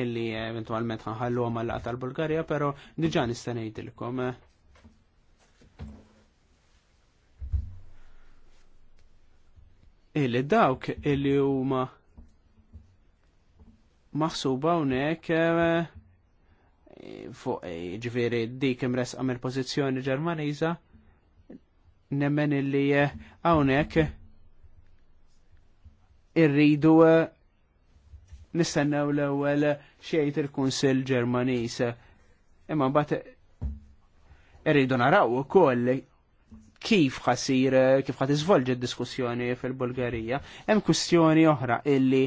illi eventualment ħanħallu għal tal-Bulgarija, pero diġà nista' ngħidilkom. illi dawk illi huma maħsuba unek eh, fuq eh, ġviri dik imres għamil pozizjoni ġermaniza nemmen illi għawnek eh, irridu nistennew l-ewel xejt il-Kunsil Ġermaniż Imma bat irridu naraw ukoll kif ħasir, kif ħat izvolġi diskussjoni fil-Bulgarija. Hemm kwistjoni oħra illi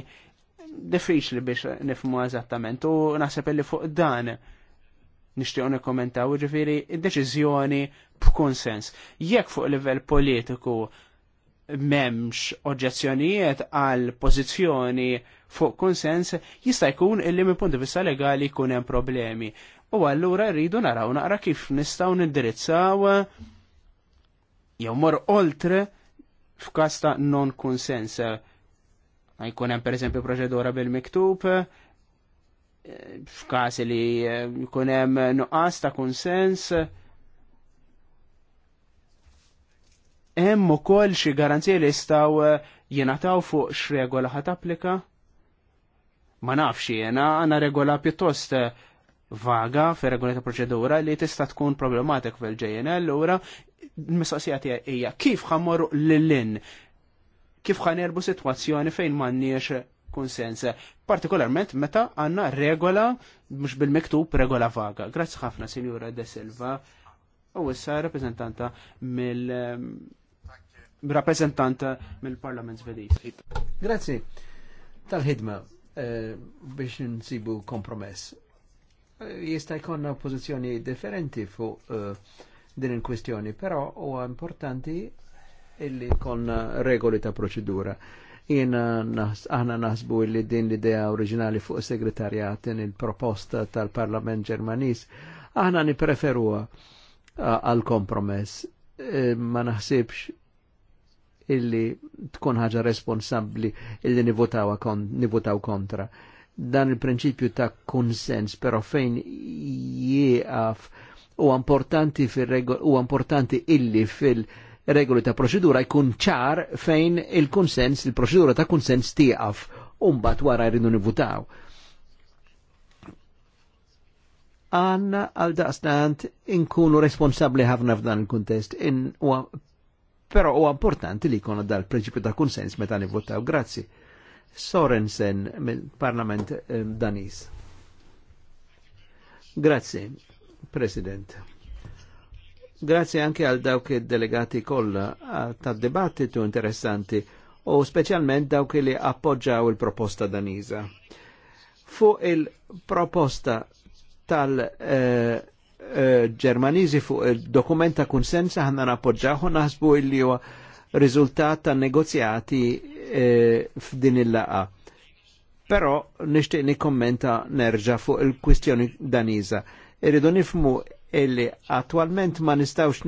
li biex nifmu eżattament u naħseb illi fuq dan nixtiequ nikkommentaw ġifieri d-deċiżjoni b'konsens. Jekk fuq livell politiku memx oġġezzjonijiet għal pożizzjoni fuq konsens jista' jkun illi minn punt vista legali jkun hemm problemi. U allura rridu naraw naqra kif nistgħu nindirizzaw jew mor oltre f'każ ta' non konsens. Jkun hemm pereżempju proċedura bil-miktub, eh, f'każ li eh, jkun hemm nuqqas ta' kunsens. Hemm ukoll xi garanzija li jistgħu eh, jingħataw fuq x'regola ħat applika? Ma nafx jiena għandna regola pjuttost vaga fir regoli ta' proċedura li tista' tkun problematik fil-ġejjel allura il-mistoqsija tiegħi hija kif ħammorru lil-lin kif ħanerbu sitwazzjoni fejn m'għandniex konsens, partikolarment meta għandna regola mhux bil-miktub regola vaga. Grazzi ħafna Sinjura De Silva u issa rappreżentanta mill ehm, rappresentanta mill-Parlament Svedis. Grazzi tal-ħidma eh, biex nsibu kompromess eh, jista' jkollna pożizzjoni differenti fuq uh, din il-kwistjoni, però huwa importanti illi kon regoli ta' proċedura. Jena aħna naħsbu illi din l-idea oriġinali fuq segretarjat il-proposta tal-Parlament Ġermanis, aħna nipreferuha għal kompromess. E, ma naħsibx illi tkun ħaġa responsabbli illi nivotaw, kon, nivotaw kontra. Dan il-prinċipju ta' konsens, pero fejn jieqaf u importanti, u importanti illi fil-regoli ta' proċedura jkun ċar fejn il-konsens, il-proċedura ta' konsens tiqaf umbat wara jridu nivutaw. Għanna għal daqstant inkunu responsabli ħafna f'dan il-kontest, pero u importanti li kuna dal principju ta' konsens meta nivutaw. Grazzi. Sorensen mill-Parlament eh, Danis. Grazie. President. Grazie anche għal dawk delegati kollha ta' dibattitu interessanti u specialment dawk li appoġġaw il-proposta danisa. Fu il-proposta tal-Ġermaniżi eh, eh, fuq il-dokument ta' kunsens aħna nappoġġaw u naħsbu li huwa rizultat ta' negozjati eh, f'din il-laqa. Però nishtiqni kommenta nerġa' fuq il-kwistjoni Daniża irridu nifmu illi attualment ma nistawx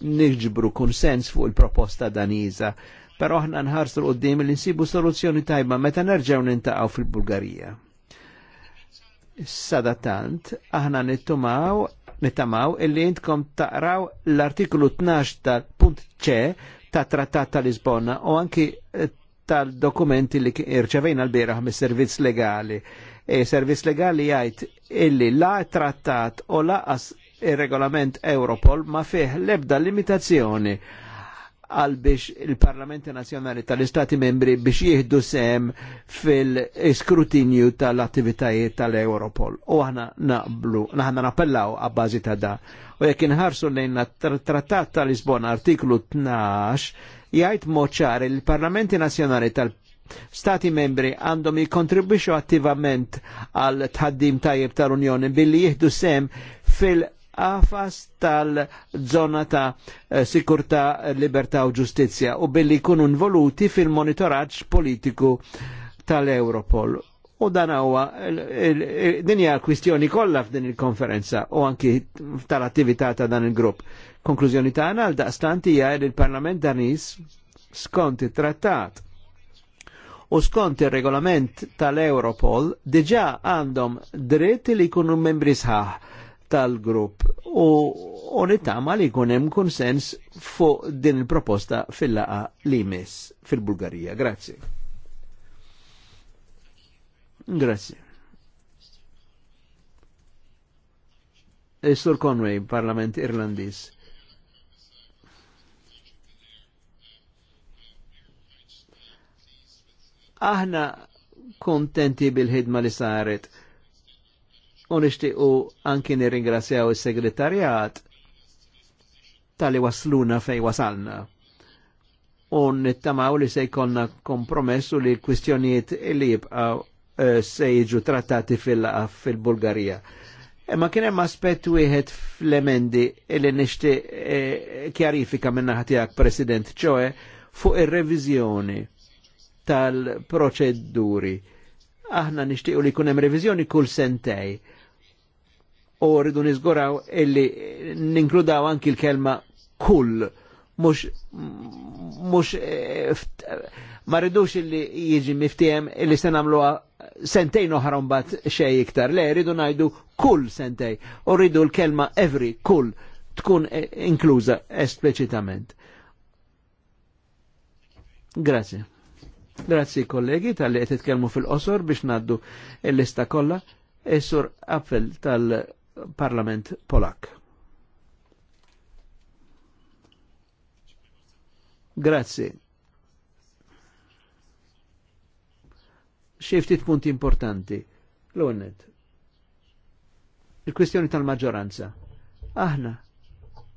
nirġbru konsens fuq il-proposta daniza, pero aħna nħarsu l-qoddim li nsibu soluzzjoni tajba meta nerġaw nintaqaw fil-Bulgarija. Sadatant, aħna nittumaw, nittamaw illi jintkom taqraw l-artiklu 12 tal-punt C ta' trattat tal-Lisbona u anki eh, tal-dokumenti li irċevejna l-biraħ mis-servizz legali E Servis legali jgħid illi la trattat la laqas il-regolament Europol ma fih lebda limitazzjoni għal biex il-Parlamenti Nazjonali tal-Istati membri biex jihdu sem fil-iskrutinju tal-attivitajiet tal-Europol. U għana naqblu, għana napellaw għabbażi ta' da. U jek inħarsu lejn trattat tal-Lisbona artiklu 12 jgħid moċar il-Parlamenti Nazjonali tal parlamenti stati membri għandhom jikontribwixu attivament għal tħaddim tajjeb tal-Unjoni billi jihdu sem fil afas tal-zona ta' eh, sikurta, libertà u ġustizja u billi jkunu involuti fil-monitoraġġ politiku tal-Europol. U dan huwa din hija kwistjoni kollha f'din il-konferenza u anki tal-attività ta' dan il-grupp. Konklużjoni tagħna għal daqstant hija li l parlament Danis skont it-trattat u skont il regolament tal-Europol diġa għandhom dritt li jkunu membri sħaħ tal-grupp u onitama li jkun hemm konsens fuq din il-proposta fil-laqa li jmiss fil-Bulgarija. Grazzi. Grazzi. Sur Conway, Parlament Irlandis. Aħna kontenti bil-ħidma li saret. U nishtiqu anki nirringrazzjaw is-segretarjat tali wasluna fej wasalna. U nittamaw li se jkollna kompromessu li kwistjonijiet li jibqaw eh, se jiġu trattati fil-Bulgarija. Ma kien hemm aspett wieħed fl-emendi li nixti eh, kjarifika minna ħatijak President, ċoe fuq ir-reviżjoni tal-proċeduri. Aħna nixtiequ li jkun hemm reviżjoni kull sentej u rridu nizguraw illi ninkludaw anki l-kelma kull mux mux eh, ma rridux illi jiġi miftijem illi se namluha sentejn oħra mbagħad xej iktar. Le rridu ngħidu kull sentej u rridu l-kelma every kull tkun eh, inkluża esplicitament. Grazie. Grazzi kollegi tal-li qed titkellmu fil-qosor biex naddu l-lista kollha is-sur Appel tal-Parlament Polak. Grazzi. Xi ftit punti importanti. l unnet Il-kwistjoni tal-maġġoranza. Aħna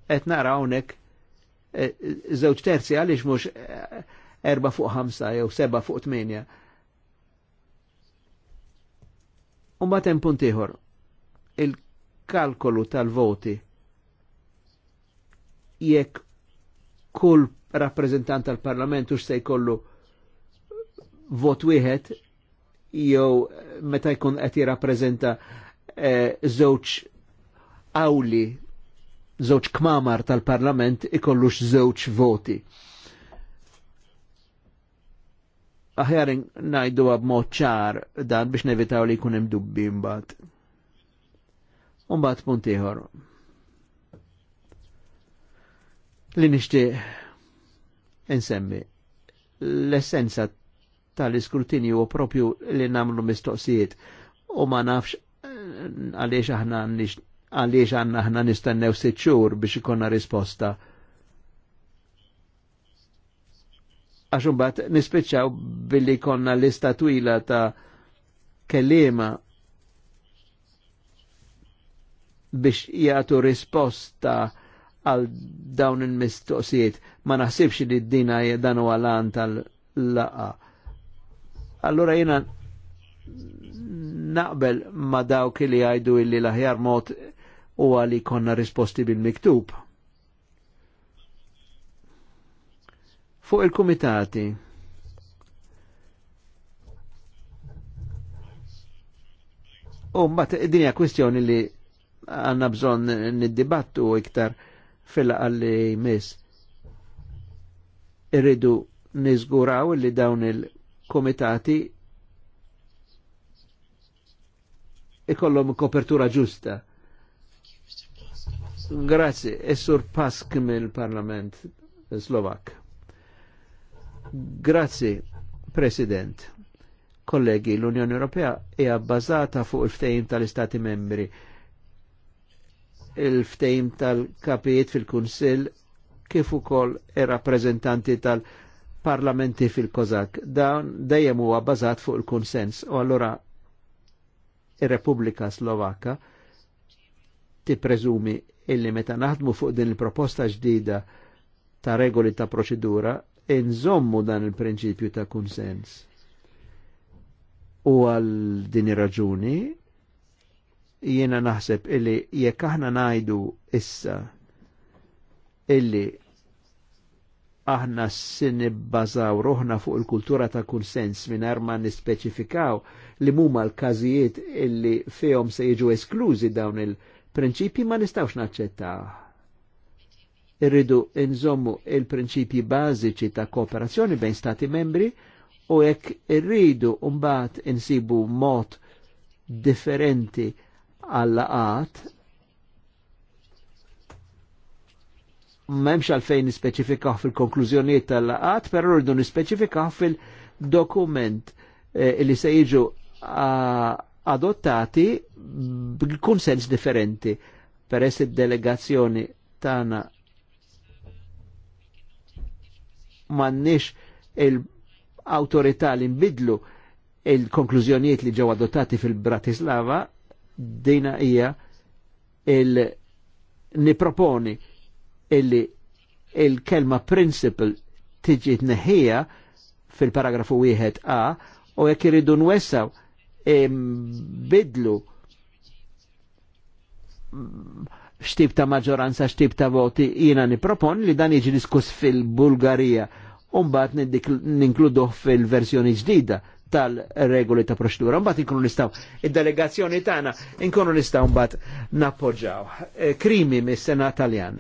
qed nara hawnhekk eh, eh, żewġ terzi għaliex mhux eh, erba' fuq ħamsa jew seba' fuq U mbagħad hemm punt ieħor. Il-kalkolu tal-voti jekk kull rappreżentant tal-Parlament ux se jkollu vot wieħed jew meta jkun qed jirrappreżenta eh, żewġ awli żewġ kmamar tal-Parlament ikollux żewġ voti. aħjar najdu b'mod ċar dan biex nevitaw li jkun hemm dubbi mbagħad. Mbagħad punt ieħor. Li nixtieq insemmi l-essenza tal-iskrutinju u propju li namlu mistoqsijiet u ma nafx eh, għaliex aħna għaliex għanna aħna nistennew sitt xhur biex ikonna risposta bat nispeċaw billi konna lista twila ta' kellima biex jgħatu risposta għal dawn il-mistoqsijiet. Ma naħsibx li d-dina jgħadanu għalan tal-laqa. Allora jena naqbel ma dawk li għajdu illi laħjar mot u għali konna risposti bil-miktub. Fuq il-Kumitati. U mbagħad din hija kwistjoni li għandna bżonn niddibattu iktar fil-għalli mis. Irridu nizguraw li dawn il-komitati ikollhom kopertura ġusta. Grazie, e Pask mill-Parlament Slovak. Grazzi, President. Kollegi, l-Unjoni Ewropea hija bbażata fuq il-ftehim tal-Istati membri. Il-ftehim tal-kapijiet fil-Kunsill kif ukoll ir-rappreżentanti tal- parlamenti fil-Kozak. Dan dejjem huwa bbażat fuq il kunsens U allura ir-Repubblika Slovakka tippreżumi illi meta naħdmu fuq din il-proposta ġdida ta' regoli ta' proċedura, inżommu dan il-prinċipju ta' kunsens. U għal din ir-raġuni jiena naħseb illi jekk aħna najdu issa illi aħna s-sinibbażaw roħna fuq il-kultura ta' kunsens minn ma nispeċifikaw li mumma l-kazijiet illi fejom se jiġu esklużi dawn il-prinċipi ma nistawx naċċettaw irridu inżommu il-prinċipji bażiċi ta' kooperazzjoni bejn stati membri u jekk irridu mbagħad insibu mod differenti għall-laqat memx għalfejn nispeċifikaw fil-konklużjoniet tal-laqat, però rridu nispeċifikaw fil-dokument eh, li se jiġu adottati b'kunsens differenti peress id-delegazzjoni tana. mannix il-autorità li nbidlu il-konklużjonijiet li ġew adottati fil-Bratislava dina hija il niproponi illi il-kelma principle tiġi tneħħija fil-paragrafu wieħed A u jekk iridu nwessaw bidlu xtib ta' maġoranza, xtib ta' voti, jina nipropon li dan jiġi diskus fil-Bulgarija. Umbat ninkluduh fil-verżjoni ġdida tal-regoli ta' proċedura. Umbat inkunu nistaw, il-delegazzjoni tana inkunu nistaw umbat nappoġġaw. Eh, krimi mis-sena Taljan.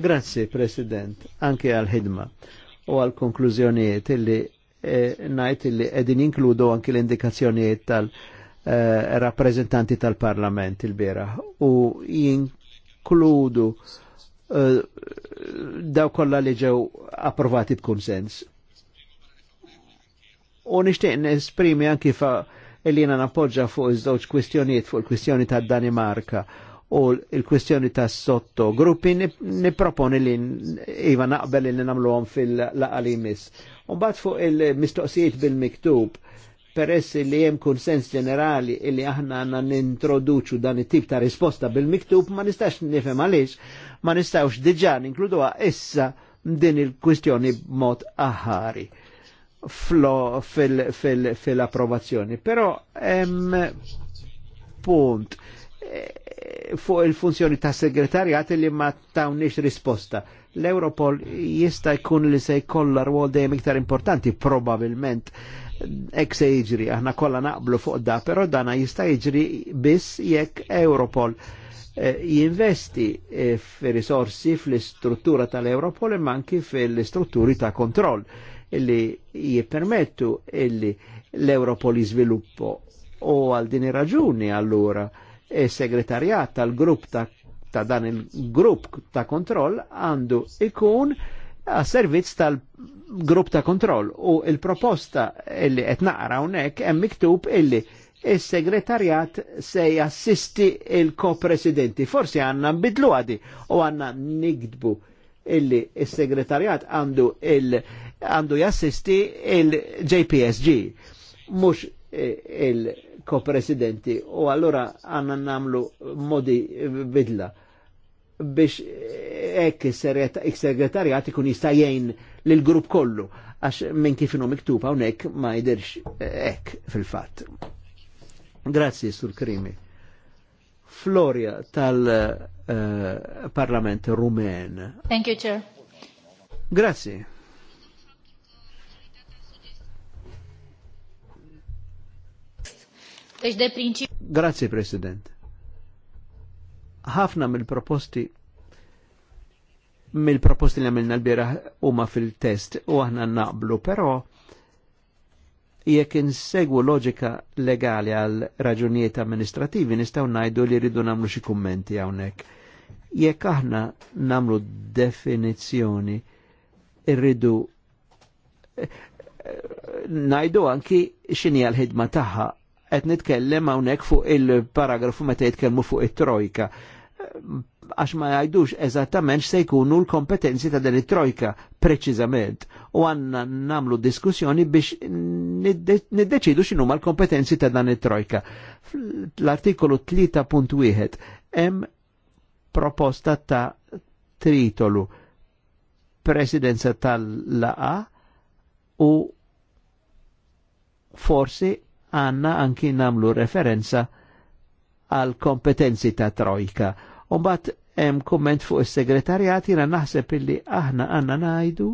Grazie, President, anke għal-ħidma u għal-konklużjonijiet illi eh, najt illi edin inkludu anke l-indikazzjonijiet tal-. regoli Eh, rappresentanti tal-Parlament il bira u jinkludu eh, daw kollha li ġew approvati b'kunsens. U nixtieq nesprimi anki fa Elina nappoġġa fuq iż-żewġ kwistjonijiet fuq il-kwistjoni tad-Danimarka u il-kwestjoni ta' sotto gruppi niproponi li iva naqbel li nagħmluhom fil-laqalimis. Unbat fuq il-mistoqsijiet bil-miktub, peress li hemm kunsens ġenerali illi aħna għanna nintroduċu dan it-tip ta' risposta bil-miktub ma nistax nifem għalix, ma nistax diġà ninkluduha issa din il-kwistjoni mod aħari fil-approvazzjoni. Fil, fil Però em, punt eh, fuq il-funzjoni ta' segretarjat li ma tawniex risposta. L-Europol jista' jkun li se jkollar rwol dejjem iktar importanti probabilment ek se jiġri, aħna kollha naqblu fuq da, però dana jista' jiġri biss jekk Europol eh, jinvesti eh, f-risorsi fl-istruttura tal-Europol imma anki fil-istrutturi ta' kontroll illi jippermettu illi l-Europol jiżviluppo u għal din raġuni allura il-segretarjat tal-grupp ta' dan il-grupp ta' kontroll għandu ikun għas-servizz tal-grupp ta' kontroll u il-proposta illi qed naqra hawnhekk hemm miktub illi il-segretarjat se jassisti il-ko-presidenti. Forsi għanna bidlu għadi u għanna nigdbu illi il-segretarjat għandu il għandu jassisti il-JPSG, mux il-ko-presidenti. U allora għanna namlu modi bidla biex ekk il-segretarjat ikun jistajjen l-grupp kollu, għax minn kifinu miktuba unek ma jidirx ekk fil-fat. Grazzi, Sur Krimi. Floria tal-Parlament uh, Rumen. Thank you, Chair. Grazzi. Grazie, Presidente ħafna mill-proposti mill-proposti li għamilna l-bira huma fil-test u aħna naqblu, però jekk insegwu loġika legali għal raġunijiet amministrativi nistgħu ngħidu li rridu nagħmlu xi kummenti hawnhekk. Jekk aħna nagħmlu definizzjoni irridu eh, eh, ngħidu anki x'inhi l-ħidma tagħha qed nitkellem hawnhekk fuq il-paragrafu meta jitkellmu fuq it-trojka għax ma jgħidux eżattament se jkunu l-kompetenzi ta' din it-trojka preċiżament u għanna namlu diskussjoni biex niddeċidu xinu ma l-kompetenzi ta' dan it-trojka. L-artikolu 3.1 hemm proposta ta' tritolu presidenza tal-laqa u forsi għanna anki namlu referenza għal kompetenzi ta' trojka. Umbat hemm komment fuq is-segretarjat jiena naħseb illi aħna għandna ngħidu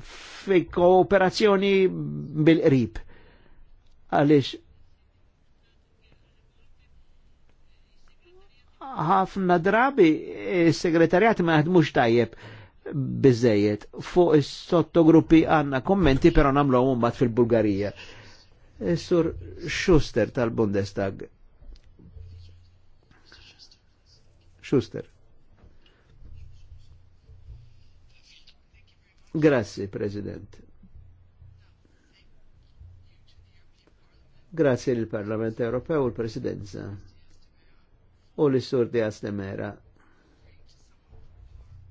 fi kooperazzjoni bil-qrib. Għaliex ħafna drabi is-segretarjat eh, ma jaħdmux tajjeb bizzejiet. Fuq is-sottogruppi għanna kommenti pero namlu għum fil-Bulgarija. Eh, Sur Schuster tal-Bundestag. Schuster. Grazzi, President. Grazzi il parlament Europeo u l-Presidenza u l-Sur di Astemera.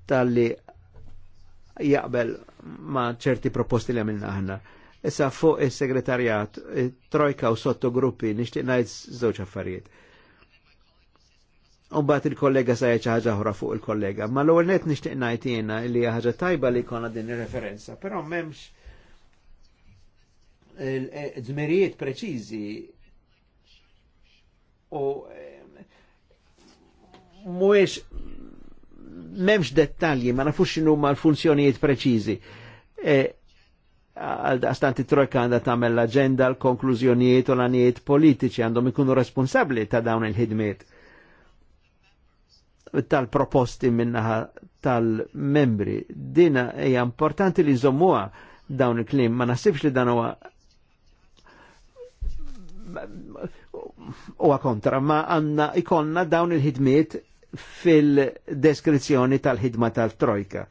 tal jaqbel ma ċerti proposti li għamilna aħna. Issa fuq il-segretarjat, trojka u sottogruppi, nishtiq najd żewġ affarijiet. Umbat il-kollega sajja ċaħġa ħra fuq il-kollega, ma l-ewwel net nixtieq ngħid jiena li ħaġa tajba li jkollna din ir-referenza, però il e, żmirijiet preċiżi u e, mhuwiex memx dettalji, ma nafux xinu ma l-funzjonijiet preċizi. Għastanti e, trojka għanda tamel l-agenda, l-konklużjonijiet u l anijiet politiċi għandhom ikunu responsabli ta' dawn il-ħidmiet tal-proposti minna tal-membri. Dina hija importanti li jżommuha dawn il-klim, ma nasibx li dan huwa huwa kontra, ma għanna ikonna dawn il-ħidmiet fil-deskrizzjoni tal-ħidma tal-Trojka.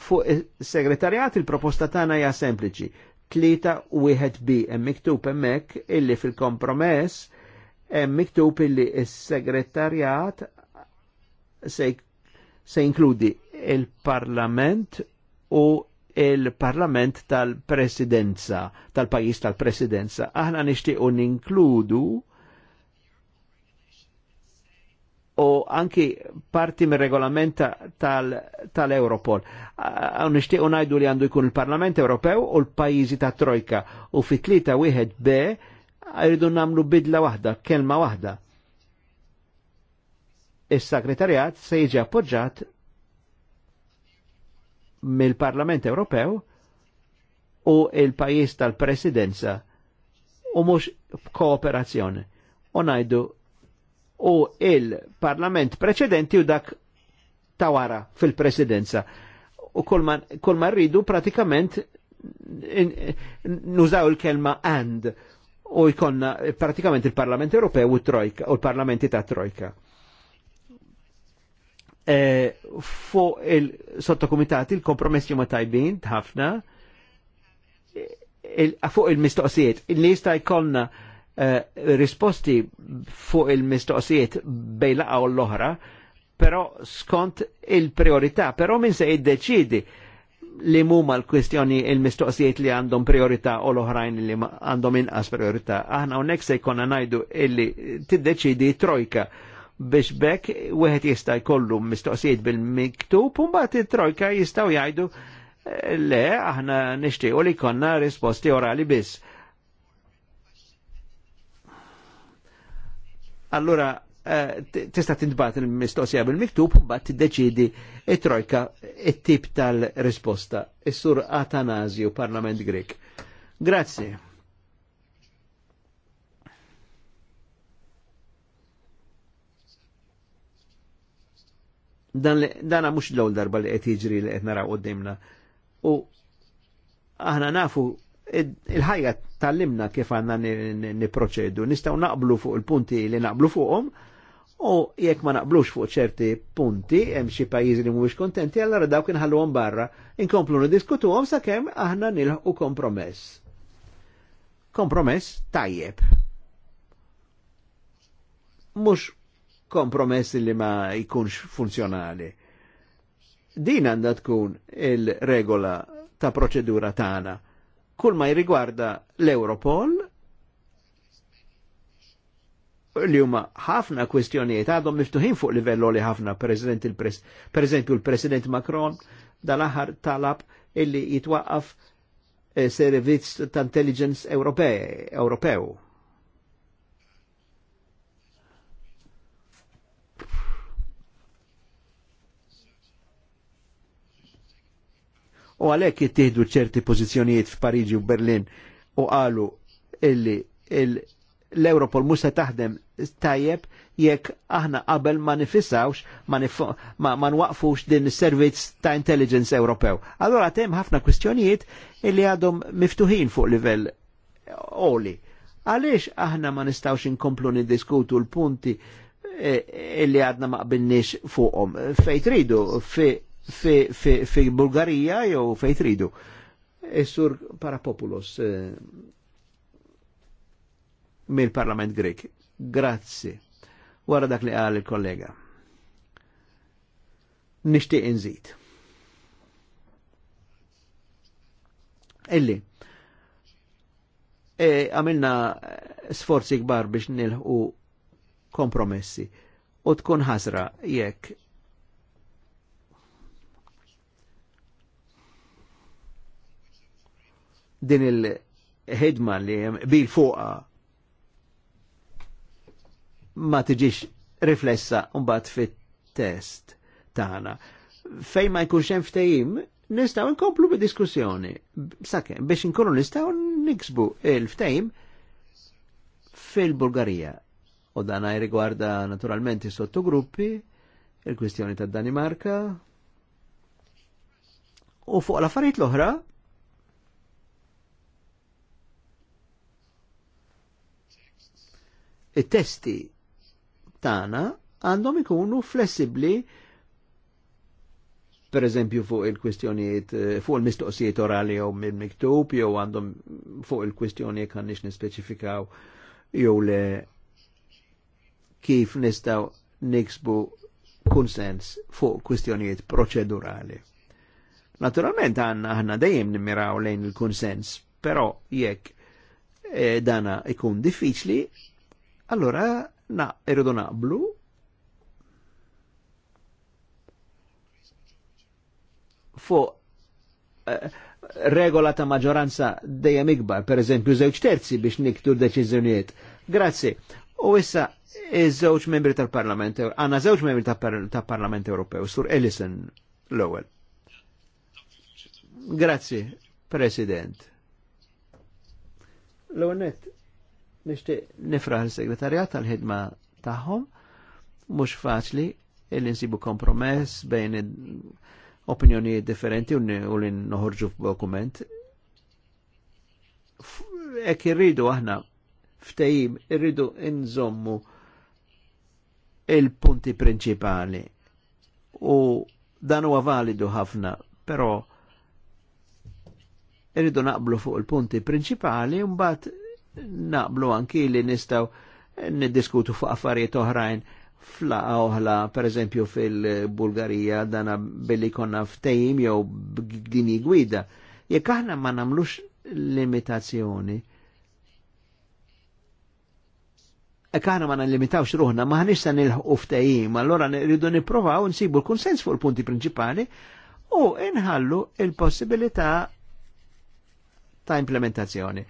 Fuq il-segretarjat il-proposta tagħna hija sempliċi. Tlieta wieħed bi hemm miktub hemmhekk illi fil-kompromess hemm miktub illi s-segretarjat se, se inkludi il-Parlament u il-Parlament tal-Presidenza, tal-Pajis tal-Presidenza. Aħna nixtiequ ninkludu u anki parti mir regolament tal-Europol. Tal għan nishtiq unajdu li għandu jkun il-Parlament Ewropew u l-pajizi ta' Trojka u fit tlita wieħed B għajridu namlu bidla wahda, kelma wahda. Is-Sekretarjat se jiġi appoġġat mill-Parlament Ewropew u il pajiz tal-Presidenza u mux kooperazzjoni. Unajdu u il-parlament preċedenti u dak tawara fil-presidenza. U kull ma rridu pratikament nużaw il-kelma and u jkonna pratikament il-Parlament Ewropew u trojka u l-Parlamenti ta' trojka. E, Fu il-sottokomitati il-kompromessi ma tajbin tħafna, e, il fuq il-mistoqsijiet. Il-lista jkollna il Eh, risposti fuq il-mistoqsijiet bejn u l-oħra, però skont il-priorità, però min se jiddeċidi li muma l-kwistjoni il-mistoqsijiet li għandhom priorità u l-oħrajn li għandhom inqas priorità. Aħna unnek se jkonna najdu illi tiddeċidi trojka biex bekk wieħed jista' jkollu mistoqsijiet bil-miktub u mbagħad it-trojka jistgħu jgħidu eh, le aħna nixtiequ li konna risposti orali biss. allora eh, tista' tintbat il-mistoqsija bil-miktub bat t-deċidi it-trojka it-tip tal-risposta. Is-sur Atanasio, Parlament Grek. Grazzi. Dan dana mhux l-ewwel darba li qed jiġri li qed naraw U aħna nafu il-ħajja tal-limna kif għanna niproċedu, nistaw naqblu fuq il-punti li naqblu fuqhom, u jekk ma naqblux fuq ċerti punti, hemm xi pajjiżi li mhuwiex kontenti, allora dawk inħalluhom barra, inkomplu niddiskutuhom sakemm aħna nilħu kompromess. Kompromess tajjeb. Mhux kompromess li ma jkunx funzjonali. Din għandha tkun il-regola ta' proċedura tagħna kull ma jirigwarda l-Europol li huma ħafna kwestjonijiet għadhom miftuħin fuq livello li ħafna, per eżempju l-President Macron dal-aħħar talab illi jitwaqqaf eh, servizz ta' intelligence Ewropew u għalhekk jittihdu ċerti pożizzjonijiet f'Pariġi u Berlin u qalu illi l-Europol mhux se taħdem tajjeb jekk aħna qabel ma nifissawx ma nwaqfux din is-servizz ta' intelligence Ewropew. Allora hemm ħafna kwistjonijiet illi għadhom miftuħin fuq livell oli. Għaliex aħna ma nistawx inkomplu niddiskutu l-punti eh, illi għadna ma qbilniex fuqhom. Fej tridu fi fi Bulgarija jew fej tridu. Is-sur e Parapopulos eh, mill-Parlament Grek. Grazzi. Wara dak li qal il-kollega. Nixtieq inżid. Illi, e, għamilna e, sforzi kbar biex nilħu kompromessi u tkun ħasra jekk din il-ħidma li bil fuqa ma tiġix riflessa un-bat fit-test tagħna. Fejn ma jkun hemm ftehim, nistgħu nkomplu bi diskussjoni Sakke, biex nkunu nistaw niksbu il ftejim fil-Bulgarija. U dan rigwarda naturalment is-sottogruppi, il-kwistjoni tad-Danimarka, u fuq l-affarijiet l-oħra it-testi tagħna għandhom ikunu flessibbli per eżempju fuq il-kwistjonijiet, eh, fuq il-mistoqsijiet orali jew mill-miktub, jew għandhom fuq il-kwistjoni jekk għandix nispeċifikaw jew le kif nistaw niksbu kunsens fuq kwistjonijiet proċedurali. Naturalment għanna aħna dejjem nimmiraw lejn il-kunsens, però jekk eh, dana ikun diffiċli, Allora, na, erodona naqblu fuq eh, regola ta' maġoranza dejjem ikbar, per eżempju, żewġ terzi biex niktu deċiżjonijiet. Grazzi. U issa iż-żewġ membri tal-Parlament għanna żewġ membri tal-Parlament Ewropew, Sur Ellison l Grazie, Grazzi, President. l Nishtiq nifraħ l-segretarjat tal-ħidma tagħhom, mhux faċli illi nsibu kompromess bejn opinjoni differenti u li noħorġu f'dokument. Ek irridu aħna ftejim, irridu inżommu il-punti principali u dan huwa validu ħafna, però irridu naqblu fuq il-punti prinċipali mbagħad naqblu anki li nistaw niddiskutu fuq affarijiet oħrajn flaqa oħla, per eżempju fil-Bulgarija, dana billi konna ftejim jew b'dini gwida. Jekk aħna ma namlux limitazzjoni, jekk aħna ma nalimitawx ruħna, ma ħanix sa nilħu ftejim, allora rridu nipprovaw nsibu l-konsens fuq il-punti prinċipali u inħallu il-possibilità ta' implementazzjoni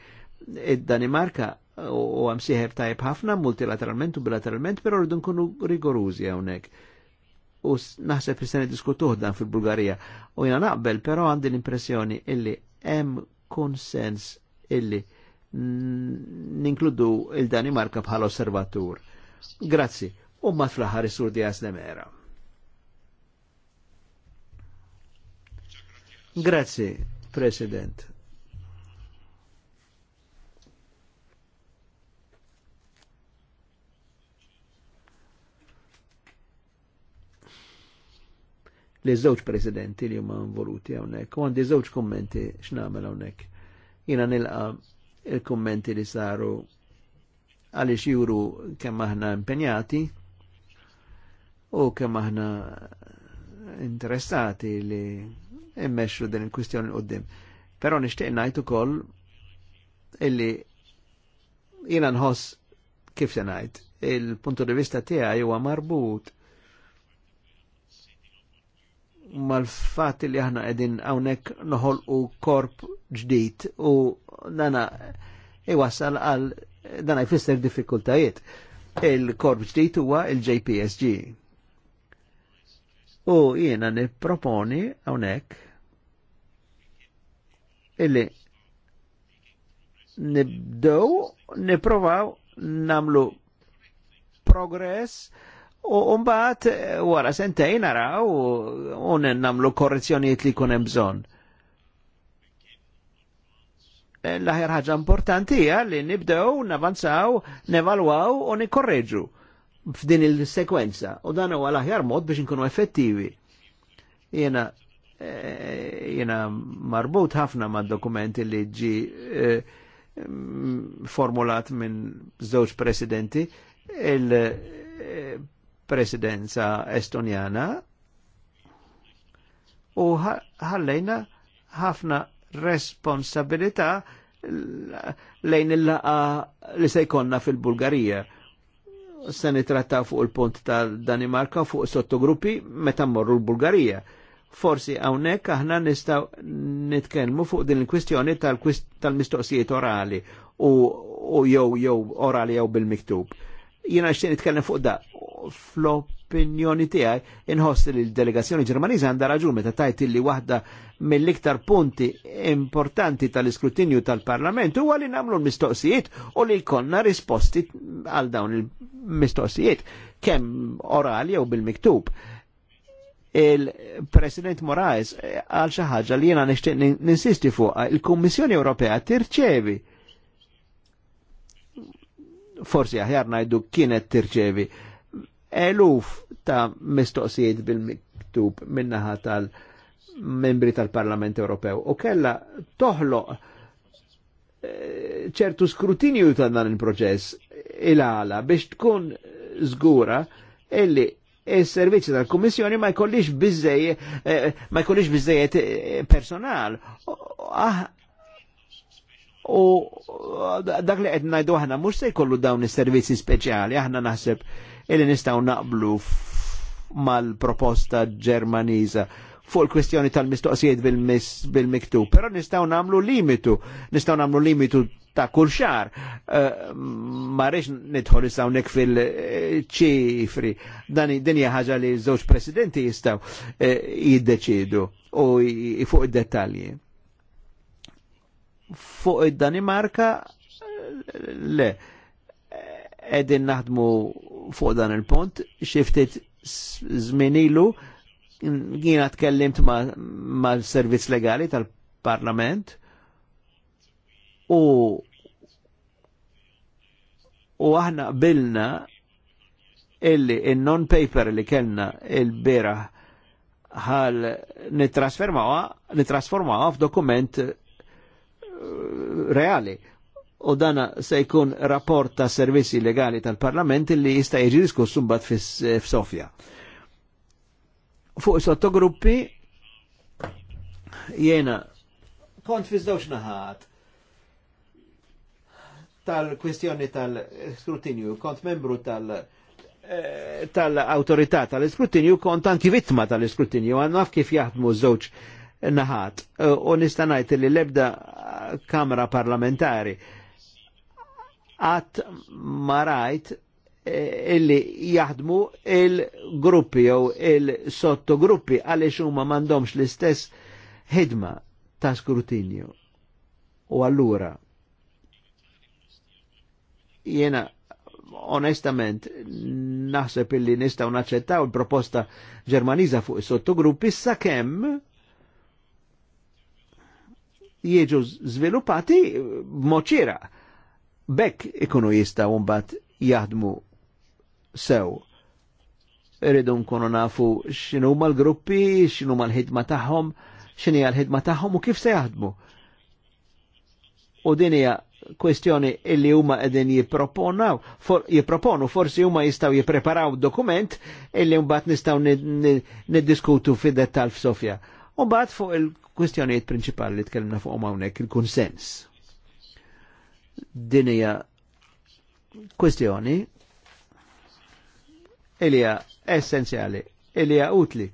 id-Danimarka u għamsiħeb tajb ħafna multilateralment u bilateralment, pero rridu nkunu rigorużi hawnhekk. U naħseb li se diskutuh dan fil-Bulgarija. U jena naqbel, però għandi l-impressjoni illi hemm konsens illi ninkludu il-Danimarka bħal osservatur. Grazzi, u mat fl-ħar isur di Aslemera. Grazzi, President. li żewġ presidenti li huma involuti hawnhekk. U għandi żewġ kummenti x'nagħmel hawnhekk. Jiena nilqa il-kummenti li saru għaliex juru kemm aħna impenjati u kemm aħna interessati li immexxu din il-kwistjoni l-qoddim. Però nixtieq ngħid ukoll illi jiena nħoss kif se ngħid il-puntu di vista tiegħi huwa marbut mal-fat li aħna edin għawnek noħol u korp ġdijt u dana iwasal għal dana jfisser diffikultajiet. Il-korp ġdijt huwa il-JPSG. U jiena niproponi għawnek illi nibdow niprofaw namlu progress U mbaħt, eh, wara sentejn naraw u nagħmlu korrezzjonijiet li kunem hemm bżonn. Eh, l-aħjar ħaġa importanti hija li nibdew navanzaw, nevalwaw u nikorreġu f'din il-sekwenza. U dan huwa l-aħjar mod biex nkunu effettivi. Jena eh, jena marbut ħafna ma' dokumenti li ġi formulat minn żewġ presidenti il presidenza estonjana u ħallejna ħafna responsabilità lejn il-laqa li se jkollna fil-Bulgarija. Se nitrattaw fuq il-punt tal-Danimarka fuq sottogruppi meta mmorru l-Bulgarija. Forsi hawnhekk aħna nistgħu nitkellmu fuq din il-kwistjoni tal-mistoqsijiet orali u jew jew orali jew bil-miktub. Jiena xtieq nitkellem fuq da fl-opinjoni tiegħi inħoss li l-delegazzjoni Ġermaniża għandha raġun meta tajt li waħda mill-iktar punti importanti tal-iskrutinju tal-Parlament huwa li nagħmlu l-mistoqsijiet u li jkollna risposti għal dawn il-mistoqsijiet kemm orali jew bil-miktub il-President Moraes eh, għal xi ħaġa li jiena nixtieq ninsisti fuq eh, il-Kummissjoni Ewropea tirċevi forsi aħjar najdu kienet tirċevi eluf ta' mistoqsijiet bil-miktub minnaħa tal-membri tal-Parlament Ewropew u kella toħloq eh, ċertu skrutinju ta' dan il-proċess il-għala biex tkun zgura illi il-servizzi tal-Kommissjoni ma jkollix bizzej eh, ma jkollix bizzejiet eh, personal ah, u dak li qed ngħidu aħna mhux se jkollu dawn is-servizzi speċjali aħna naħseb illi nistaw naqblu mal-proposta ġermaniza fuq il-kwestjoni tal-mistoqsijiet bil-miktub. però Pero nistaw namlu limitu, nistaw namlu limitu ta' kull xar. Eh, ma rex nidħol istawnek fil-ċifri. Dan dinja ħaġa li żewġ presidenti jistaw eh, jiddeċidu u fuq id-dettalji. Fuq id-Danimarka, le, eh, edin naħdmu fuq dan il-punt, xiftit zminilu, jiena tkellimt ma' servizz legali tal-parlament u u aħna bilna illi il-non paper li kellna il-bera ħal nitrasformawa f'dokument eh, reali u dana se jkun rapport ta' servizzi legali tal-Parlament li jista' jiġi diskussu mbagħad eh, f'Sofja. Fuq sottogruppi jena kont fi żewġ naħat tal-kwestjoni tal iskrutinju kont membru tal- eh, tal-autorità tal-iskrutinju kont anki vittma tal-iskrutinju, għannaf kif jaħdmu żewġ naħat. Eh, u nistanajt li lebda kamra parlamentari għat marajt eh, illi jaħdmu il-gruppi jew il-sottogruppi għaliex huma m'għandhomx l-istess ħidma ta' skrutinju. U allura jena onestament naħseb illi nistgħu naċċettaw il-proposta ġermaniza fuq is-sottogruppi sa kemm jieġu żviluppati b'moċira bekk ikunu jistaw mbagħad jaħdmu sew. Irridu nkunu nafu x'inhu l-gruppi, x'inhu l-ħidma tagħhom, x'inhi l-ħidma tagħhom u kif se jaħdmu. U din hija kwestjoni illi huma qegħdin jipproponaw, for, jipproponu forsi huma jistgħu jippreparaw dokument illi mbagħad nistgħu niddiskutu fid-dettall f'Sofja. U mbagħad fuq il-kwestjonijiet prinċipali li tkellimna fuqhom hawnhekk il-kunsens dinija kwestjoni ilija essenzjali, ilija utli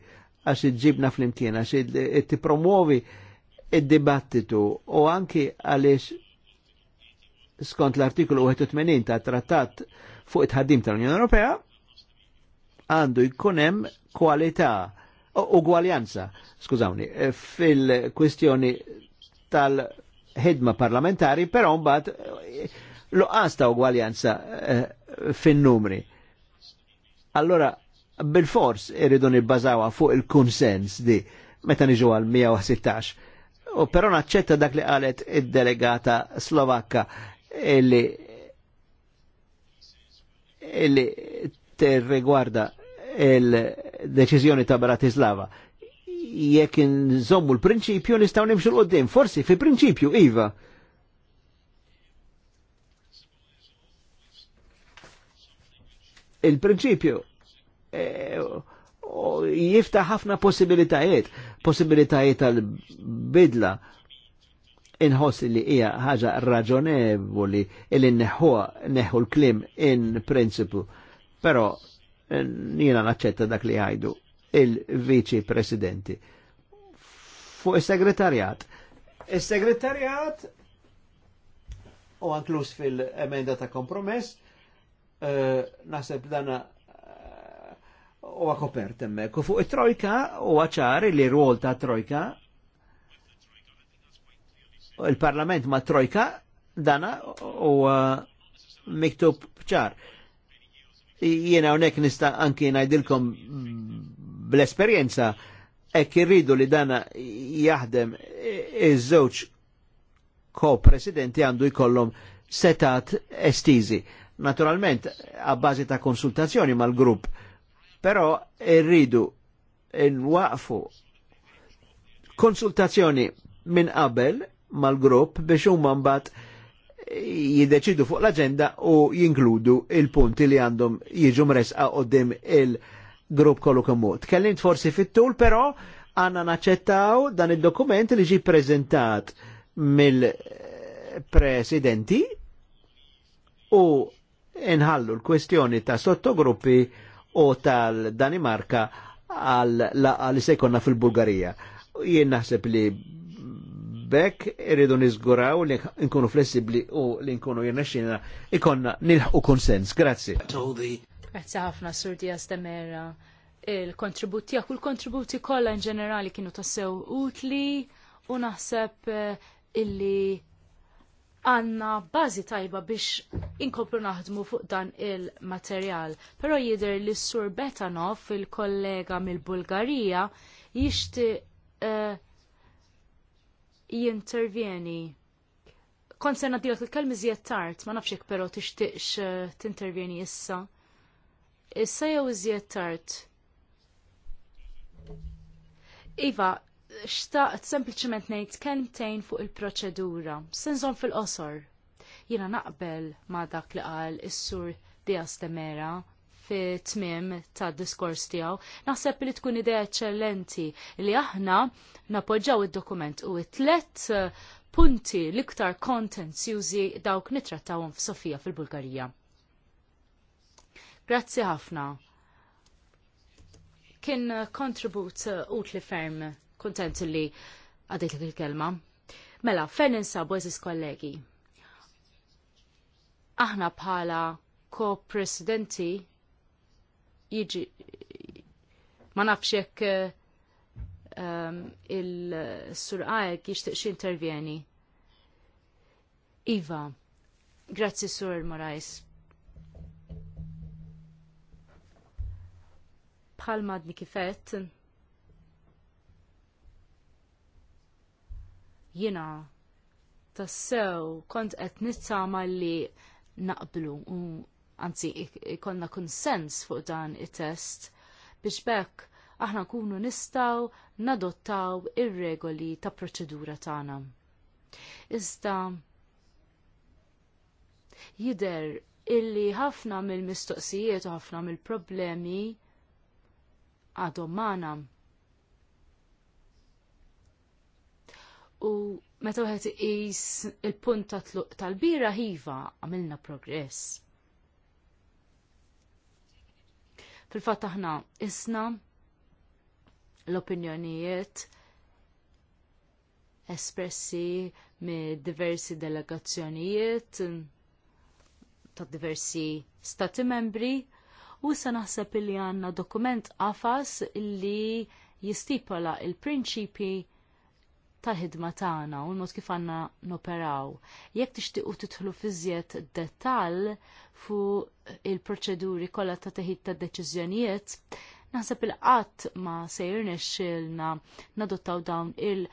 għax iġibna fl-imkien, għax promuovi il dibattitu u anki għaliex skont l artiklu 81 ta' trattat fuq it-ħaddim tal-Unjoni Ewropea għandu jkunem u ugwaljanza, skużawni, fil-kwistjoni tal- ħidma parlamentari, però mbagħad eh, loqas ta' ugwaljanza eh, fin-numri. Allora, bil-fors irridu nibbażawha fuq il-kunsens di meta niġu għal 116. U però naċċetta dak li qalet id-delegata Slovakka illi illi terrigwarda il-deċiżjoni ta' Bratislava jekk nżommu l-prinċipju nistgħu nimxu l-qoddim. Forsi fi prinċipju iva. Il-prinċipju e, jiftaħ ħafna possibilitajiet, possibilitajiet tal-bidla inħoss li hija ħaġa raġonevoli li neħħuha neħu l-klim in principle. Però jiena naċċetta dak li għajdu il vice Presidenti. Fuq is-Segretarjat. Is-Segretarjat u anklus fil-emenda ta' kompromess, uh, eh, naħseb dana eh, u uh, kopert emmek. U fuq it-trojka u għacħar li rwol ta' trojka, il-parlament ma' trojka, dana u uh, miktub ċar. Jena unek nista' anki najdilkom bl-esperjenza hekk irridu li dana jaħdem e, iż-żewġ ko-presidenti għandu jkollhom setat estizi. Naturalment, għabbażi ta' konsultazzjoni mal-grupp, però irridu n-waqfu konsultazzjoni minn qabel mal-grupp biex huma mbagħad jiddeċidu fuq l-agenda u jinkludu il-punti li għandhom jiġu mresqa qoddim il- grupp kollu kemmu. Tkellimt forsi fit-tul, però għanna naċċettaw dan il-dokument li ġi prezentat mill-presidenti u inħallu l-kwestjoni ta' sottogruppi u tal-Danimarka għal li jkollna fil-Bulgarija. Jien naħseb li bekk irridu nizguraw li nkunu flessibli u li nkunu jirnexxina ikonna nilħu konsens. Grazzi. Grazzi ħafna Sur Diaz Demera. Il-kontribut tiegħek u l-kontributi kollha in ġenerali kienu tassew utli u naħseb eh, illi għanna bażi tajba biex inkomplu naħdmu fuq dan il-materjal. Però jidher li s-sur Betanov, il-kollega mill-Bulgarija, jishti eh, jintervjeni. Kont sena dilek il-kelmi tart, tard, ma nafxek però tixtiqx eh, tintervjeni issa issa jew iżjed tard. Iva, xtaqt sempliċement ngħid kentejn fuq il-proċedura, sinżon fil-qosor. Jiena naqbel ma dak li qal is-sur Dias Temera fi tmiem tad diskors tiegħu, naħseb li tkun idea eċċellenti li aħna napoġġaw id-dokument u t-tlet eh, punti l-iktar kontenzjużi jużi dawk nitrattawhom f'Sofija fil-Bulgarija. Grazzi ħafna. Kien uh, kontribut uh, utli ferm, kontent li għadit il-kelma. Mela, fejn insabu eżis kollegi? Aħna bħala ko-presidenti jiġi ma nafx uh, um, il surqaj kiex xi intervjeni. Iva, grazzi Sur Morais. bħal madni kifet jina tassew kont qed nittama li naqblu u anzi ikonna konsens fuq dan it-test biex bekk aħna nkunu nistaw nadottaw ir-regoli ta' proċedura tagħna. Iżda jider illi ħafna mill-mistoqsijiet u ħafna mill-problemi għadhom magħna. U meta wieħed iqis il-punt ta' tluq tal-bira ħiva għamilna progress. Fil-fatt aħna isna l-opinjonijiet espressi minn diversi delegazzjonijiet ta' diversi stati membri u issa naħseb li għandna dokument qafas li jistipola il-prinċipi tal-ħidma tagħna u l-mod kif għandna noperaw. Jekk tixtiequ tidħlu fiżjed dettall fuq il-proċeduri kollha ta' teħid ta' deċiżjonijiet, naħseb il-qatt ma sejrnex xilna nadottaw dawn il-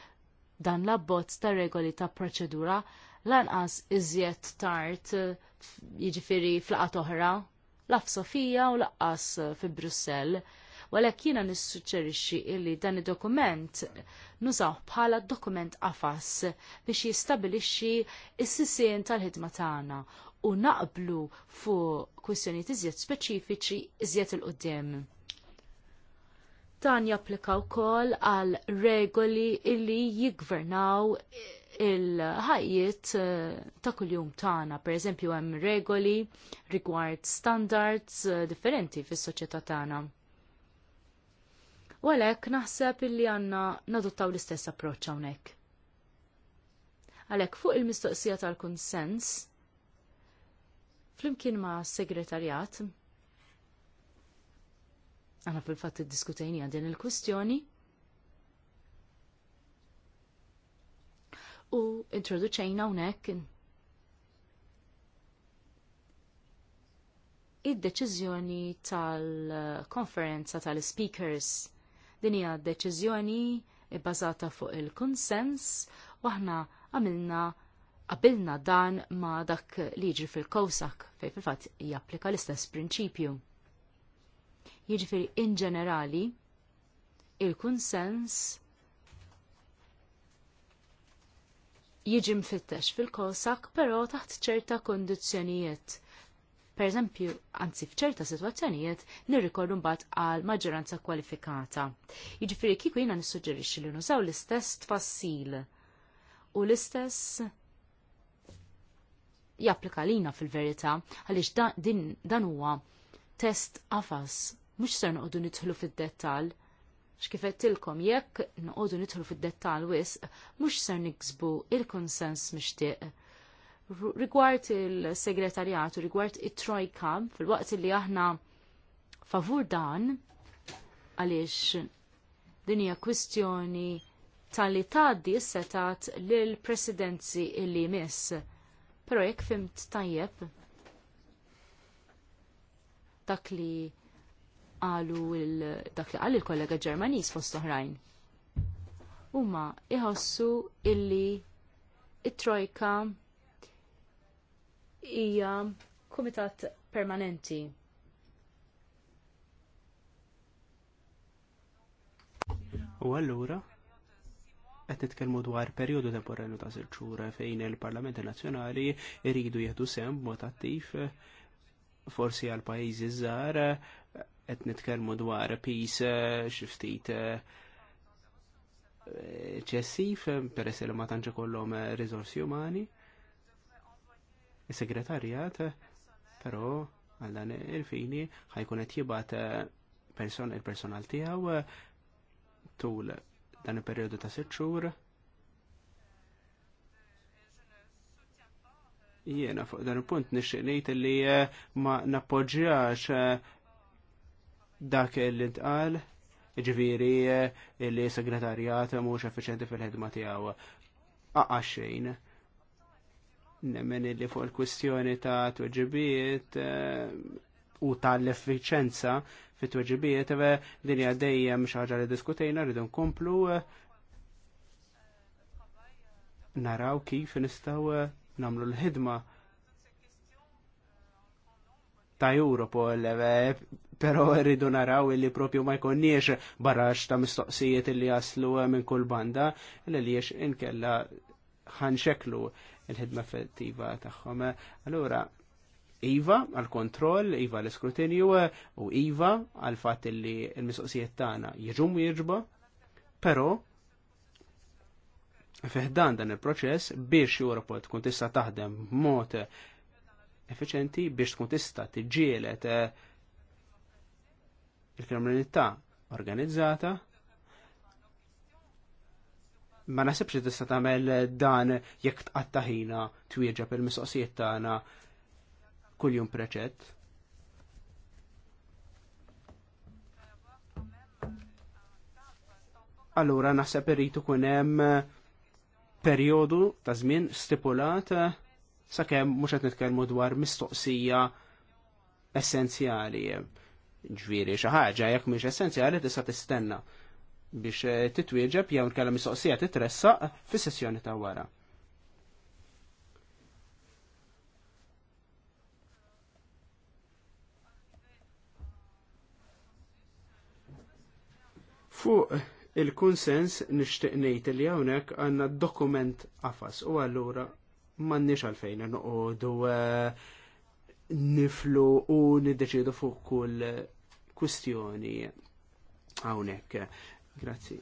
dan l-abbozz ta' regoli ta' proċedura lanqas iżjed tard jiġifieri fl oħra laf Sofija u laqqas eh, fi Brussell. Walek jina nissuġġerixxi illi dan id-dokument nużaw bħala dokument għafas biex jistabilixi s-sisien tal-ħidma tagħna u naqblu fuq kwistjonijiet iżjed speċifiċi iżjed il-qudiem dan japplika wkoll għal regoli illi jigvernaw il-ħajjiet eh, ta' kuljum tagħna, pereżempju hemm regoli rigward standards eh, differenti fis-soċjetà tagħna. U għalhekk naħseb illi għandna nadottaw l-istess approċċ hawnhekk. Għalhekk fuq il-mistoqsija tal-kunsens, flimkien ma' segretarjat, għana fil-fatt id-diskutejni din il-kwistjoni, u introduċejna hawnhekk id-deċiżjoni tal-konferenza tal-speakers. Din hija deċiżjoni bbażata fuq il-konsens u aħna għamilna qabilna dan ma dak li jiġri fil-kowsak fejn fil-fatt japplika l-istess prinċipju. Jiġifieri in ġenerali il-kunsens jiġi mfittex fil-kosak, però taħt ċerta kundizzjonijiet, Per eżempju, anzi f'ċerta situazzjonijiet nirrikordu mbagħad għal maġġoranza kwalifikata. Jiġifieri kieku jiena nissuġġerixxi li nużaw l-istess tfassil u l-istess japplika lina fil-verità għaliex dan huwa test qafas mhux ser noqogħdu nidħlu fid-dettall xkifettilkom jekk noqodu nidħlu fid-dettall wisq mhux ser niksbu il-konsens mixtieq. Rigward il-segretarjat u rigward it-trojka fil-waqt li aħna favur dan għaliex din hija kwistjoni tal-li tgħaddi s-setat lill presidenzi illi miss, Però jekk fimt tajjeb dak li qalu dak li qal il-kollega Ġermaniż fost oħrajn. Huma iħossu illi it-trojka hija komitat permanenti. U allura qed nitkellmu dwar perjodu temporanju ta' silċura fejn il-Parlamenti Nazzjonali iridu jieħdu sem b'mod attiv forsi għal pajjiżi żgħar qed nitkellmu dwar pis eh, xi ftit eh, ċessif eh, peress li ma tantx ikollhom riżorsi umani. Is-segretarjat però għal dan il-fini ħajkun qed jibgħat il-personal tiegħu tul dan il-perjodu ta' sitt xhur jiena fuq dan il-punt nixtieq ngħid li ma nappoġġjax dak li tqal ġviri li segretarjat mhux effiċenti fil-ħidma tiegħu. Aqqa xejn. Nemmen li fuq il-kwistjoni ta' tweġibiet eh, u tal-effiċenza fit tweġibiet eh, din hija dejjem xi ħaġa li diskutejna rridu nkomplu eh, naraw kif nistgħu nagħmlu l-ħidma ta' Europol, eh, pero rridu naraw illi propju ma jkonniex barrax ta' mistoqsijiet illi jaslu eh, minn kull banda, illi jiex inkella ħanxeklu il-ħidma effettiva tagħhom. Allura, Iva għal kontroll, Iva għal iskrutinju eh, u Iva għal fatt li il-mistoqsijiet tagħna jiġum jirġba, però fiħdan dan il-proċess biex Europol tkun tista' taħdem b'mod effiċenti biex tkun tista' tiġġielet eh, il-kriminalità organizzata ma nasibx li tista' tagħmel dan jekk tqatta' ħina twieġeb il-mistoqsijiet tagħna kuljum preċett. Allura naħseb irid ikun hemm perjodu ta' żmien stipulat eh, sakemm mhux qed nitkellmu dwar mistoqsija essenzjali. Ġviri, xi ħaġa jekk mhix essenzjali tista' tistenna biex titwieġeb jew nkella mistoqsija titressaq fis-sessjoni ta' wara. Fuq il-konsens nixtieq ngħid li hawnhekk għandna dokument qafas u allura m'għandniex għalfejn noqogħdu eh, niflu u niddeċidu fuq kull kustjoni hawnhekk. Grazzi.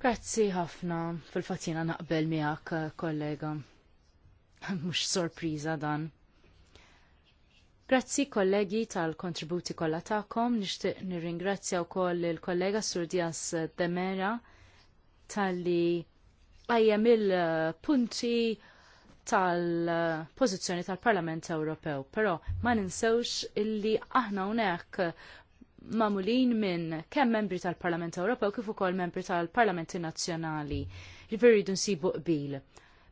Grazzi ħafna, fil-fatina naqbel miegħek kollega. *laughs* Mhux sorpriża dan. Grazzi kollegi tal-kontributi kollha tagħkom, nixtieq nirringrazzja wkoll il-kollega Sur Dias Demera talli għajjem il-punti tal-pozizjoni tal-Parlament Ewropew, però ma ninsewx illi aħna unek mamulin minn kemm membri tal-Parlament Ewropew kif ukoll membri tal-Parlamenti Nazzjonali. Ġifieri rridu nsibu qbil.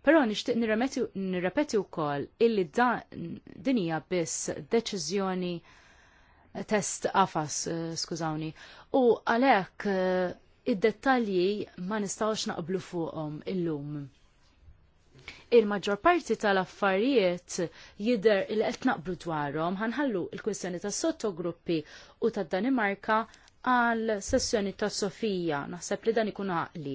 Però nixtieq nirrepeti wkoll illi din hija biss deċiżjoni test qafas, eh, skużawni. U għalhekk eh, id-dettalji ma nistawx naqblu fuqhom illum. Il-maġġor parti tal-affarijiet jider il qed naqblu dwarhom ħanħallu il-kwistjoni tas sottogruppi u tad Danimarka għal sessjoni ta' Sofija, naħseb li dan ikun għaqli,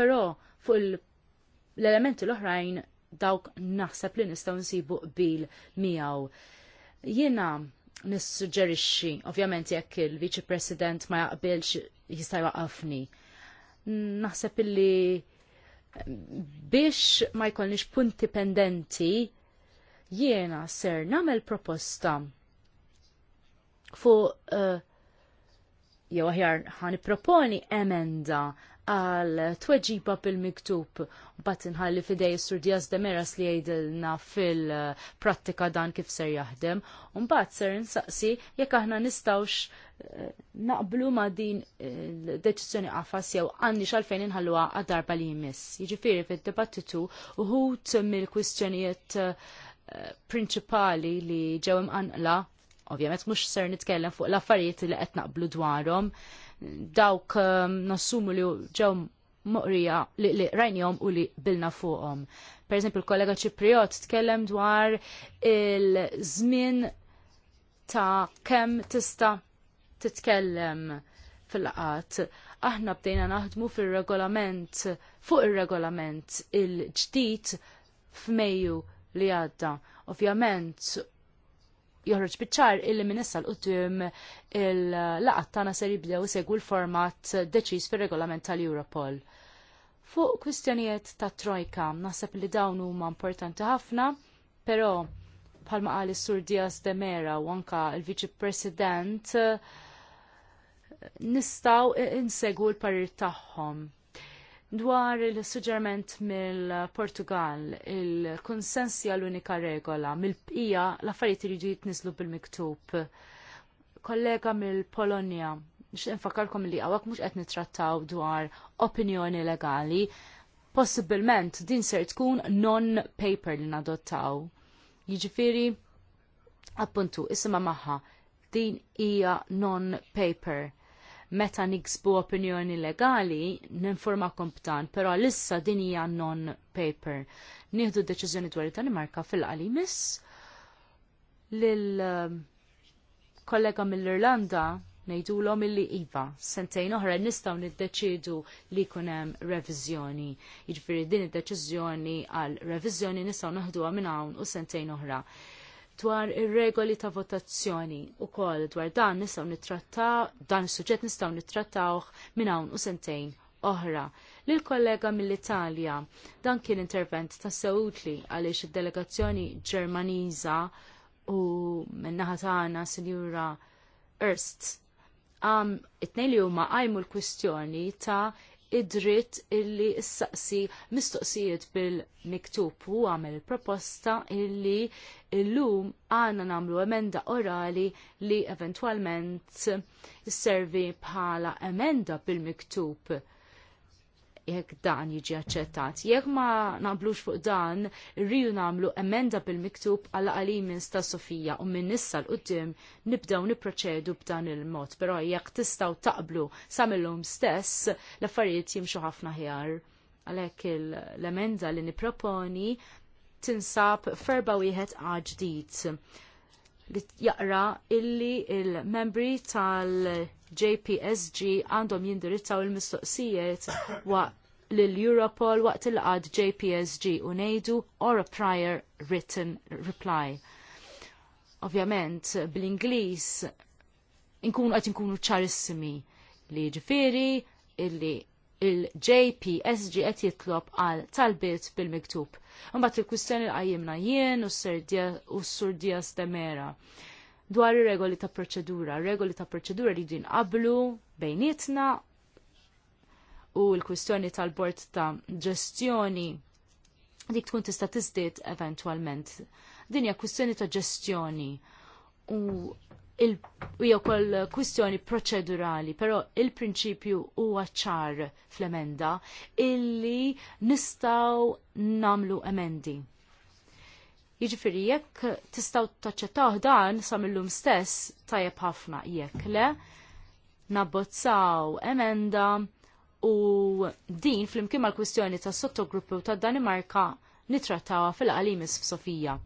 però fuq l-elementi l-oħrajn dawk naħseb li nistgħu nsibu qbil miegħu. Jiena nissuġġerixxi, ovvjament jekk il-Viċi President ma jaqbilx jista' jwaqafni. Naħseb illi biex ma jkollniex punti pendenti jiena ser nagħmel proposta fuq uh, jew aħjar ħani proponi emenda għal tweġiba bil-miktub bat inħalli fidej sur Diaz de Meras li jgħidilna fil-prattika dan kif ser jaħdem un bat ser nsaqsi jekk aħna nistawx eh, naqblu ma din eh, deċizjoni għafas jew għanni xalfejn inħalluha għad-darba li jmiss. Jiġifieri fid debattitu uħut mill-kwistjonijiet eh, prinċipali li ġew imqanqla ovvjament mhux ser nitkellem fuq l-affarijiet li qed naqblu dwarhom, dawk ehm, nassumu li ġew moqrija li li rajnjom u li bilna fuqhom. Per eżempju, il-kollega Ċipriot tkellem dwar il-żmien ta' kemm tista' titkellem fil-laqat. Aħna bdejna naħdmu fil-regolament, fuq il-regolament il-ġdid f'Mejju li għadda. Ovvjament joħroġ biċċar illi minissa issa l-quttim il-laqat tagħna ser jibdew isegwu l-format deċiż fir-regolament tal-Europol. Fuq kwistjonijiet ta' trojka, naħseb li dawn huma importanti ħafna, però bħalma qal is-Sur Diaz de Mera u anka l-Viċi President nistgħu insegwu l-parir tagħhom Dwar il-suġġerment mill-Portugal, il kunsens hija l-unika regola, mill-bqija l-affarijiet iridu jitnislu bil-miktub. Kollega mill-Polonja, nfakarkom li għawak mux qed nitrattaw dwar opinjoni legali, possibilment din ser tkun non-paper li nadottaw. Jiġifieri, appuntu, isimha' maħħa, din hija non-paper meta niksbu opinjoni legali ninformakom b'dan, però lissa din hija non-paper. Nieħdu deċiżjoni dwar it marka fil-qali miss lil um, kollega mill-Irlanda ngħidulhom illi iva, sentejn oħra nistgħu niddeċidu li jkun hemm reviżjoni. Jiġifieri din id-deċiżjoni għal reviżjoni nistgħu naħdu minn hawn u sentejn oħra dwar ir-regoli ta' votazzjoni u kol dwar dan nistaw nittrattaw, dan is-suġġett nistaw nittrattawh minn hawn u sentejn oħra. Lil kollega mill-Italja dan kien intervent ta' sewtli għaliex id-delegazzjoni Ġermaniża u minnaħa tagħna Sinjura Erst għam um, it-nej li huma għajmu l-kwistjoni ta' id-dritt illi s-saqsi mistoqsijiet bil-miktub u għamel proposta illi illum għanna namlu emenda orali li eventualment servi bħala emenda bil-miktub jekk dan jiġi aċċettat. Jekk ma nablux fuq dan, rriju nagħmlu emenda bil-miktub għal qalimin ta' Sofija u minn issa l qoddim nibdew nipproċedu b'dan il-mod, però jekk tistgħu taqblu samillum stess l-affarijiet jimxu ħafna ħjar. Għalhekk l-emenda li nipproponi tinsab ferba wieħed A ġdid li jaqra illi il-membri tal- JPSG għandhom jindirizzaw il-mistoqsijiet l-Europol waqt il-qad JPSG u ngħidu or a prior written reply. Ovvjament, bl inglis inkunu qed inkunu ċarissimi li ġifiri illi il-JPSG qed jitlob għal talbiet bil-miktub. Imbagħad il-kwistjoni li jien u s surdija s Demera dwar ir-regoli ta' proċedura. Regoli ta' proċedura li din qablu bejnietna u l-kwistjoni tal-bord ta' ġestjoni dik tkun tista' tiżdied eventwalment. Din hija kwistjoni ta' ġestjoni u hija wkoll kwistjoni proċedurali, però il-prinċipju huwa ċar fl-emenda illi nistgħu namlu emendi Jiġifieri jekk tistgħu taċċettaw dan sa millum stess tajjeb ħafna jekk le nabbozzaw emenda u din flimkien mal-kwistjoni tas sottogruppi u tad Danimarka nittrattawha fil-qalimis f'Sofija.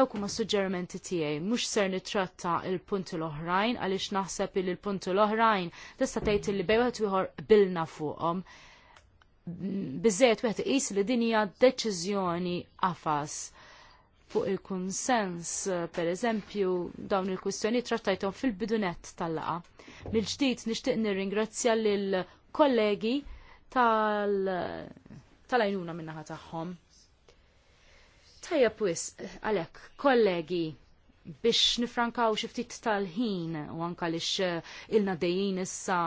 Dawk huma suġġerimenti tiegħi mhux ser nitratta il-punti l-oħrajn għaliex naħseb il punti l-oħrajn tista' tgħid li bejwet ieħor bilna fuqhom. -um bizzejt wieħed iqis li din hija deċiżjoni fuq il-kunsens, per eżempju, dawn il-kwistjoni trattajtom fil-bidunet tal-laqa. Mil-ġdid nixtieq nirringrazzja l kollegi tal tal-tal-ajnuna tal minnaħa tagħhom. Tajja pwis, għalek, kollegi, biex nifrankaw xiftit tal-ħin u anka lix eh, il-nadejjin issa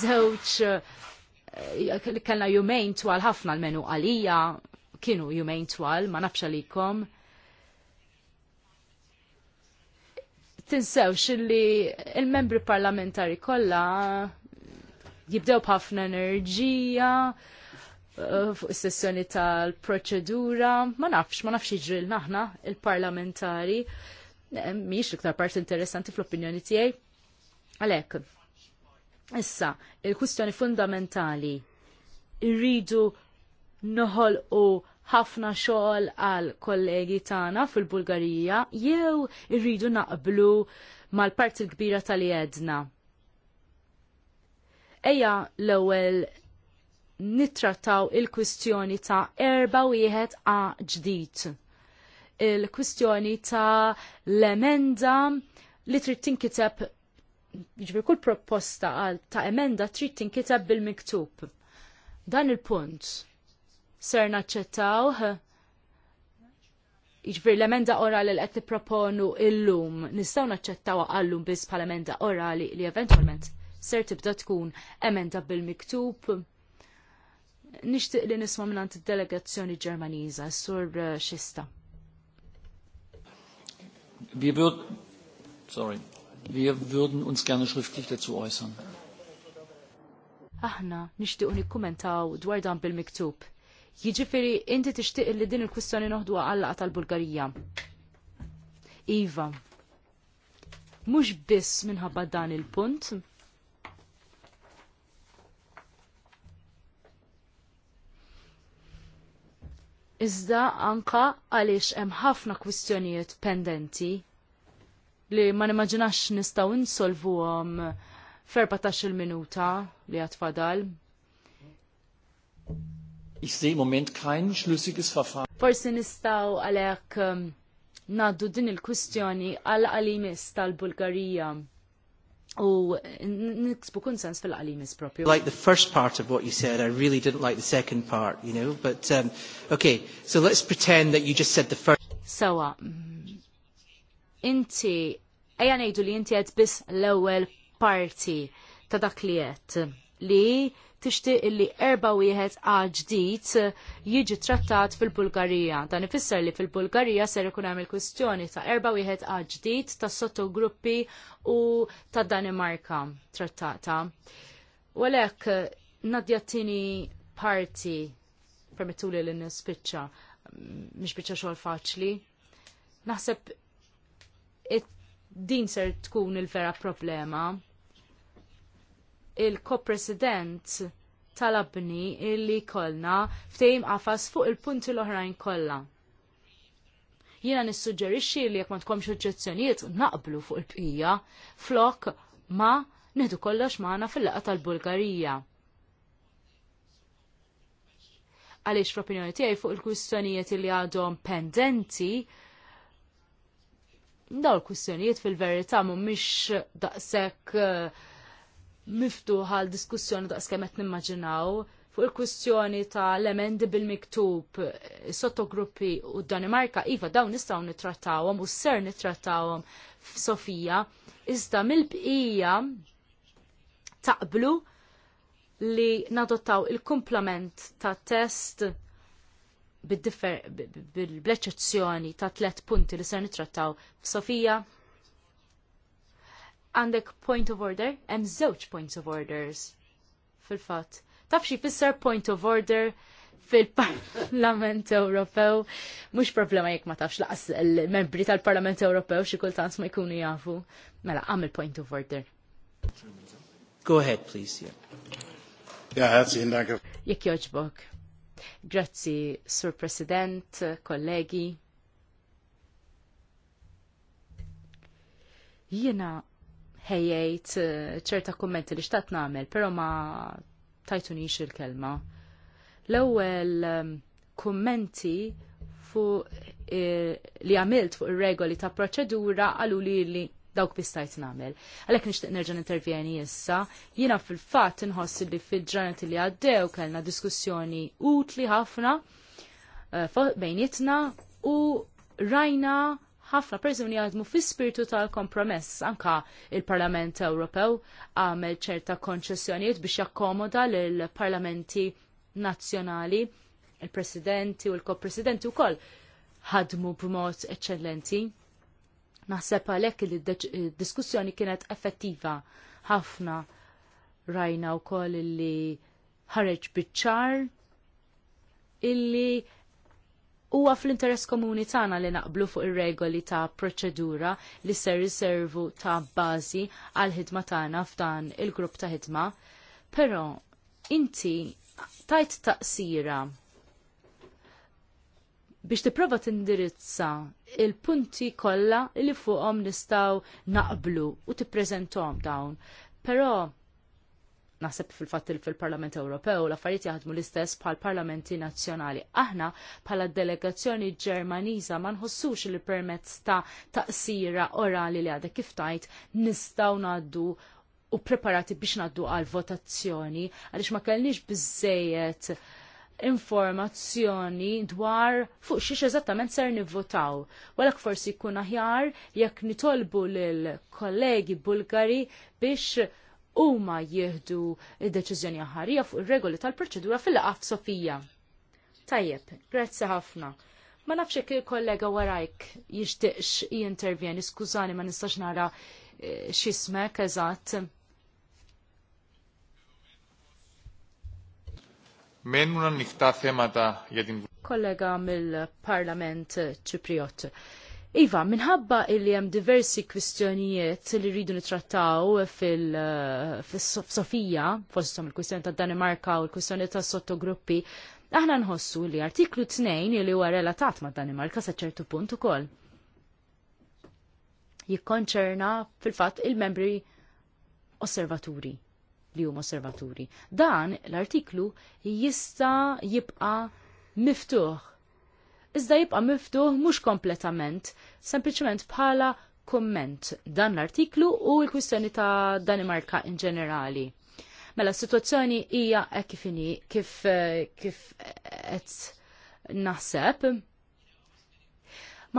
zewċ Eh, kellna jumejn twal ħafna l-menu għalija, kienu jumejn twal, ma nafx għalikom. Tinsewx li il-membri parlamentari kollha jibdew b'ħafna enerġija, eh, fuq is-sessjoni tal-proċedura, ma nafx, ma nafx jiġri aħna il-parlamentari, eh, miex l-iktar part interessanti fl-opinjoni tiegħi. Għalhekk, Issa, il kustjoni fundamentali irridu noħol u ħafna xogħol għal kollegi tagħna fil-Bulgarija jew irridu naqblu mal-parti kbira tal-jedna. Eja l-ewwel nittrattaw il-kwistjoni ta' erba wieħed a ġdid. Il-kwistjoni ta' l-emenda li trid tinkiteb ġbir kull proposta għal ta' emenda trid tinkitab bil-miktub. Dan il-punt ser naċċettawh Iġbir jiġifieri l-emenda orali li qed proponu illum nistgħu naċċettawha għallum biss bħala emenda orali li eventwalment ser tibda tkun emenda bil-miktub. Nixtieq li nisma' minn id-delegazzjoni Ġermaniża, sur uh, Xista. Sorry, Wir würden uns gerne schriftlich dazu äußern. Aħna nixtiequ nikkumentaw dwar dan bil-miktub. Jiġifieri inti tixtieq li din il-kwistjoni noħdu għallaqa tal-Bulgarija. Iva, mhux biss minħabba dan il-punt, iżda anka għaliex hemm ħafna kwistjonijiet pendenti li ma nimmaġinax nistaw insolvuhom ferbatax-il minuta li għatfadal. Ich sehe im Moment kein schlüssiges Verfahren. Forsi nistaw għalek um, naddu din il-kwistjoni għal qalimis tal-Bulgarija u niksbu konsens fil-qalimis propju. Like the first part of what you said, I really didn't like the second part, you know, but um, okay, so let's pretend that you just said the first. Sawa, so, uh, inti ejja ngħidu li inti għed biss l-ewwel parti ta' dak li għed li tishti li erba' wieħed jħed ġdid jiġi trattat fil-Bulgarija. Dan ifisser li fil-Bulgarija ser ikun hemm il-kwistjoni ta' erba' wieħed jħed ġdid tas sottogruppi u ta' Danimarka trattata. U għalhekk Nadja parti permettu li l-nispicċa, mish bicċa xogħol faċli. Naħseb din ser tkun il-vera problema. Il-ko-president tal-abni illi kollna ftejm qafas fuq il-punti l-oħrajn kollha. Jiena nissuġġerixxi li jekk ma tkomx oġġezzjonijiet naqblu fuq il-bqija flok ma neħdu kollox magħna fil-laqgħa tal-Bulgarija. Għaliex fl-opinjoni tiegħi fuq il-kwistjonijiet li għadhom pendenti dawn il-kwistjonijiet fil-verità mhumiex daqshekk eh, miftuħa għal diskussjoni daqskemm qed nimmaġinaw fuq il-kwistjoni ta' l-emendi bil-miktub eh, sottogruppi u Danimarka, iva dawn nistgħu nittrattawhom u ser nittrattawhom f'Sofija, iżda mill-bqija taqblu li nadottaw il kumplament ta' test bil bleċezzjoni ta' tlet punti li ser nitrattaw f'Sofija. Għandek point of order, hemm żewġ points of orders fil-fatt. Taf xi fisser point of order fil-Parlament Ewropew, mhux problema jekk ma tafx laqas il-membri tal-Parlament Ewropew xi kultant ma jkunu jafu. Mela, għamil point of order. Go ahead, please. Yeah. Ja, herzlichen Dank. Jekk joġbok. Grazzi, Sur President, kollegi. Jiena ħejjejt eh, ċerta kummenti li xtaqt nagħmel, però ma tajtunix il-kelma. L-ewwel ehm, kummenti eh, li għamilt fuq ir-regoli ta' proċedura għalu li dawk bistajt namel. Għalek nishtiq nerġa' intervjeni issa, jina fil-fatt nħoss li fil-ġranet li għaddew kellna diskussjoni utli ħafna eh, bejnietna u rajna ħafna persuni għadmu fi spiritu tal-kompromess anka il-Parlament Ewropew għamel ċerta konċessjonijiet biex jakkomoda l-parlamenti nazzjonali, il-presidenti u l presidenti u koll ħadmu b'mod eccellenti Naħseb għalhekk li d-diskussjoni kienet effettiva ħafna rajna wkoll li ħareġ biċ-ċar illi huwa fl-interess komuni tagħna li naqblu fuq ir-regoli ta' proċedura li ser riservu ta' bażi għal ħidma tagħna f'dan il-grupp ta' ħidma. Però inti tajt taqsira biex tipprova tindirizza il-punti kollha li fuqhom nistgħu naqblu u tippreżentom dawn. Però naħseb fil-fatt fil-Parlament Ewropew l-affarijiet jaħdmu l-istess bħal parlamenti nazzjonali. Aħna bħala delegazzjoni Ġermaniża ma nħossux li permezz ta' taqsira orali li għadha kif tajt nistgħu ngħaddu u preparati biex ngħaddu għal votazzjoni għaliex ma kellniex bizzejet informazzjoni dwar fuq xiex eżattament ser nivvotaw. Walak forsi jkun aħjar jekk nitolbu l kollegi Bulgari biex huma jieħdu id-deċiżjoni aħarija fuq ir-regoli tal-proċedura fil-laqaf Sofija. Tajjeb, grazzi ħafna. Ma nafx jekk il-kollega warajk jixtieqx jintervjeni, skużani ma nistax nara eh, x'ismek eżatt. Μένουν ανοιχτά θέματα για την... Kollega mill-Parlament Ċipriot. Iva, minħabba illi hemm diversi kwistjonijiet li rridu nitrattaw fil-Sofija, eh, fosthom il-kwistjoni ta' Danimarka u l-kwistjoni ta' sottogruppi, aħna nħossu li artiklu 2 li huwa relatat ma' Danimarka sa' ċertu punt ukoll. Jikkonċerna fil-fatt il-membri osservaturi li huma osservaturi. Dan l-artiklu jista' jibqa' miftuħ. Iżda jibqa' miftuħ mhux kompletament, sempliċement bħala komment dan l-artiklu u l-kwistjoni ta' Danimarka in ġenerali. Mela, s-situazzjoni hija hekk kif kif eh, eh, qed naħseb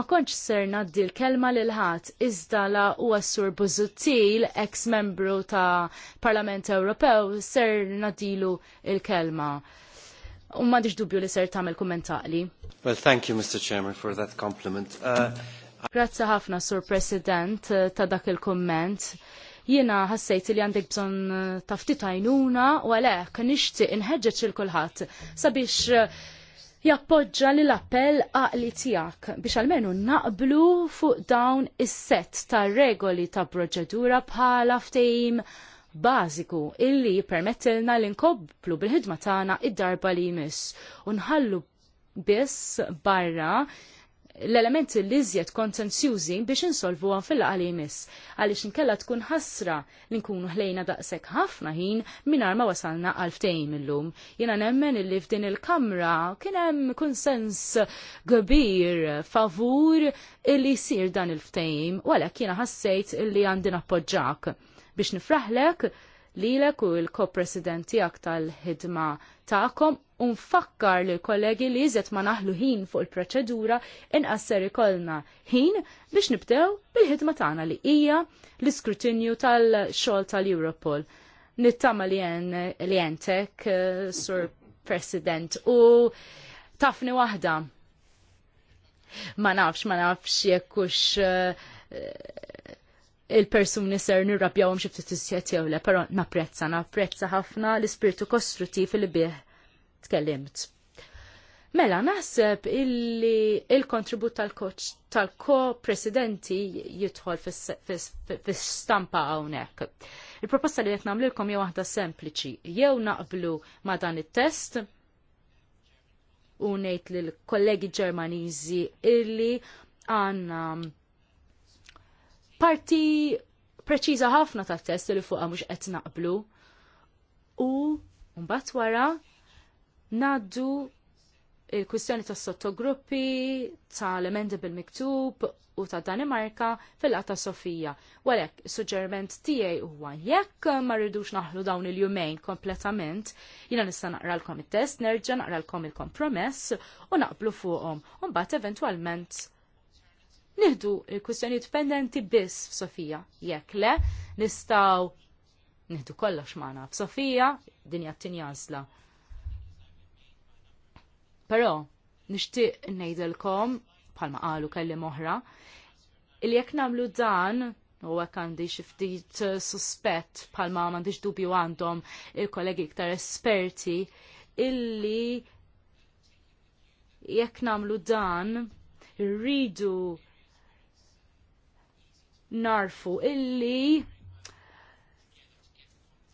Ma konċ ser naddi l-kelma l-ħat, iżda la u għassur Buzuttil, ex-membru ta' Parlament Ewropew, ser naddilu l-kelma. U ma diġ dubju li ser tamel kommentali. Well, thank you, Mr. Chairman, for that compliment. Uh, Grazzi ħafna, Sur President, ta' dak il-komment. Jiena ħassejt li għandek bżon uh, taftit għajnuna u għalek nishti inħeġġeġ il-kulħadd sabiex uh, jappoġġa li l-appell għaqli tijak biex almenu naqblu fuq dawn is-set ta' regoli ta' proċedura bħala ftehim bażiku illi permettilna li nkobblu bil-ħidma tagħna id-darba li jmiss u nħallu biss barra l-elementi li iżjed konsensjużi biex insolvu għan fil-għali jmiss, għalix nkella tkun ħasra li nkunu ħlejna daqsek ħafna ħin minar ma wasalna għalftejn millum. Jena nemmen li f'din il-kamra kienem konsens kbir favur li sir dan il-ftejn, u kiena jena ħassejt li għandin appoġġak biex nifraħlek lilek u l ko presidenti għak tal-ħidma ta'kom unfakkar li kollegi li jizet ma naħlu ħin fuq il-proċedura inqasser ikollna ħin biex nibdew bil-ħidma tagħna li hija l-iskrutinju tal-xogħol tal-Europol. Nittama li jen li jentek, eh, Sur President, u tafni waħda. Ma nafx, ma nafx jekkux eh, il-persuni ser nirrabjawhom x'ifti ftit jew le, però napprezza, napprezza ħafna l-ispirtu kostruttiv li bieħ tkellimt. Mela, naħseb illi il-kontribut tal-ko-presidenti jidħol fis-stampa hawnhekk. Il-proposta li qed nagħmlilkom hija waħda sempliċi. Jew naqblu ma' dan it-test u ngħid l kollegi Ġermaniżi illi għandna parti preċiża ħafna tat-test li fuqha mhux qed naqblu u mbagħad wara Naddu il-kwistjoni ta' sottogruppi, ta' l-emendi bil-miktub u ta' Danimarka fil-qa ta' Sofija. Walek, suġġerment tijaj huwa jekk ma rridux naħlu dawn il-jumejn kompletament, jina nista' naqralkom il-test, nerġa' naqralkom il-kompromess u naqblu fuqhom, u mbagħad eventwalment nieħdu il-kwistjoni dipendenti biss f'Sofija. Jekk le, nistgħu nieħdu kollox magħna f'Sofija, dinja t-tinjazla. Però nixtieq nejdilkom, bħalma qalu kelli moħra il jekk nagħmlu dan u hekk għandi xi ftit eh, suspett bħalma m'għandix dubju għandhom il-kollegi iktar esperti illi jekk nagħmlu dan rridu narfu illi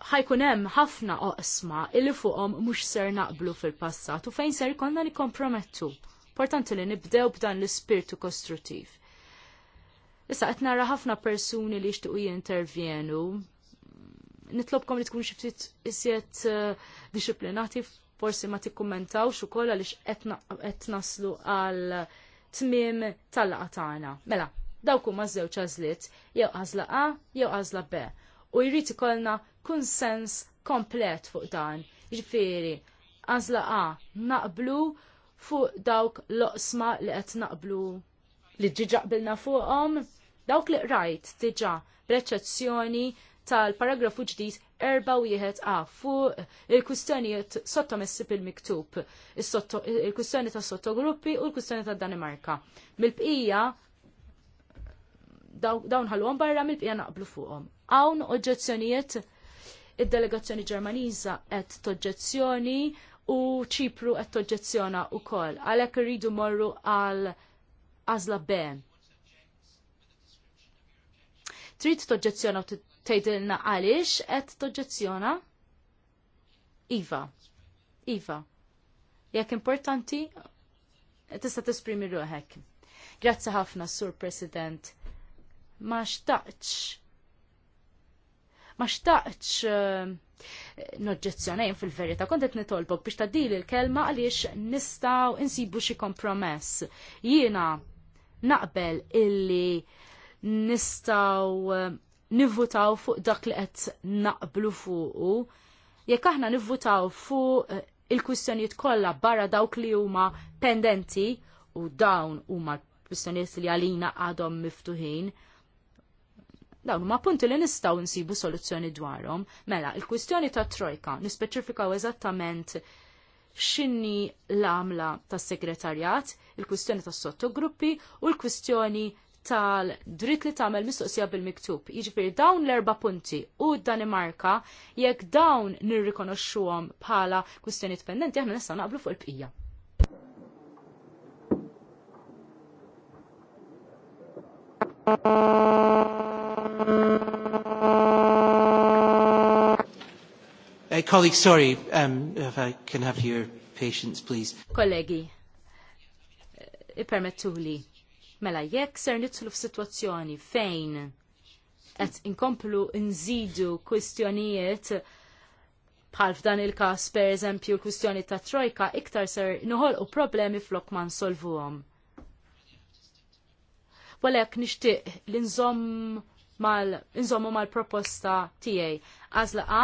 ħajkun hemm ħafna oqsma illi fuqhom mhux ser naqblu fil-passat u fejn ser ikollna nikkompromettu. Importanti li nibdew b'dan l-ispirtu kostruttiv. Issa qed nara ħafna persuni li jixtiequ jintervjenu. Nitlobkom li tkun xi ftit isiet eh, disciplinati forsi ma tikkummentawx ukoll għaliex qed naslu għal tmiem tal-laqa tagħna. Mela, dawk huma żewġ għażliet, jew għażla A jew għażla B. U jrid ikollna sens komplet fuq dan. Ġifiri, għazla A, naqblu fuq dawk loqsma li qed naqblu li ġiġaqbilna qbilna fuqhom, dawk li rajt diġa b'reċezzjoni tal-paragrafu ġdid erba wieħed a fuq il-kustjonijiet messi bil-miktub, il-kustjoni ta' sottogruppi u l-kustjoni ta' Danimarka. Mil-bqija, dawn ħalwom barra mil-bqija naqblu fuqhom. Hawn oġġezzjonijiet il delegazzjoni Ġermaniża qed toġġezzjoni u ċipru qed toġġezzjona wkoll. Għalhekk irridu morru għal għazla B. Trid toġġezzjona u tgħidilna għaliex qed toġġezzjona? Iva. Iva. Jekk importanti, tista' t-esprimi ruħek. Grazzi ħafna, Sur President. Ma xtaqx ma xtaqx eh, noġġezzjonajn fil-verita, kontet nitolbok biex dili l kelma għaliex nistaw insibu xi kompromess. Jiena naqbel illi nistaw eh, nivvutaw fuq dak li qed naqblu fuqu, jekk aħna nivvutaw fuq eh, il-kwistjonijiet kollha barra dawk li huma pendenti u dawn huma kwistjonijiet li għalina għadhom miftuħin, Dawn huma punti li nistgħu nsibu soluzzjoni dwarhom. Mela, il-kwistjoni ta' trojka nispeċifikaw eżattament x'inni l-għamla tas-segretarjat, il-kwistjoni tas-sottogruppi u l-kwistjoni tal-dritt li tagħmel mistoqsija bil-miktub. Jiġifieri dawn l-erba punti u d-Danimarka jekk dawn nirrikonoxxuhom bħala kwistjoni dipendenti aħna nista' naqblu fuq il-bqija. Uh, Uh, colleagues, sorry, um, if I can have your patience, please. Kollegi, ipermettuli, mela jekk ser nitlu f'sitwazzjoni fejn qed inkomplu nżidu kwistjonijiet bħal f'dan il-każ pereżempju eżempju, kwistjoni ta' trojka iktar ser u problemi flok ma nsolvuhom. Walek nixtieq l-inżomm mal inżommu mal-proposta tiegħi. Għażla A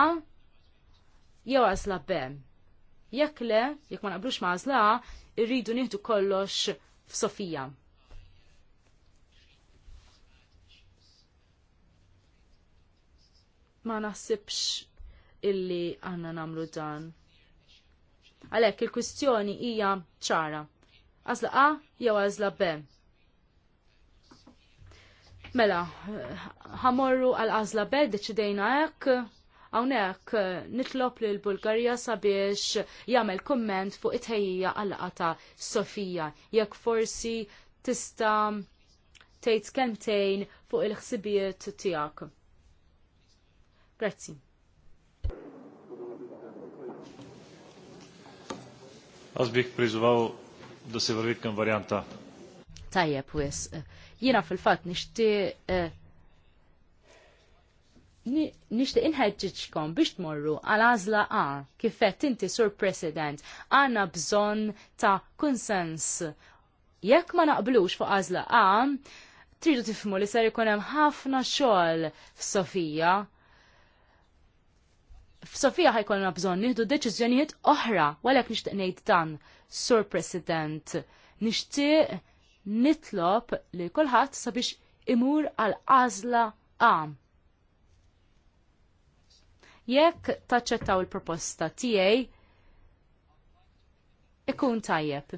jew għażla B. Jekk le, jekk ma naqblux ma' għażla A, irridu nieħdu kollox f'Sofija. ma naħsibx illi għanna namlu dan. Għalek, il-kwistjoni hija ċara. Għazla A jew għazla B. Mela, ħamorru għal-għazla bed, deċidejna hekk, nitlop eh, nitlob l Bulgarija sabiex jagħmel komment fuq it-ħejja għal-qata Sofija. Jekk forsi tista tgħid kemtejn fuq il ħsibiet tiegħek. Grazzi. Għazbik prizvaw da se verjetno varjanta tajjeb wis. Jiena fil-fatt nixtieq nishti eh, inħedġiċkom biex tmorru għal azla A kifet inti sur president għanna bżon ta' konsens. Jekk ma naqblux fuq għazla A, tridu tifmu li ser ikun hemm ħafna xogħol f'Sofija. F'Sofija ħajkolna bżonn nieħdu deċiżjonijiet oħra, għalhekk nixtieq ngħid dan, Sur President. Nixtieq nitlob li kulħadd sabiex imur għal għażla għam. Jekk taċċettaw il-proposta tiegħi ikun tajjeb.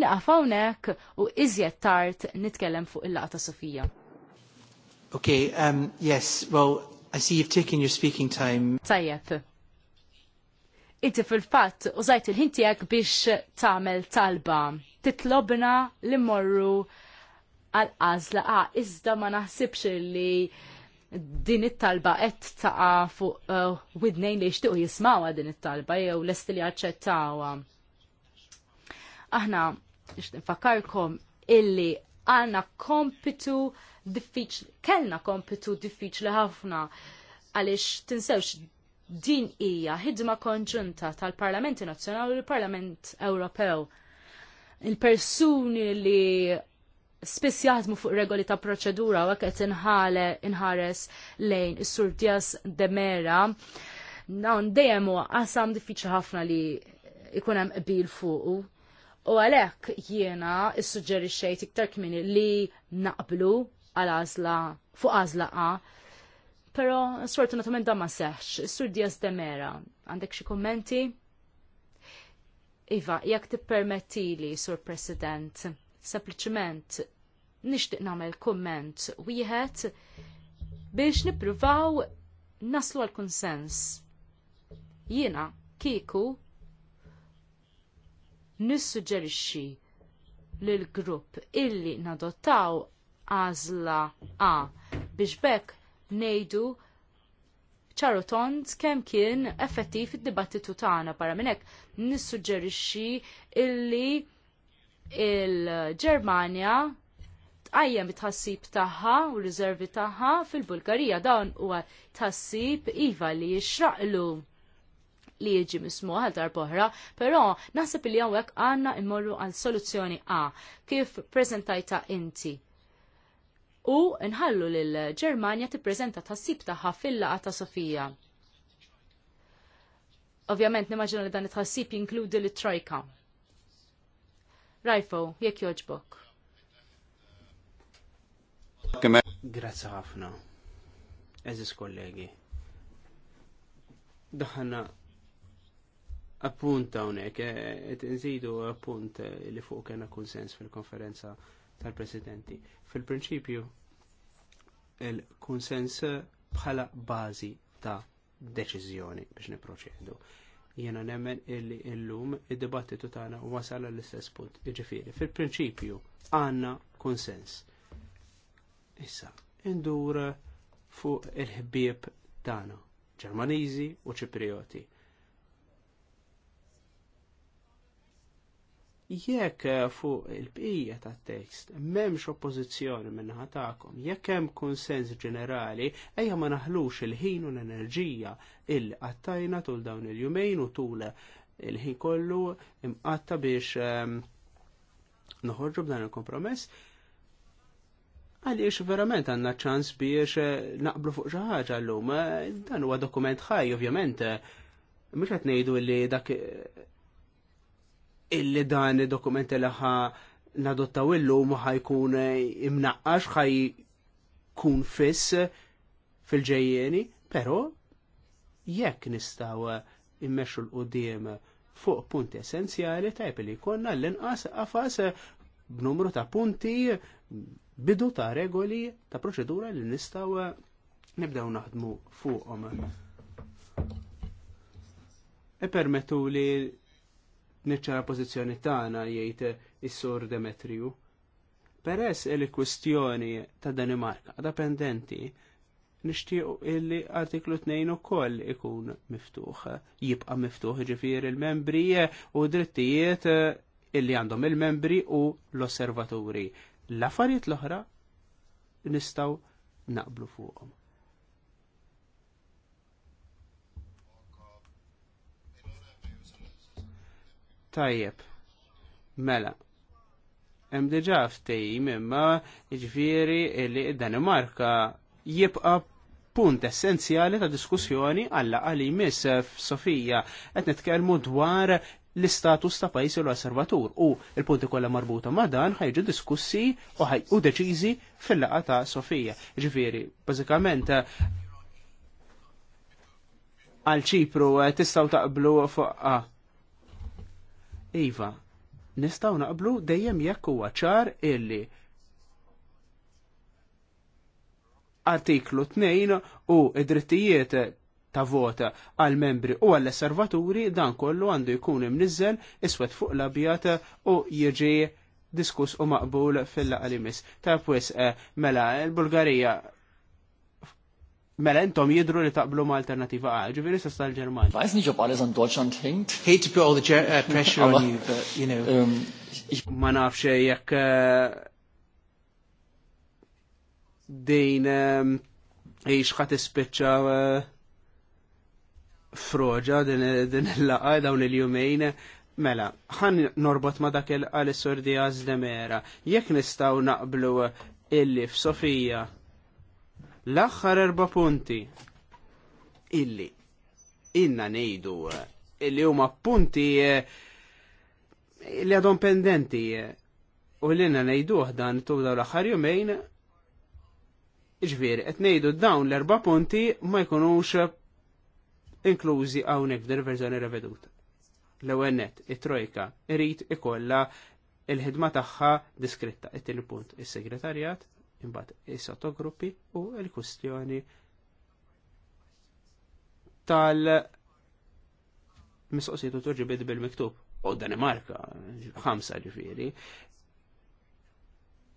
Naqaf hawnhekk u iżjed tard nitkellem fuq il-laqta Sofija. Okay, um, yes, well, I see you've taken your speaking time. Tajjeb. Inti fil-fatt użajt il-ħin tiegħek biex tagħmel talba titlobna li morru għal-għazla għa, ah, iżda ma naħsibx li din it-talba qed taqa fuq uh, widnejn li jixtiequ jismawha din it-talba jew lest li jaċċettawha. Aħna nfakkarkom illi għandna kompitu diffiċli, kellna kompitu diffiċli ħafna għaliex tinsewx din hija ħidma konġunta tal-Parlamenti Nazzjonali u l-Parlament Ewropew il-persuni li spiss jaħdmu fuq regoli ta' proċedura u għeket inħale inħares lejn is-sur Dias de Mera. Nawn dejjem huwa qasam diffiċli ħafna li ikun hemm qbil fuq. U għalhekk jiena issuġġerixxejt iktar kmini li naqblu għal għażla fuq għażla A. Però sfortunatament dan ma seħħx. Is-sur Dias de Mera, għandek xi kummenti? Iva, jekk tippermettili, Sur President, sempliċement nixtieq nagħmel kumment wieħed biex nippruvaw naslu għal konsens. Jiena kieku nissuġġerixxi lil grupp illi nadottaw għażla A biex bekk ngħidu ċaru tont kemm kien effettiv id-dibattitu tagħna para minn hekk nissuġġerixxi illi il-Ġermanja tqajjem it ħassib tagħha u riservi tagħha fil-Bulgarija dawn huwa tħassib iva li jixraqlu li jiġi mismu għal darbohra, pero naħseb li għawek għanna immorru għal soluzzjoni A, kif prezentajta inti u nħallu l-Ġermanja tippreżenta tħassib tagħha fil-laqa ta' Sofija. Ovvjament nimmaġinu li dan it-tħassib jinkludi l trojka Rajfo, jekk joġbok. Grazzi ħafna. Eżis kollegi. Daħna appunt hawnhekk, qed eh, nżidu appunt li fuq kena konsens fil-konferenza tal-presidenti. Fil-prinċipju, il-konsens bħala bażi ta' deċiżjoni biex niproċedu. Jena nemmen illi illum id-dibattitu tagħna wasal l-istess punt. Jiġifieri, fil-prinċipju għandna konsens. Issa, indur fuq il-ħbieb tagħna, Ġermaniżi u Ċiprioti jekk eh, fuq il-bqija ta' tekst memx oppożizzjoni minnaħa tagħkom, jekk hemm konsens ġenerali, ejja ma naħlux il-ħin u l-enerġija il qattajna tul dawn il-jumejn u tul il-ħin kollu imqatta biex ehm, noħorġu b'dan il-kompromess. Għaliex verament għanna ċans biex eh, naqblu fuq xi ħaġa lum eh, dan huwa dokument ħaj ovvjament. Mhux qed ngħidu li dak illi dan id-dokumenti li ħa nadottaw illum ħajkun imnaqqax ħaj kun fiss fil-ġejjeni, pero jekk nistaw immexu l-qudiem fuq punti essenzjali tajb li konna l-inqas qafas b'numru ta' punti bidu ta' regoli ta' proċedura li nistaw nibdew naħdmu fuqhom. E permettu li niċċara pożizzjoni tagħna jgħid is-sur Demetriu. Peress il kwistjoni ta' Danimarka dependenti nixtiequ illi artiklu 2 ukoll ikun miftuħ, jibqa' miftuħ ġifier il-membri u drittijiet illi għandhom il-membri u l-osservaturi. L-affarijiet l-oħra nistaw naqblu fuqhom. Tajjeb. Mela. Hemm diġà ftehim imma jiġifieri li d-Danimarka jibqa' punt essenzjali ta' diskussjoni għalla għali miss Sofija qed nitkellmu dwar l-istatus ta' pajis u l-osservatur u il-punti kollha marbuta ma' dan ħajġu diskussi u u deċiżi fil-laqa ta' Sofija. Ġifieri, bażikament għal ċipru eh, tistgħu taqblu fuq Iva, nistaw naqblu dejjem jekk huwa ċar illi artiklu 2 u id-drittijiet ta' vota għal membri u għall osservaturi dan kollu għandu jkun imnizzel iswed fuq l-abjat u jiġi diskuss u maqbul fil-laqalimis. Ta' pwis eh, mela, l-Bulgarija Mela intom jidru li taqblu ma' alternativa A, ġifiri sista l-Ġermanja. Weiß nicht, ob alles an Deutschland hängt. Hate to put all the uh, pressure on you, but you know. Um, ma nafx eh, jekk eh, din eh, ix ħat ispiċċa froġa din il-laqa dawn il-jumejn. Mela, ħan norbot ma dak il-għal-sordija zlemera. Jekk nistaw naqblu illi f'Sofija l-axħar erba punti illi inna nejdu eh, illi huma punti eh, illi għadhom pendenti eh, u li inna nejdu dan tubdaw l-axħar jumejn ġviri, qed ngħidu dawn l-erba punti ma jkunux inklużi hawnhekk f'din verżjoni reveduta. L-ewwel it-trojka irrit ikollha il-ħidma tagħha diskritta. It-tieni punt, is-segretarjat imbagħad is-sottogruppi u l-kwistjoni tal mistoqsijiet u tuġibid bil-miktub. U Danimarka, ħamsa ġifieri.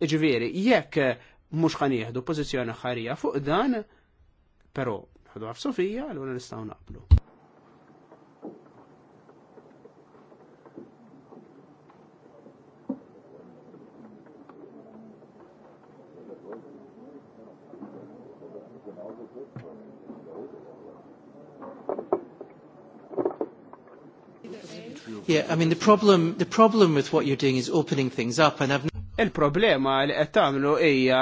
Ġifieri, jekk mhux ħan jieħdu pożizzjoni ħarija fuq dan, però ħadu għaf Sofija, l-għuna nistaw naqblu. Yeah, I mean the problem the problem with what you're doing is opening things up and I've Il-problema li qed tagħmlu hija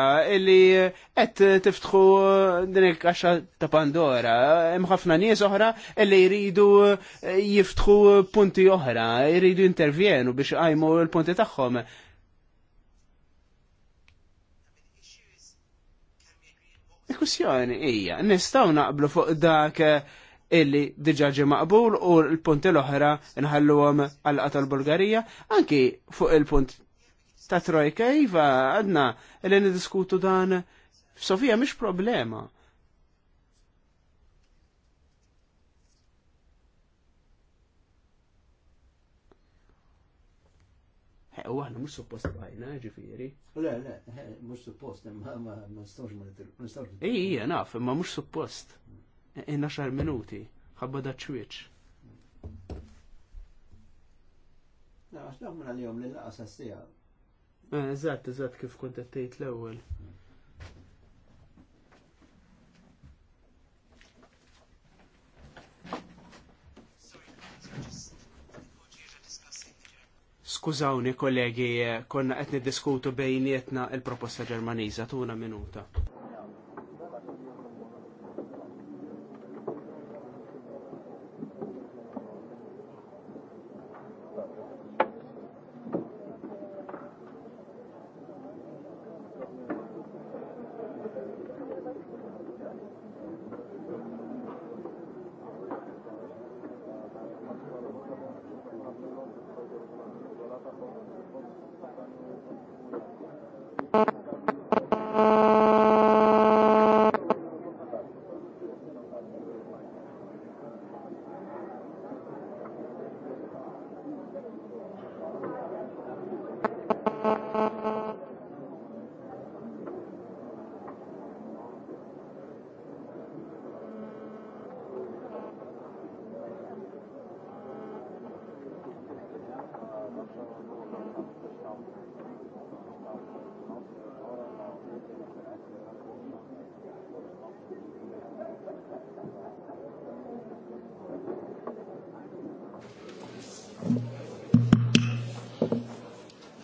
li qed tiftħu din il-kaxxa ta' Pandora. Hemm ħafna nies oħra li jridu jiftħu punti oħra, jridu intervjenu biex qajmu l-punti tagħhom. Il-kussjoni hija nistgħu naqblu fuq dak illi diġaġi maqbul u l-punti l-oħra nħallu għom għal tal-Bulgarija, anki fuq il-punt ta' trojka jiva għadna illi nidiskutu dan f'Sofija mish problema. U għahna mux suppost bajna, ġifiri. Le, le, mux suppost, ma nistawx ma nistawx. Ija, naf, ma mux suppost. In xar minuti, ħabba da ċwieċ. Na, għax daħmun jom li laqas eh, kif kontattejt l-ewel. Skużawni kollegi, eh, konna qed niddiskutu bejnietna il-proposta Ġermaniża tuna minuta.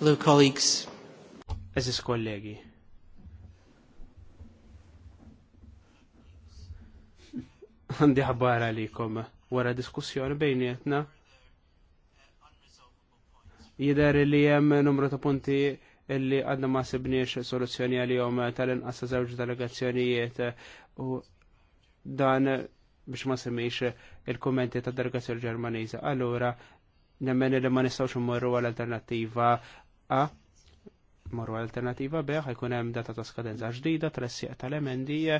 Hello, colleagues. Eżis kollegi. *laughs* Għandi ħabar għalikom wara diskussjoni bejnietna. Jider li jem numru ta' punti illi għadna ma sibniex soluzzjoni għal-jom tal-inqas żewġ delegazzjonijiet u dan biex ma semmiex il-kommenti ta' delegazzjoni ġermaniza. Allura, nemmen li ma nistawx immorru għal alternativa A Morru alternativa B ħajkun hemm data ta' skadenza ġdida tressieq tal-emendi e,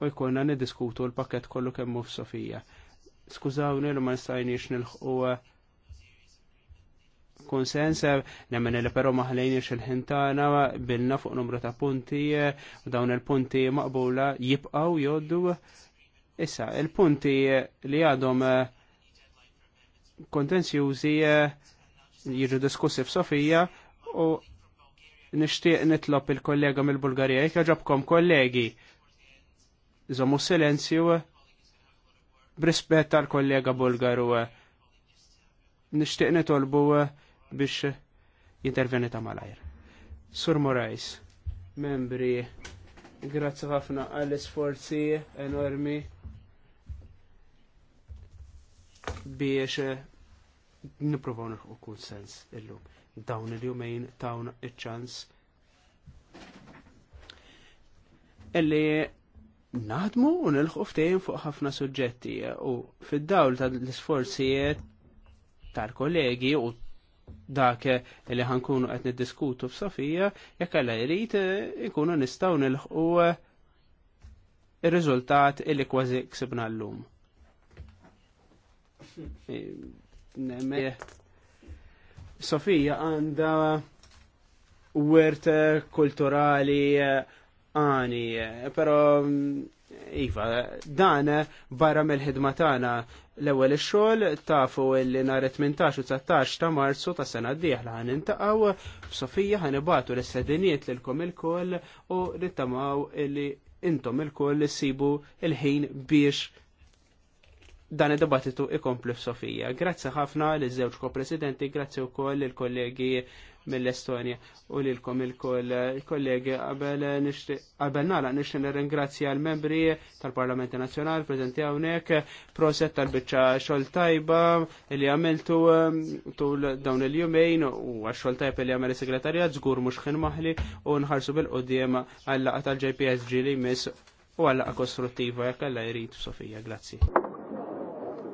u jkunna niddiskutu l-pakket kollu kemm hu f'Sofija. Skużawni li ma nistajniex nilħqu e, konsens, e, nemmen li pero maħlejniex il-ħintana bilna fuq numru ta' punti u dawn il-punti maqbula jibqaw joddu. Issa, il-punti li għadhom kontenzjużi jiġu diskussi f'Sofija u nixtieq nitlob il-kollega mill-Bulgarija jekk ġabkom kollegi zomu silenzju b'rispett tal-kollega Bulgaru nixtieq nitolbu biex jinterveni ta' malajr. Sur Morais, membri, grazzi ħafna għall-isforzi enormi biex niprofaw nħu kull sens illum. Dawn il-jumejn dawn il-ċans illi naħdmu u nilħu ftejn fuq ħafna suġġetti u fid-dawl ta' l-isforzijiet tal-kollegi u dak li ħankunu qed niddiskutu f'Sofija jekk alla jrid eh, ikunu nistgħu nilħu eh, ir-riżultat illi kważi ksibna llum hmm. eh, Sofija għanda wirt kulturali eh, għani, eh, pero mm, Iva, dan barra mill-ħidma tagħna l-ewwel ix-xogħol tafu li nhar 18 u 19 ta' Marzu ta' sena d-dieħla ħan intaqgħu f'Sofija ħan ibatu l-istedinijiet lilkom ilkoll u nittamaw li intom ilkoll issibu il-ħin biex dan id-dibattitu ikompli f'Sofija. Grazzi ħafna l żewġ ko-presidenti, grazzi u koll il-kollegi mill-Estonia u lilkom il-koll kollegi qabel nala nixti nirringrazzja l-membri tal-Parlamenti Nazzjonal prezenti hawnhekk, proset tal bicċa xogħol tajba li għamiltu um, tul dawn il-jumejn u għaxol xogħol tajba li għamel segretarjat żgur mhux maħli u nħarsu bil-qudiem għall-laqa tal-JPSG li jmiss u għall-laqa kostruttiva jekk alla jrid Sofija. Grazzi.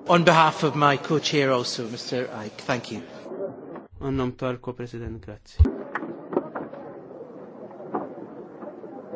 On behalf of my co-chair also, Mr. Ike, thank you. Annom tal-ko-president, grazie.